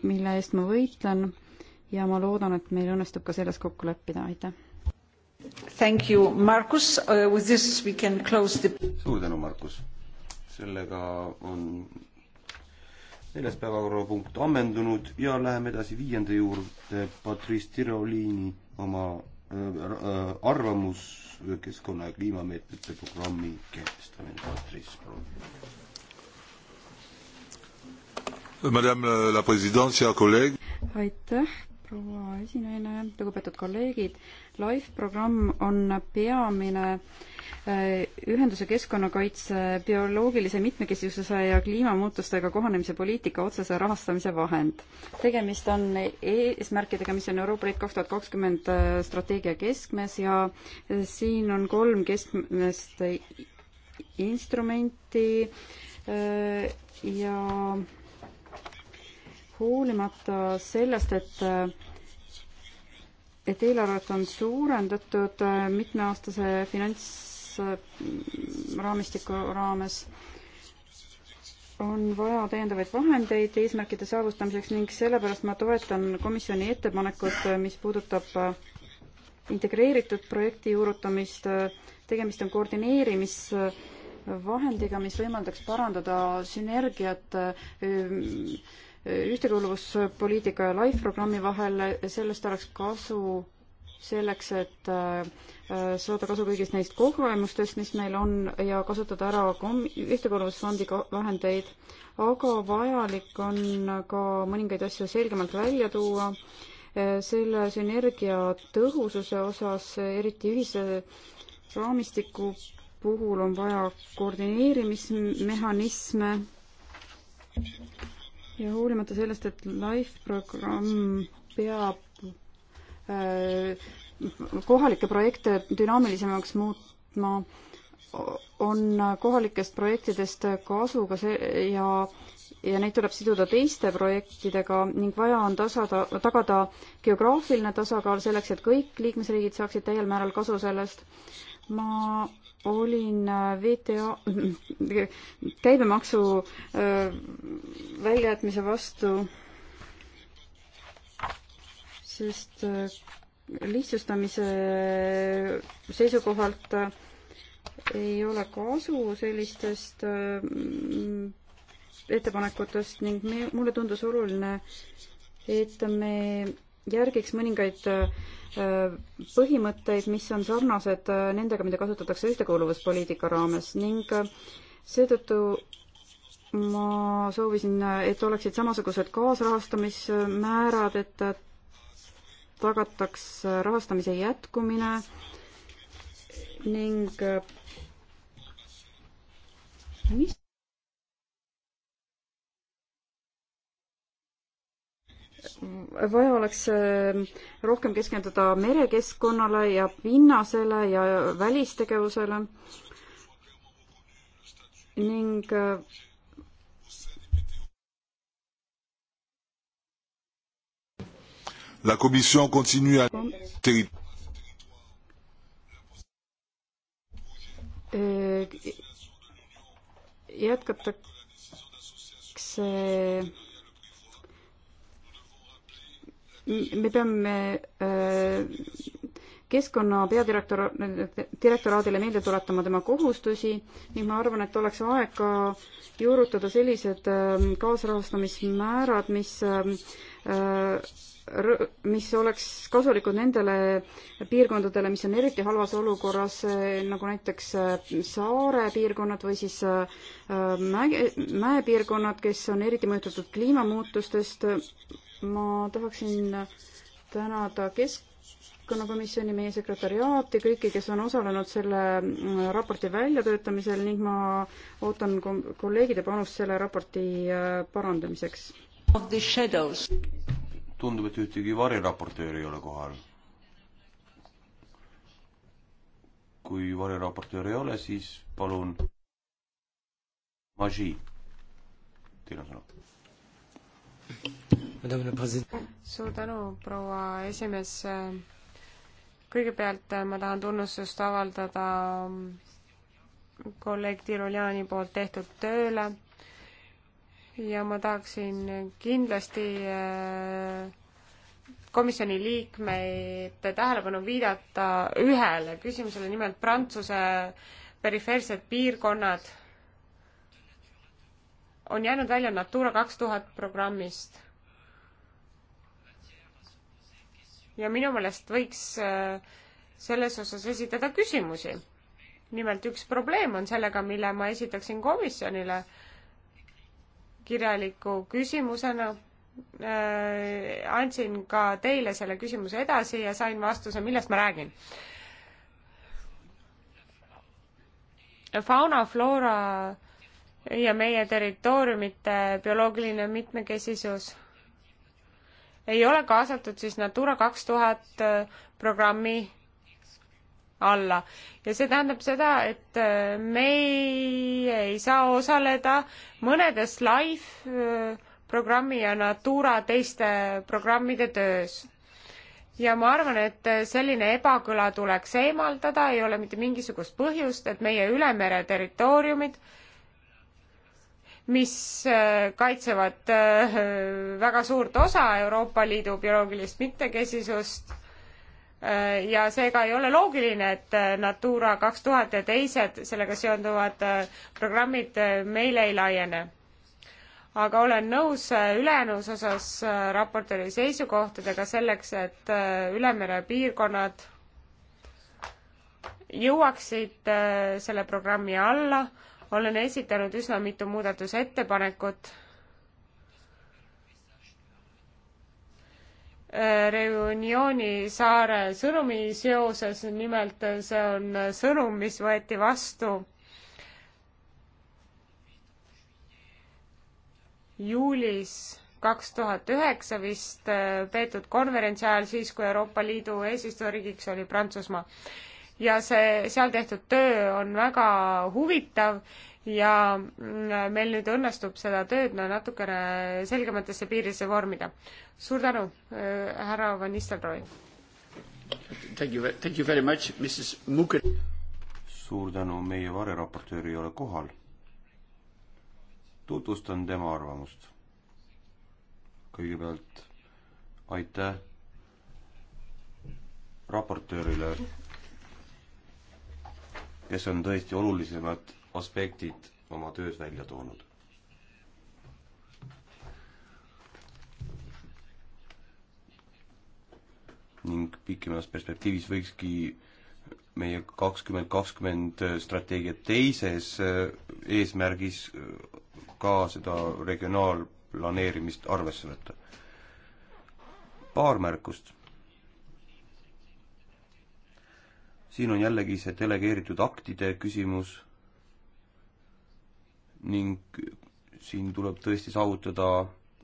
Speaker 3: mille eest ma võitlen ja ma loodan, et meil õnnestub ka selles kokku leppida, aitäh. Thank you, Markus uh,, with this we can close the
Speaker 4: suur tänu, Markus. sellega on neljas päevakorrapunkt ammendunud ja läheme edasi viienda juurde, Patrice Tiroliini oma äh, äh, arvamus keskkonna ja kliimameetmete programmi kehtestamine, Patrice, palun. Madame la Présidente, chers collègues.
Speaker 3: aitäh, proua esinaine, lugupeetud kolleegid. LIFE programm on peamine äh, ühenduse keskkonnakaitse, bioloogilise mitmekesisuse ja kliimamuutustega kohanemise poliitika otsese rahastamise vahend. tegemist on eesmärkidega, mis on Euroopa Liit kaks tuhat kakskümmend äh, strateegia keskmes ja äh, siin on kolm keskmest instrumenti ja hoolimata sellest, et et eelarvet on suurendatud mitmeaastase finantsraamistiku raames, on vaja täiendavaid vahendeid eesmärkide saavutamiseks ning sellepärast ma toetan komisjoni ettepanekut, mis puudutab integreeritud projekti juurutamist, tegemist on koordineerimis vahendiga, mis võimaldaks parandada sünergiat ühtekuuluvuspoliitika ja LIFE programmi vahel, sellest oleks kasu selleks, et äh, saada kasu kõigist neist kogemustest, mis meil on ja kasutada ära kom-, ühtekuuluvusfondi vahendeid, aga vajalik on ka mõningaid asju selgemalt välja tuua selle sünergia tõhususe osas, eriti ühise raamistiku puhul on vaja koordineerimismehhanisme ja hoolimata sellest, et LIFE programm peab äh, kohalikke projekte dünaamilisemaks muutma, on kohalikest projektidest kasu ka see ja, ja neid tuleb siduda teiste projektidega ning vaja on tasada, tagada geograafiline tasakaal selleks, et kõik liikmesriigid saaksid täiel määral kasu sellest. ma olin VTA äh, käibemaksu äh, väljajätmise vastu, sest äh, lihtsustamise seisukohalt ei ole kasu sellistest ettepanekutest ning me, mulle tundus oluline, et me järgiks mõningaid äh, põhimõtteid, mis on sarnased äh, nendega, mida kasutatakse ühtekuuluvuspoliitika raames ning äh, seetõttu ma soovisin, et oleksid samasugused kaasrahastamismäärad, et tagataks rahastamise jätkumine ning mis vaja oleks ähm, rohkem keskenduda merekeskkonnale ja pinnasele ja välistegevusele ning äh,
Speaker 1: La Commission continue à
Speaker 3: äh, jätkatakse me peame äh, keskkonna peadirektor, direktoraadile meelde tuletama tema kohustusi ning ma arvan, et oleks aeg ka juurutada sellised ähm, kaasrahastamismäärad, mis äh, mis oleks kasulikud nendele piirkondadele, mis on eriti halvas olukorras, äh, nagu näiteks saare piirkonnad või siis mäe, mäepiirkonnad, kes on eriti mõjutatud kliimamuutustest ma tahaksin tänada Keskkonnakomisjoni, meie sekretäriaati, kõiki, kes on osalenud selle mm, raporti väljatöötamisel ning ma ootan kolleegide panust selle raporti äh, parandamiseks.
Speaker 4: tundub, et ühtegi variraportööri ei ole kohal. kui variraportööri ei ole, siis palun. Magi, teil on sõna
Speaker 2: suur tänu, proua esimees. kõigepealt eh, ma tahan tunnustust avaldada mm, kolleeg Tiruljani poolt tehtud tööle ja ma tahaksin kindlasti eh, komisjoni liikmete tähelepanu viidata ühele küsimusele, nimelt Prantsuse perifeersed piirkonnad on jäänud välja Natura kaks tuhat programmist ja minu meelest võiks äh, selles osas esitada küsimusi. nimelt üks probleem on sellega, mille ma esitaksin komisjonile kirjaliku küsimusena. Äh, andsin ka teile selle küsimuse edasi ja sain vastuse, millest ma räägin fauna, floora ja meie territooriumite bioloogiline mitmekesisus ei ole kaasatud siis Natura kaks tuhat äh, programmi alla ja see tähendab seda, et äh, meie ei saa osaleda mõnedes live äh, programmi ja Natura teiste programmide töös. ja ma arvan, et selline ebakõla tuleks eemaldada, ei ole mitte mingisugust põhjust, et meie ülemere territooriumid äh, mis äh, kaitsevad äh, väga suurt osa Euroopa Liidu bioloogilist mitmekesisust äh, ja seega ei ole loogiline, et Natura kaks tuhat ja teised sellega seonduvad programmid meile ei laiene. aga olen nõus ülejäänus osas raportööri seisukohtadega selleks, et Ülemere piirkonnad jõuaksid selle programmi alla olen esitanud üsna mitu muudatusettepanekut. Äh, reunioni saare sõnumi seoses, nimelt see on sõnum, mis võeti vastu juulis kaks tuhat üheksa vist äh, peetud konverentsi ajal, siis kui Euroopa Liidu eesistujariigiks oli Prantsusmaa ja see, seal tehtud töö on väga huvitav ja mm, meil nüüd õnnestub seda tööd no natukene selgematesse piiridesse vormida. suur tänu, äh, härra Van Nistelrooy!
Speaker 3: Thank you, thank you very much, Mrs
Speaker 4: Mukken. suur tänu, meie vareraportöör ei ole kohal. tutvustan tema arvamust. kõigepealt aitäh raportöörile kes on tõesti olulisemad aspektid oma töös välja toonud. ning pikemas perspektiivis võikski meie kakskümmend kakskümmend strateegia teises eh, eesmärgis eh, ka seda regionaalplaneerimist arvesse võtta. paar märkust siin on jällegi see delegeeritud aktide küsimus ning siin tuleb tõesti saavutada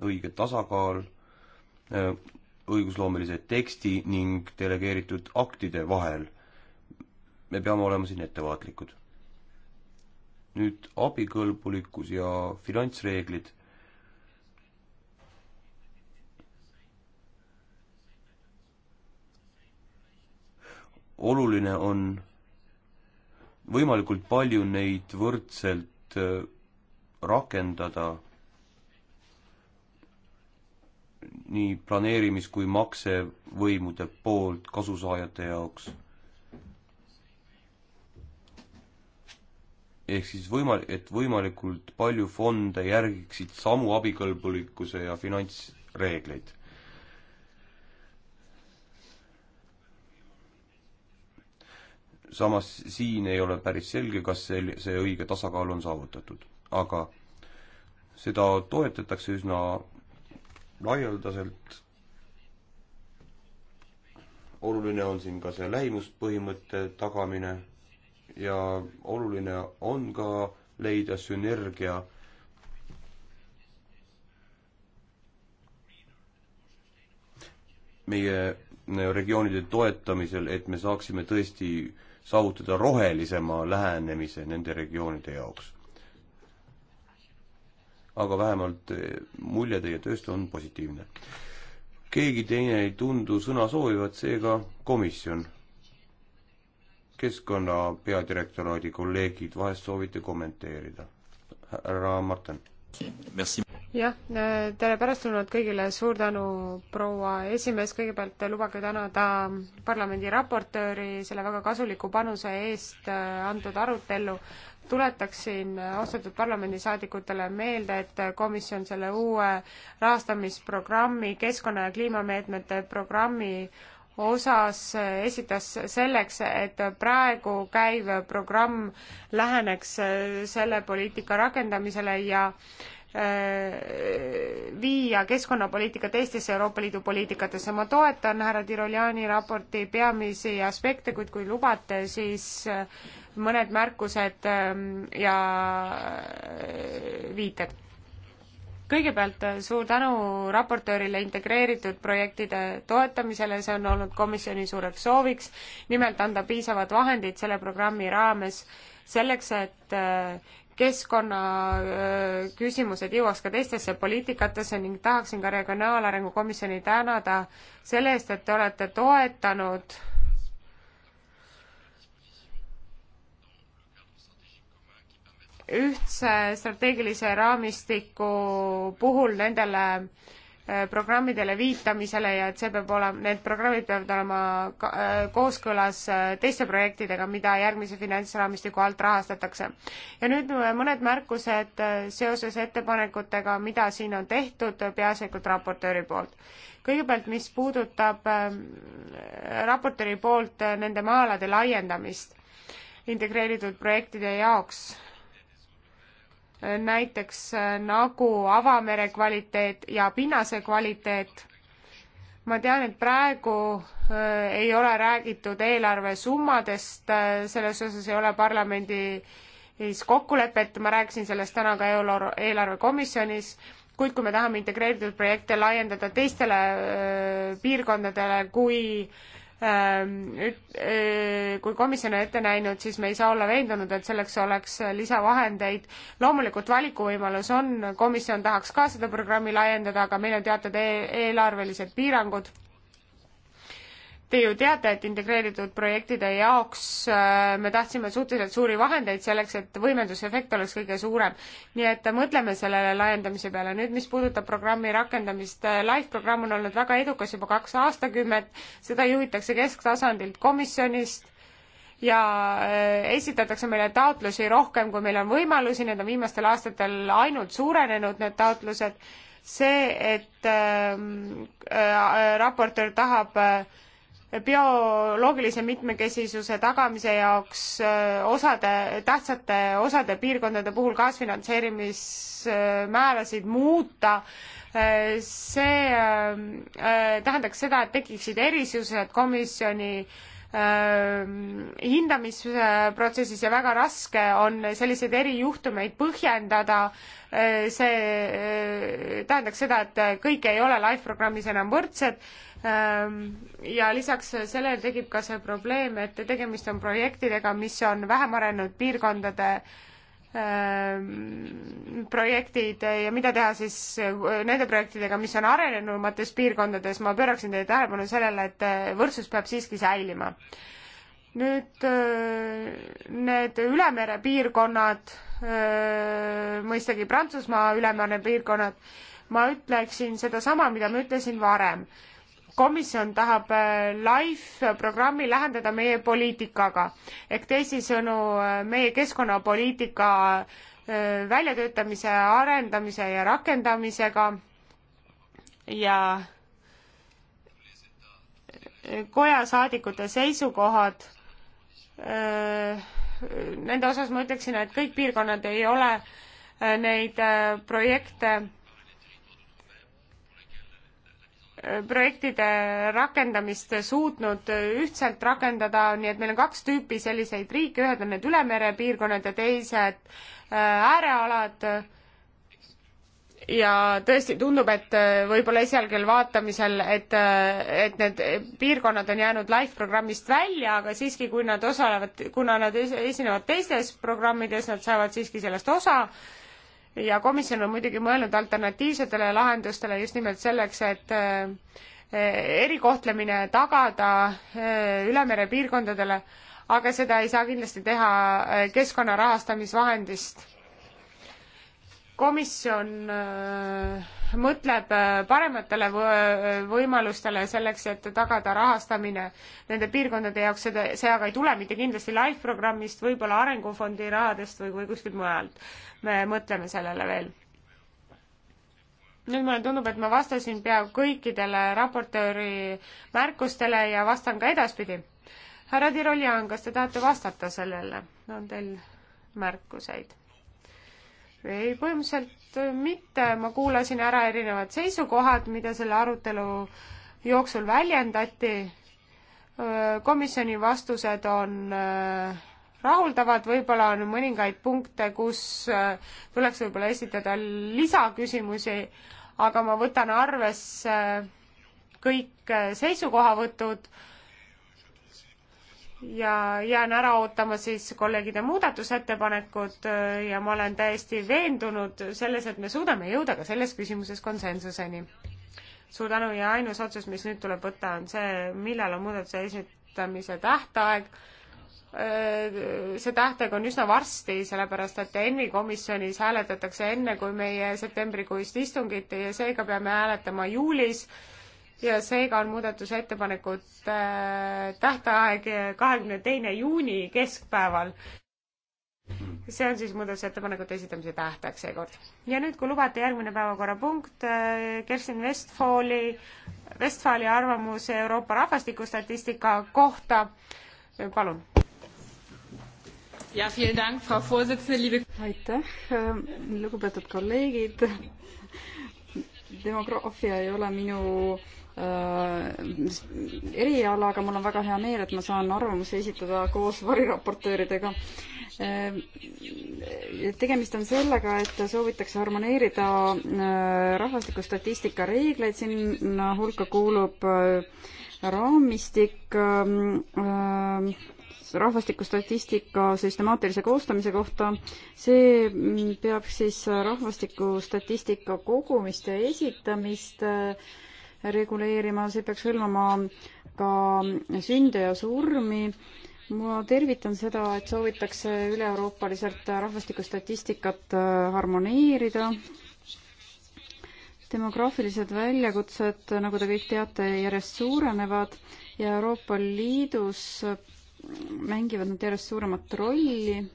Speaker 4: õige tasakaal äh, õigusloomelise teksti ning delegeeritud aktide vahel. me peame olema siin ettevaatlikud. nüüd abikõlbulikkus ja finantsreeglid. oluline on võimalikult palju neid võrdselt äh, rakendada nii planeerimis- kui maksevõimude poolt kasusaajate jaoks. ehk siis võimal-, et võimalikult palju fonde järgiksid samu abikõlbulikkuse ja finantsreegleid. samas siin ei ole päris selge, kas see, see õige tasakaal on saavutatud, aga seda toetatakse üsna laialdaselt. oluline on siin ka see lähimuspõhimõtte tagamine ja oluline on ka leida sünergia meie regioonide toetamisel, et me saaksime tõesti äh, saavutada rohelisema lähenemise nende regioonide jaoks. aga vähemalt eh, mulje teie tööst on positiivne. keegi teine ei tundu sõna soovivat, seega komisjon. keskkonna peadirektoraadi kolleegid, vahest soovite kommenteerida? härra Martin
Speaker 2: jah, tere pärastlõunat kõigile, suur tänu, proua esimees, kõigepealt lubage tänada parlamendi raportööri selle väga kasuliku panuse eest äh, antud arutellu. tuletaksin austatud parlamendisaadikutele meelde, et komisjon selle uue rahastamisprogrammi, keskkonna ja kliimameetmete programmi osas esitas selleks, et praegu käiv programm läheneks selle poliitika rakendamisele ja äh, Äh, viia keskkonnapoliitika teistesse Euroopa Liidu poliitikatesse. ma toetan härra Tiroljani raporti peamisi aspekte, kuid kui lubate, siis äh, mõned märkused ähm, ja äh, viited. kõigepealt suur tänu raportöörile integreeritud projektide toetamisele, see on olnud komisjoni suureks sooviks, nimelt anda piisavad vahendid selle programmi raames selleks, et keskkonnaküsimused jõuaks ka teistesse poliitikatesse ning tahaksin ka Regionaalarengu Komisjoni tänada selle eest, et te olete toetanud ühtse strateegilise raamistiku puhul nendele Äh, programmidele viitamisele ja et see peab olema, need programmid peavad olema ka, äh, kooskõlas äh, teiste projektidega, mida järgmise finantsraamistiku alt rahastatakse. ja nüüd mõned märkused seoses ettepanekutega, mida siin on tehtud peaasjalikult raportööri poolt. kõigepealt, mis puudutab raportööri poolt nende maa-alade laiendamist integreeritud projektide jaoks näiteks äh, nagu avamere kvaliteet ja pinnase kvaliteet. ma tean, et praegu äh, ei ole räägitud eelarve summadest, äh, selles osas ei ole parlamendis kokkulepet, ma rääkisin sellest täna ka eelarvekomisjonis, kuid kui me tahame integreeritud projekte laiendada teistele piirkondadele kui äh, Ehm, eh, kui komisjon on ette näinud, siis me ei saa olla veendunud, et selleks oleks lisavahendeid. loomulikult valikuvõimalus on, komisjon tahaks ka seda programmi laiendada, aga meil on teatud e-, eelarvelised piirangud Te ju teate, et integreeritud projektide jaoks äh, me tahtsime suhteliselt suuri vahendeid selleks, et võimendusefekt oleks kõige suurem. nii et mõtleme sellele laiendamise peale. nüüd, mis puudutab programmi rakendamist, äh, LIFE programm on olnud väga edukas juba kaks aastakümmet, seda juhitakse kesktasandilt komisjonist ja äh, esitatakse meile taotlusi rohkem, kui meil on võimalusi, need on viimastel aastatel ainult suurenenud, need taotlused. see, et äh, äh, raportöör tahab äh, bioloogilise mitmekesisuse tagamise jaoks äh, osade, tähtsate osade piirkondade puhul kaasfinantseerimismäärasid muuta, äh, see äh, tähendaks seda, et tekiksid erisused komisjoni ähm, hindamisprotsessis ja väga raske on selliseid erijuhtumeid põhjendada. see tähendaks seda, et kõik ei ole live programmis enam võrdsed Ehm, ja lisaks sellele tekib ka see probleem, et tegemist on projektidega, mis on vähem arenenud piirkondade ehm, projektid ja mida teha siis eh, nende projektidega, mis on arenenumates piirkondades, ma pööraksin teie tähelepanu sellele, et eh, võrdsus peab siiski säilima. nüüd eh, need ülemere piirkonnad, mõistagi Prantsusmaa ülemere piirkonnad, ma ütleksin sedasama, mida ma ütlesin varem komisjon tahab äh, LIFE programmi lähendada meie poliitikaga ehk teisisõnu äh, meie keskkonnapoliitika äh, väljatöötamise, arendamise ja rakendamisega ja koja saadikute seisukohad. Nende osas ma ütleksin, et kõik piirkonnad ei ole neid projekte projektide rakendamist suutnud ühtselt rakendada, nii et meil on kaks tüüpi selliseid riike, ühed on need üle mere piirkonnad ja teised äh, äärealad. ja tõesti tundub, et äh, võib-olla esialgel vaatamisel, et, äh, et need piirkonnad on jäänud LIFE programmist välja, aga siiski, kui nad osalevad, kuna nad esinevad teistes programmides, nad saavad siiski sellest osa ja komisjon on muidugi mõelnud alternatiivsetele lahendustele just nimelt selleks, et eh, erikohtlemine tagada eh, ülemere piirkondadele, aga seda ei saa kindlasti teha eh, keskkonna rahastamisvahendist. komisjon mõtleb äh, parematele äh, võimalustele selleks, et tagada rahastamine nende piirkondade jaoks, seda, see aga ei tule mitte kindlasti LIFE programmist, võib-olla Arengufondi rahadest või, või kuskilt mujalt. me mõtleme sellele veel. nüüd mulle tundub, et ma vastasin peaaegu kõikidele raportööri märkustele ja vastan ka edaspidi. härra Tiroljan, kas te tahate vastata sellele no,? on teil märkuseid? ei, põhimõtteliselt mitte, ma kuulasin ära erinevad seisukohad, mida selle arutelu jooksul väljendati. komisjoni vastused on äh, rahuldavad, võib-olla on mõningaid punkte, kus äh, tuleks võib-olla esitada lisaküsimusi, aga ma võtan arvesse kõik äh, seisukohavõtud ja jään ära ootama siis kolleegide muudatusettepanekud äh, ja ma olen täiesti veendunud selles, et me suudame jõuda ka selles küsimuses konsensuseni. suur tänu ja ainus otsus, mis nüüd tuleb võtta, on see, millal on muudatuse esitamise tähtaeg. Äh, see tähtaeg on üsna varsti, sellepärast et ENMi komisjonis hääletatakse enne kui meie septembrikuist istungit ja seega peame hääletama juulis ja seega on muudatusettepanekute äh, tähtaeg äh, kahekümne teine juuni keskpäeval. see on siis muudatusettepanekute esitamise tähtaeg seekord. ja nüüd, kui lubate, järgmine päevakorrapunkt, äh, Kerstin Westfali, Westfali arvamus Euroopa rahvastikustatistika kohta,
Speaker 3: palun. Ja, vielen Dank, Frau Vorsitzende, liebe aitäh, ähm, lugupeetud kolleegid demograafia ei ole minu Äh, eriala, aga mul on väga hea meel, et ma saan arvamusi esitada koos variraportööridega. Äh, tegemist on sellega, et soovitakse harmoneerida äh, rahvastikustatistika reegleid, sinna hulka kuulub raamistik ähm, rahvastikustatistika süstemaatilise koostamise kohta. see mm, peab siis rahvastikustatistika kogumist ja esitamist äh, reguleerima, see peaks hõlmama ka sünde ja surmi. ma tervitan seda, et soovitakse üle-euroopaliselt rahvastikustatistikat äh, harmoneerida. demograafilised väljakutsed, äh, nagu te kõik teate, järjest suurenevad ja Euroopa Liidus äh, mängivad nad järjest suuremat rolli.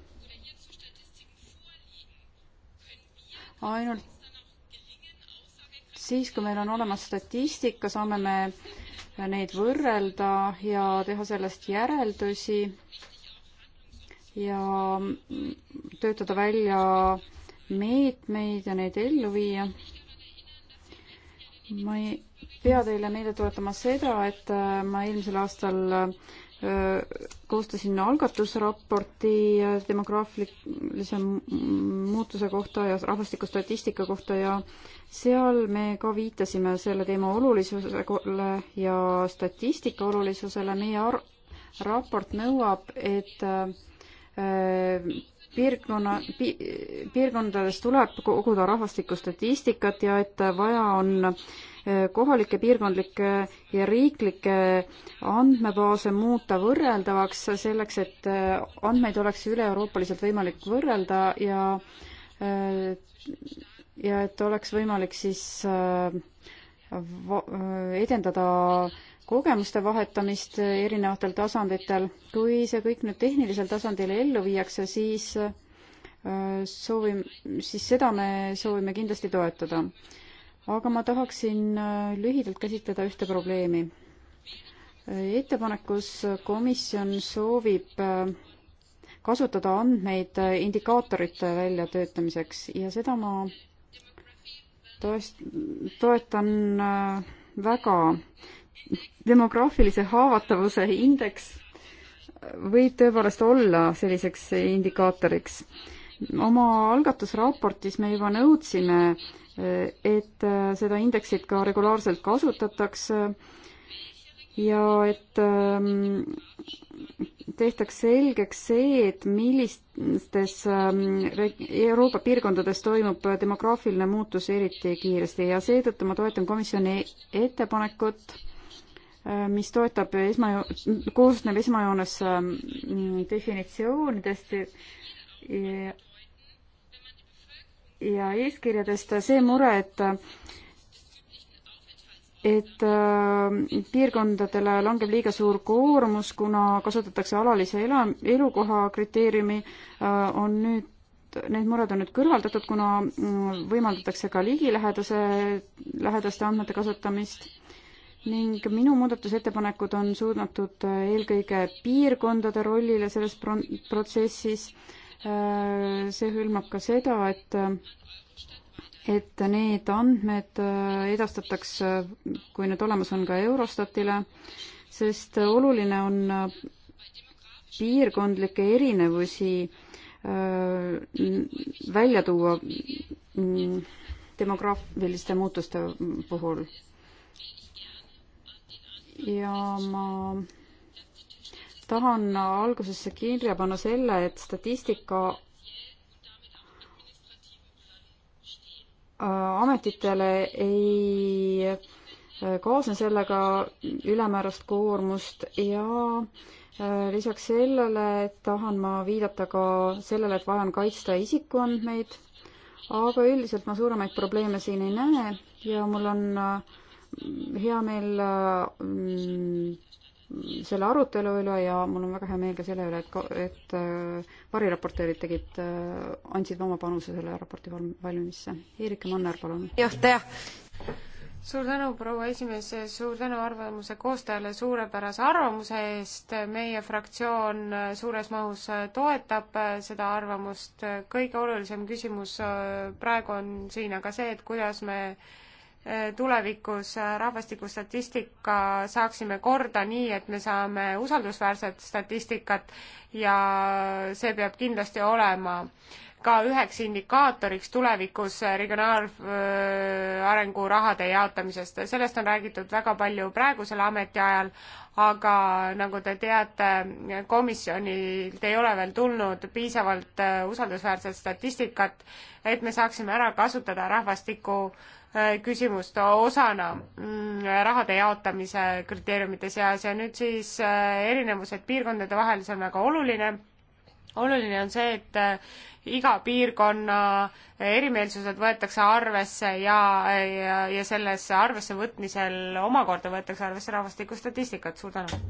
Speaker 3: ainult siis, kui meil on olemas statistika, saame me neid võrrelda ja teha sellest järeldusi ja töötada välja meetmeid ja neid ellu viia. ma ei pea teile meelde tuletama seda, et ma eelmisel aastal koostasin algatusraporti demograafilise muutuse kohta ja rahvastikustatistika kohta ja seal me ka viitasime selle teema olulisusele ja statistika olulisusele. meie raport nõuab, et äh, piirkonna pi,, piirkondades tuleb koguda rahvastikustatistikat ja et vaja on äh, kohalikke, piirkondlikke ja riiklikke andmebaase muuta võrreldavaks, selleks et äh, andmeid oleks üle-euroopaliselt võimalik võrrelda ja äh, ja et oleks võimalik siis äh, edendada kogemuste vahetamist erinevatel tasanditel. kui see kõik nüüd tehnilisel tasandil ellu viiakse, siis soovime, siis seda me soovime kindlasti toetada aga ma tahaksin äh, lühidalt käsitleda ühte probleemi. Äh, ettepanekus komisjon soovib äh, kasutada andmeid indikaatorite väljatöötamiseks ja seda ma toest-, toetan väga. demograafilise haavatavuse indeks võib tõepoolest olla selliseks indikaatoriks. oma algatusraportis me juba nõudsime äh, et äh, seda indeksit ka regulaarselt kasutatakse ja et ähm, tehtaks selgeks see, et millistes ähm, Euroopa piirkondades toimub äh, demograafiline muutus eriti kiiresti ja seetõttu ma toetan komisjoni ettepanekut, äh, mis toetab esmajo-, koosneb esmajoones ähm, definitsioonidest ja eeskirjadest see mure, et et äh, piirkondadele langeb liiga suur koormus, kuna kasutatakse alalise ela, elukoha kriteeriumi, äh, on nüüd need mured on nüüd kõrvaldatud, kuna mm, võimaldatakse ka ligilähedase, lähedaste andmete kasutamist ning minu muudatusettepanekud on suunatud äh, eelkõige piirkondade rollile selles protsessis Äh, see hõlmab ka seda, et et need andmed äh, edastatakse, kui need olemas on, ka Eurostatile, sest oluline on äh, piirkondlikke erinevusi välja tuua mm, demograafiliste muutuste puhul. ja ma tahan algusesse kirja panna selle, et statistika äh, ametitele ei äh, kaasne sellega ülemäärast koormust ja äh, lisaks sellele tahan ma viidata ka sellele, et vaja on kaitsta isikuandmeid, aga üldiselt ma suuremaid probleeme siin ei näe ja mul on hea meel mm, selle arutelu üle ja mul on väga hea meel ka selle üle, et, et äh, variraportöörid tegid, äh, andsid oma panuse selle raporti valmimisse. Eerika Manner, palun. juhataja.
Speaker 2: suur tänu, proua esimees, suur tänu arvamuse koostajale suurepärase arvamuse eest. meie fraktsioon äh, suures mahus toetab seda arvamust. kõige olulisem küsimus praegu on siin aga see, et kuidas me tulevikus äh, rahvastikustatistika saaksime korda nii, et me saame usaldusväärset statistikat ja see peab kindlasti olema ka üheks indikaatoriks tulevikus äh, regionaalarengu äh, rahade jaotamisest. sellest on räägitud väga palju praegusel ametiajal, aga nagu te teate, komisjonilt ei ole veel tulnud piisavalt usaldusväärset statistikat, et me saaksime ära kasutada rahvastiku äh, Äh, küsimuste osana mm, rahade jaotamise kriteeriumite seas ja nüüd siis äh, erinevused piirkondade vahel, see on väga oluline. oluline on see, et äh, iga piirkonna erimeelsused võetakse arvesse ja, ja, ja selles arvesse võtmisel omakorda võetakse arvesse rahvastikustatistikat, suur tänu.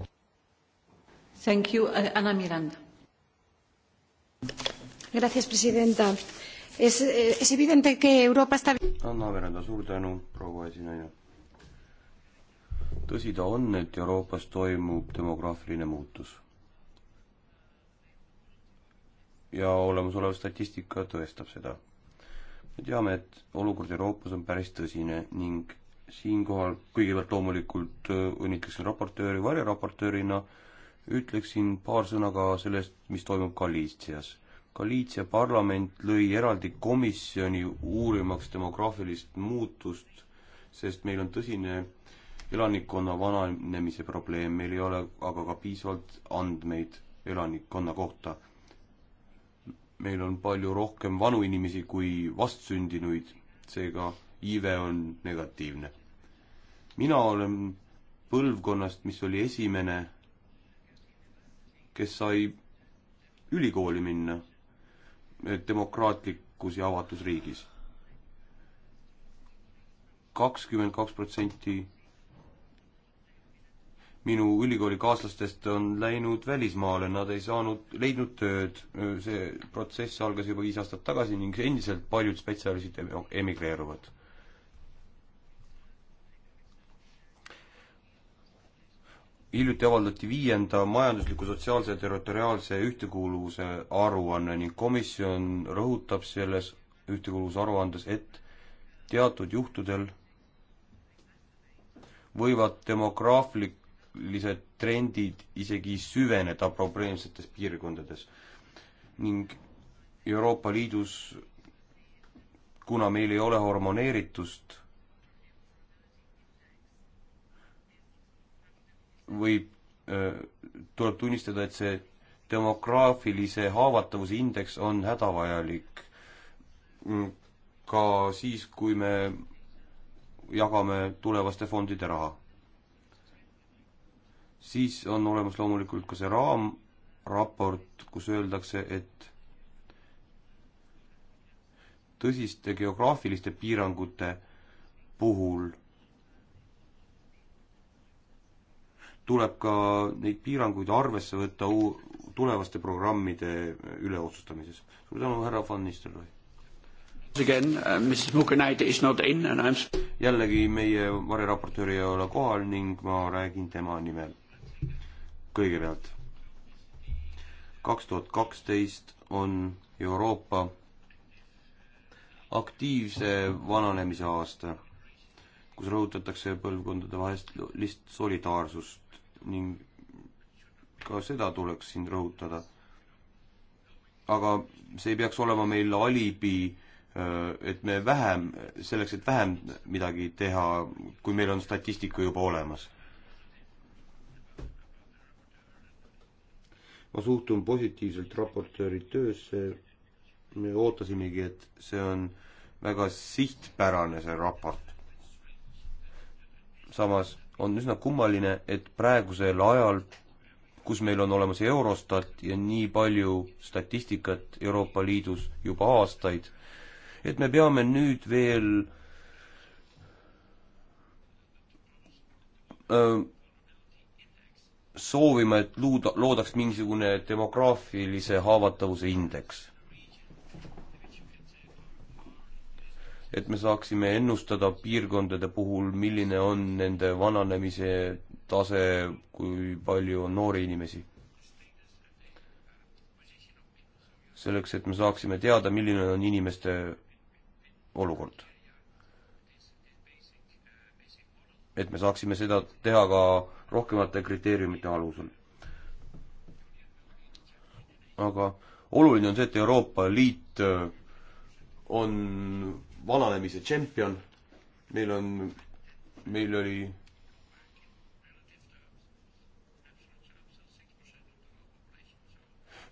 Speaker 3: Thank you, Ana Miranda. Gracias, presidenta
Speaker 2: es, eh, es evidente que Euroopa sta-.
Speaker 4: Anna Verenda, suur tänu, proua esinaine. tõsi ta on, et Euroopas toimub demograafiline muutus. ja olemasolev statistika tõestab seda. me teame, et olukord Euroopas on päris tõsine ning siinkohal kõigepealt loomulikult äh, õnnitleksin raportööri varjeraportöörina, ütleksin paar sõna ka sellest, mis toimub Galiitsias Galiitsia parlament lõi eraldi komisjoni uurimaks demograafilist muutust, sest meil on tõsine elanikkonna vananemise probleem, meil ei ole aga ka piisavalt andmeid elanikkonna kohta. meil on palju rohkem vanu inimesi kui vastsündinuid, seega iive on negatiivne. mina olen põlvkonnast, mis oli esimene, kes sai ülikooli minna demokraatlikus ja avatus riigis. kakskümmend kaks protsenti minu ülikoolikaaslastest on läinud välismaale, nad ei saanud, leidnud tööd, see protsess algas juba viis aastat tagasi ning endiselt paljud spetsialistid emigreeruvad hiljuti avaldati viienda majandusliku, sotsiaalse ja territoriaalse ühtekuuluvuse aruanne ning komisjon rõhutab selles ühtekuuluvuse aruandes, et teatud juhtudel võivad demograafilised trendid isegi süveneda probleemsetes piirkondades ning Euroopa Liidus, kuna meil ei ole hormoneeritust võib, tuleb tunnistada, et see demograafilise haavatavuse indeks on hädavajalik mm, ka siis, kui me jagame tulevaste fondide raha. siis on olemas loomulikult ka see raamraport, kus öeldakse, et tõsiste geograafiliste piirangute puhul tuleb ka neid piiranguid arvesse võtta tulevaste programmide äh, üle otsustamises. suur tänu, härra Van Nistelrooy. Again, uh, Mrs Mukenaide is not in and I am jällegi meie variraportöör ei ole kohal ning ma räägin tema nimel. kõigepealt, kaks tuhat kaksteist on Euroopa aktiivse vananemise aasta, kus rõhutatakse põlvkondade vahest lihtsalt solidaarsust ning ka seda tuleks siin rõhutada. aga see ei peaks olema meil alibi, äh, et me vähem, selleks, et vähem midagi teha, kui meil on statistika juba olemas. ma suhtun positiivselt raportööri töösse, me ootasimegi, et see on väga sihtpärane, see raport. samas on üsna kummaline, et praegusel ajal, kus meil on olemas Eurostat ja nii palju statistikat Euroopa Liidus juba aastaid, et me peame nüüd veel öö, äh, soovima, et luuda, loodaks mingisugune demograafilise haavatavuse indeks et me saaksime ennustada piirkondade puhul, milline on nende vananemise tase, kui palju on noori inimesi. selleks, et me saaksime teada, milline on inimeste olukord. et me saaksime seda teha ka rohkemate kriteeriumite alusel. aga oluline on see, et Euroopa Liit äh, on vananemise tšempion. meil on, meil oli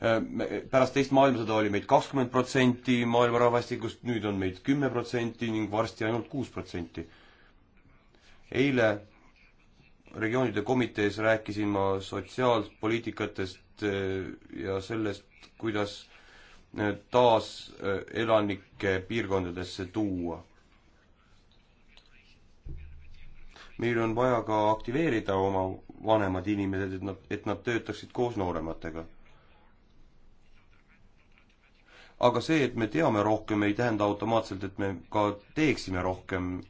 Speaker 4: äh, pärast teist maailmasõda oli meid kakskümmend protsenti maailma rahvastikust, nüüd on meid kümme protsenti ning varsti ainult kuus protsenti. eile regioonide komitees rääkisin ma sotsiaalpoliitikatest äh, ja sellest, kuidas taas äh, elanike piirkondadesse tuua. meil on vaja ka aktiveerida oma vanemad inimesed, et nad, et nad töötaksid koos noorematega. aga see, et me teame rohkem, ei tähenda automaatselt, et me ka teeksime rohkem,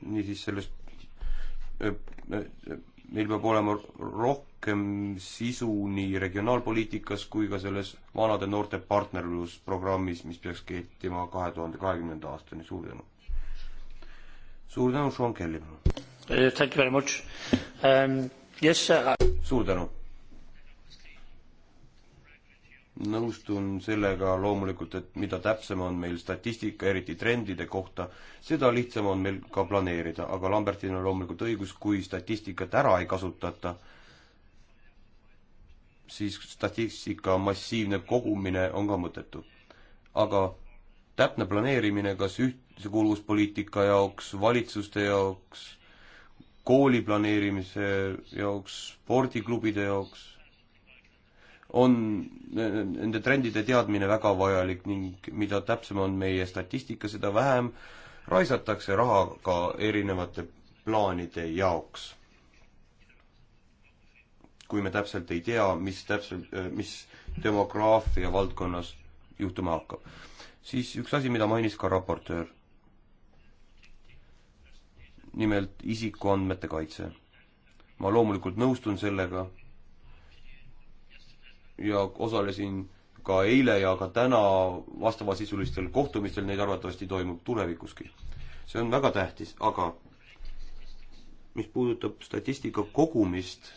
Speaker 4: niisiis selles äh, äh, meil peab olema rohkem sisu nii regionaalpoliitikas kui ka selles vanade noorte partnerlusprogrammis, mis peaks kehtima kahe tuhande kahekümnenda aastani. suur tänu. suur tänu, Sean Kelly. Uh, thank you very much um,. Yes, sir. suur tänu nõustun sellega loomulikult, et mida täpsem on meil statistika, eriti trendide kohta, seda lihtsam on meil ka planeerida, aga Lambertil on loomulikult õigus, kui statistikat ära ei kasutata, siis statistika massiivne kogumine on ka mõttetu. aga täpne planeerimine kas ühtekuuluvuspoliitika jaoks, valitsuste jaoks, kooli planeerimise jaoks, spordiklubide jaoks on nende trendide teadmine väga vajalik ning mida täpsem on meie statistika, seda vähem raisatakse raha ka erinevate plaanide jaoks. kui me täpselt ei tea, mis täpselt, mis demograafia valdkonnas juhtuma hakkab. siis üks asi, mida mainis ka raportöör. nimelt isikuandmete kaitse. ma loomulikult nõustun sellega ja osalesin ka eile ja ka täna vastavasisulistel kohtumistel, neid arvatavasti toimub tulevikuski. see on väga tähtis, aga mis puudutab statistika kogumist,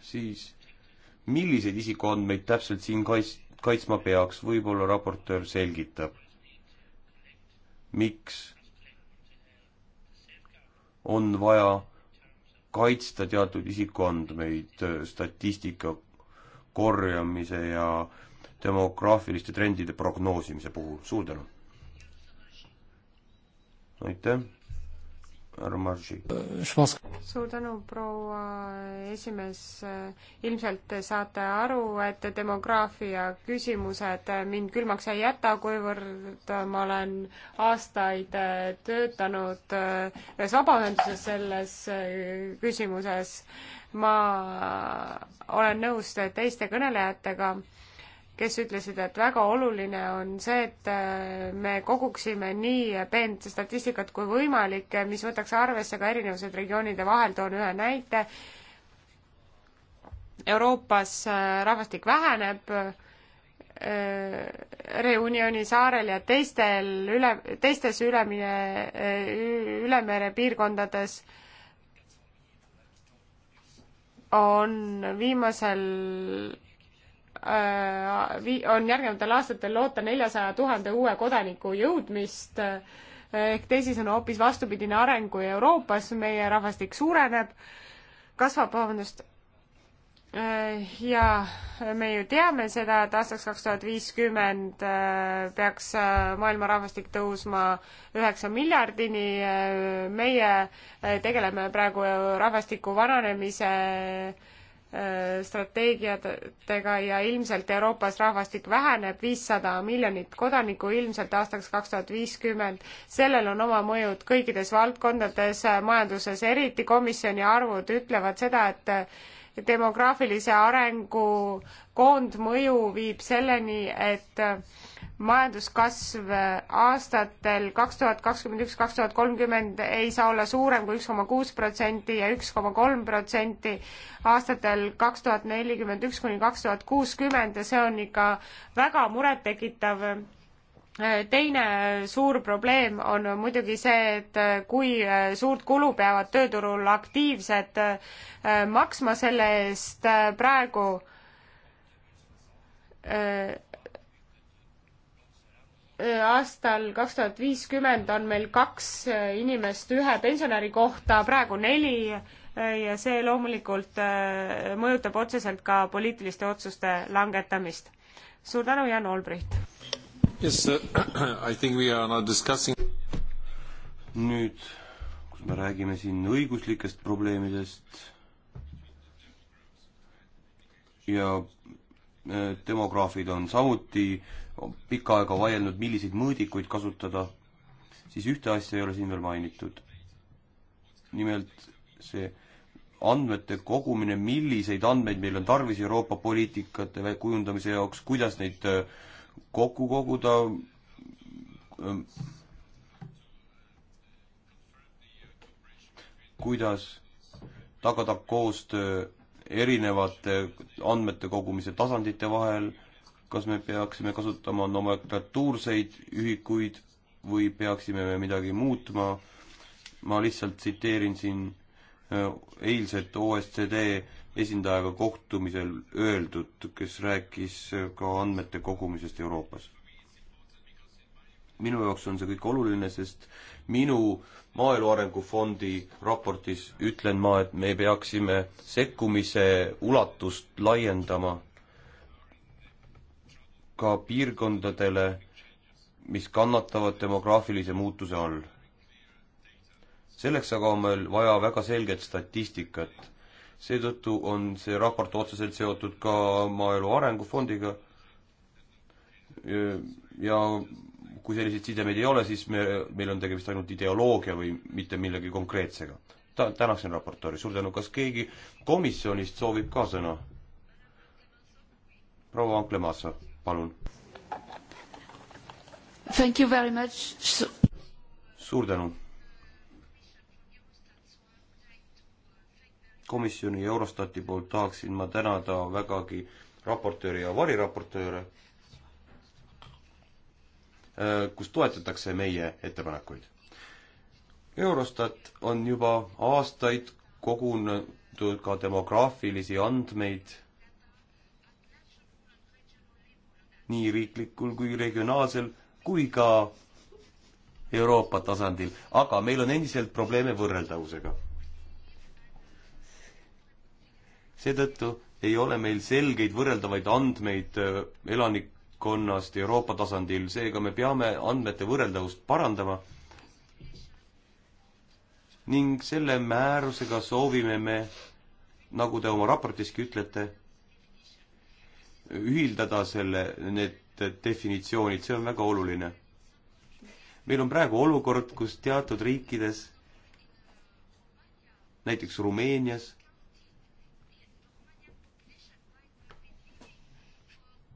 Speaker 4: siis milliseid isikuandmeid täpselt siin kais-, kaitsma peaks, võib-olla raportöör selgitab. miks on vaja kaitsta teatud isikuandmeid äh, statistika korjamise ja demograafiliste trendide prognoosimise puhul, suur tänu! aitäh! härra Marži.
Speaker 2: suur tänu, proua esimees. ilmselt te saate aru, et demograafia küsimused mind külmaks ei jäta, kuivõrd ma olen aastaid töötanud ühes vabaühenduses selles küsimuses. ma olen nõus teiste kõnelejatega kes ütlesid, et väga oluline on see, et äh, me koguksime nii peent statistikat kui võimalik, äh, mis võtaks arvesse ka erinevused regioonide vahel, toon ühe näite. Euroopas äh, rahvastik väheneb, Reunioni saarel ja teistel üle, teistes ülemine, ülemere piirkondades on viimasel Äh, on järgnevatel aastatel loota neljasaja tuhande uue kodaniku jõudmist ehk teisisõnu hoopis vastupidine areng kui Euroopas, meie rahvastik suureneb, kasvab, vabandust, äh, ja me ju teame seda, et aastaks kaks tuhat viiskümmend äh, peaks maailma rahvastik tõusma üheksa miljardini, meie tegeleme praegu rahvastiku vananemise strateegiatega ja ilmselt Euroopas rahvastik väheneb, viissada miljonit kodanikku ilmselt aastaks kaks tuhat viiskümmend. sellel on oma mõjud kõikides valdkondades, majanduses eriti, komisjoni arvud ütlevad seda, et demograafilise arengu koondmõju viib selleni, et majanduskasv aastatel kaks tuhat kakskümmend üks, kaks tuhat kolmkümmend ei saa olla suurem kui üks koma kuus protsenti ja üks koma kolm protsenti aastatel kaks tuhat nelikümmend üks kuni kaks tuhat kuuskümmend ja see on ikka väga murettekitav. teine suur probleem on muidugi see, et kui suurt kulu peavad tööturul aktiivsed maksma selle eest praegu aastal kaks tuhat viiskümmend on meil kaks inimest ühe pensionäri kohta, praegu neli ja see loomulikult äh, mõjutab otseselt ka poliitiliste otsuste langetamist. suur tänu, Jan Olbrit!
Speaker 4: Yes, [CLEARS THROAT] I think we are now discussing nüüd, kus me räägime siin õiguslikest probleemidest ja äh, demograafid on samuti äh, pikka aega vaielnud, milliseid mõõdikuid kasutada, siis ühte asja ei ole siin veel mainitud. nimelt see andmete kogumine, milliseid andmeid meil on tarvis Euroopa poliitikate kujundamise jaoks, kuidas neid äh, kokku koguda, ähm, kuidas tagada koostöö erinevate andmete kogumise tasandite vahel kas me peaksime kasutama nomenklatuurseid ühikuid või peaksime me midagi muutma, ma lihtsalt tsiteerin siin äh, eilset OSCD esindajaga kohtumisel öeldud, kes rääkis äh, ka andmete kogumisest Euroopas. minu jaoks on see kõik oluline, sest minu Maaelu Arengu Fondi raportis ütlen ma, et me peaksime sekkumise ulatust laiendama ka piirkondadele, mis kannatavad demograafilise muutuse all. selleks aga on meil vaja väga selget statistikat. seetõttu on see raport otseselt seotud ka Maaelu Arengufondiga ja kui selliseid sidemeid ei ole, siis me, meil on tegemist ainult ideoloogia või mitte millegi konkreetsega. ta-, tänaksin raportööri, suur tänu, kas keegi komisjonist soovib ka sõna? proua Anklemassa palun.
Speaker 3: Thank you very much.
Speaker 4: suur tänu. komisjoni ja Eurostati poolt tahaksin ma tänada vägagi raportööri ja variraportööre, äh, kus toetatakse meie ettepanekuid. Eurostat on juba aastaid kogunud ka demograafilisi andmeid nii riiklikul kui regionaalsel kui ka Euroopa tasandil, aga meil on endiselt probleeme võrreldavusega. seetõttu ei ole meil selgeid võrreldavaid andmeid äh, elanikkonnast Euroopa tasandil, seega me peame andmete võrreldavust parandama ning selle määrusega soovime me, nagu te oma raportiski ütlete, ühildada selle, need definitsioonid, see on väga oluline. meil on praegu olukord, kus teatud riikides, näiteks Rumeenias,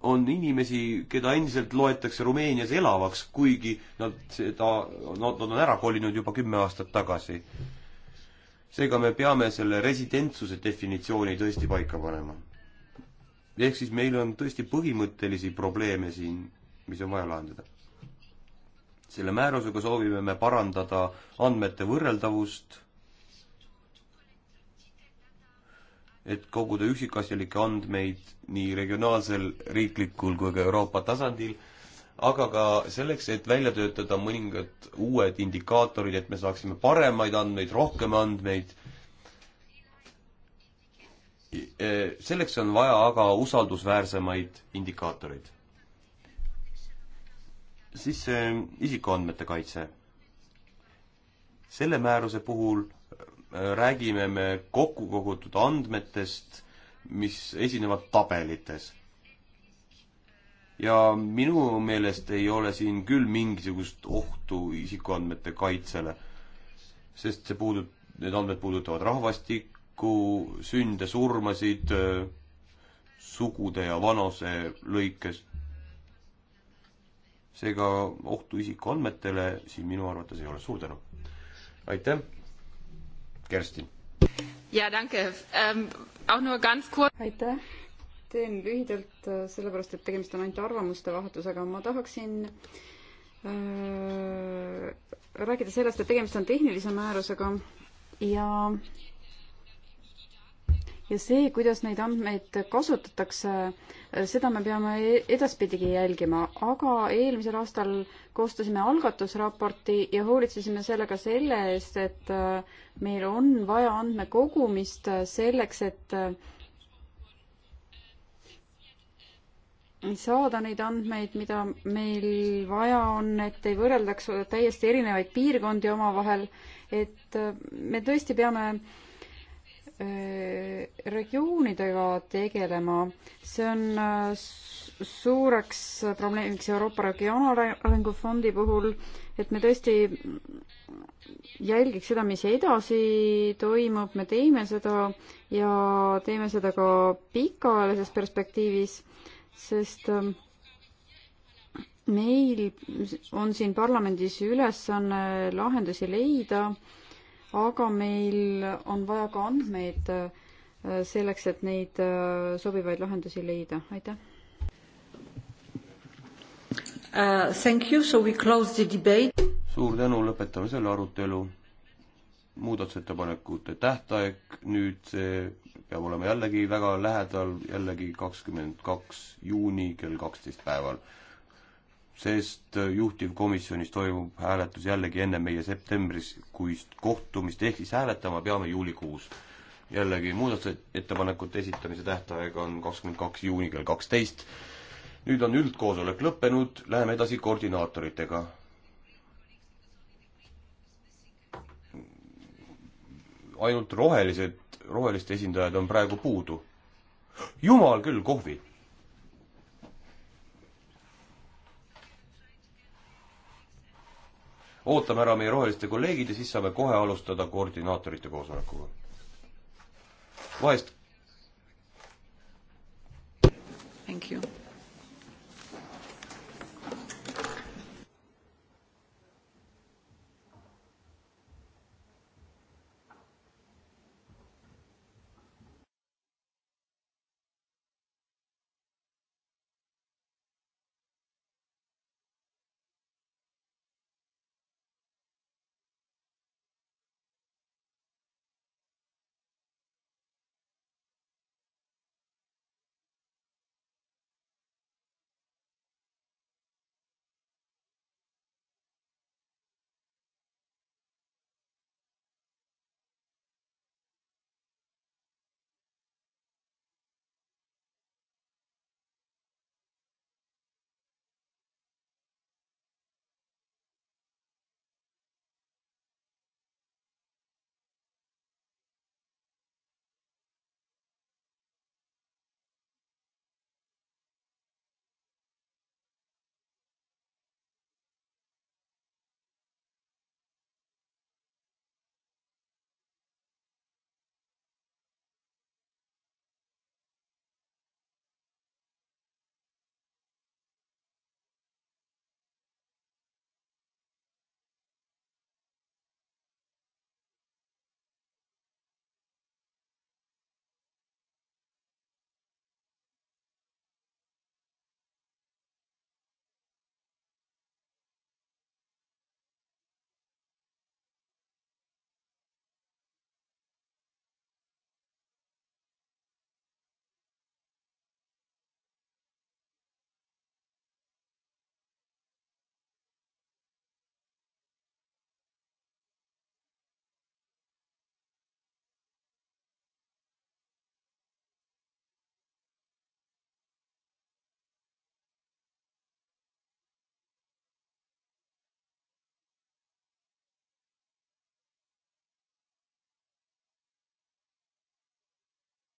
Speaker 4: on inimesi, keda endiselt loetakse Rumeenias elavaks, kuigi nad seda, nad, nad on ära kolinud juba kümme aastat tagasi. seega me peame selle residentsuse definitsiooni tõesti paika panema ehk siis meil on tõesti põhimõttelisi probleeme siin, mis on vaja lahendada. selle määrusega soovime me parandada andmete võrreldavust, et koguda üksikasjalikke andmeid nii regionaalsel, riiklikul kui ka Euroopa tasandil, aga ka selleks, et välja töötada mõningad uued indikaatorid, et me saaksime paremaid andmeid, rohkem andmeid Äh, selleks on vaja aga usaldusväärsemaid indikaatoreid. siis äh, isikuandmete kaitse. selle määruse puhul äh, räägime me kokku kogutud andmetest, mis esinevad tabelites. ja minu meelest ei ole siin küll mingisugust ohtu isikuandmete kaitsele, sest see puudut-, need andmed puudutavad rahvastik, tulevikku, sünde, surmasid sugude ja vanuse lõikes. seega ohtu isikuandmetele siin minu arvates ei ole. suur tänu! aitäh, Kerstin!
Speaker 3: jaa, danke ähm,! Auch nur ganz kurz. aitäh! teen lühidalt, äh, sellepärast et tegemist on ainult arvamuste vahetusega. ma tahaksin äh, rääkida sellest, et tegemist on tehnilise määrusega ja äh, ja see, kuidas neid andmeid kasutatakse, seda me peame e-, edaspidigi jälgima, aga eelmisel aastal koostasime algatusraporti ja hoolitsesime sellega selle eest, et äh, meil on vaja andmekogumist äh, selleks, et äh, saada neid andmeid, mida meil vaja on, et ei võrreldaks täiesti erinevaid piirkondi omavahel, et me tõesti peame äh, Äh, regioonidega tegelema, see on äh, suureks äh, probleemiks Euroopa Regionaalarengu Fondi puhul, et me tõesti jälgiks seda, mis edasi toimub, me teeme seda ja teeme seda ka pikaajalises perspektiivis, sest meil on siin parlamendis ülesanne lahendusi leida aga meil on vaja ka andmeid äh, selleks, et neid äh, sobivaid lahendusi leida, aitäh.
Speaker 1: Uh, thank you, so we close the debate.
Speaker 4: suur tänu, lõpetame selle arutelu. muudatusettepanekute tähtaeg nüüd see peab olema jällegi väga lähedal, jällegi kakskümmend kaks juuni kell kaksteist päeval sest juhtivkomisjonis toimub hääletus jällegi enne meie septembris kuist kohtumist, ehk siis hääletama peame juulikuus. jällegi muudatusettepanekute esitamise tähtaeg on kakskümmend kaks juuni kell kaksteist. nüüd on üldkoosolek lõppenud, läheme edasi koordinaatoritega. ainult rohelised, roheliste esindajad on praegu puudu. jumal küll, kohvi ootame ära meie roheliste kolleegid ja siis saame kohe alustada koordinaatorite koosolekuga. vahest.
Speaker 3: Thank you.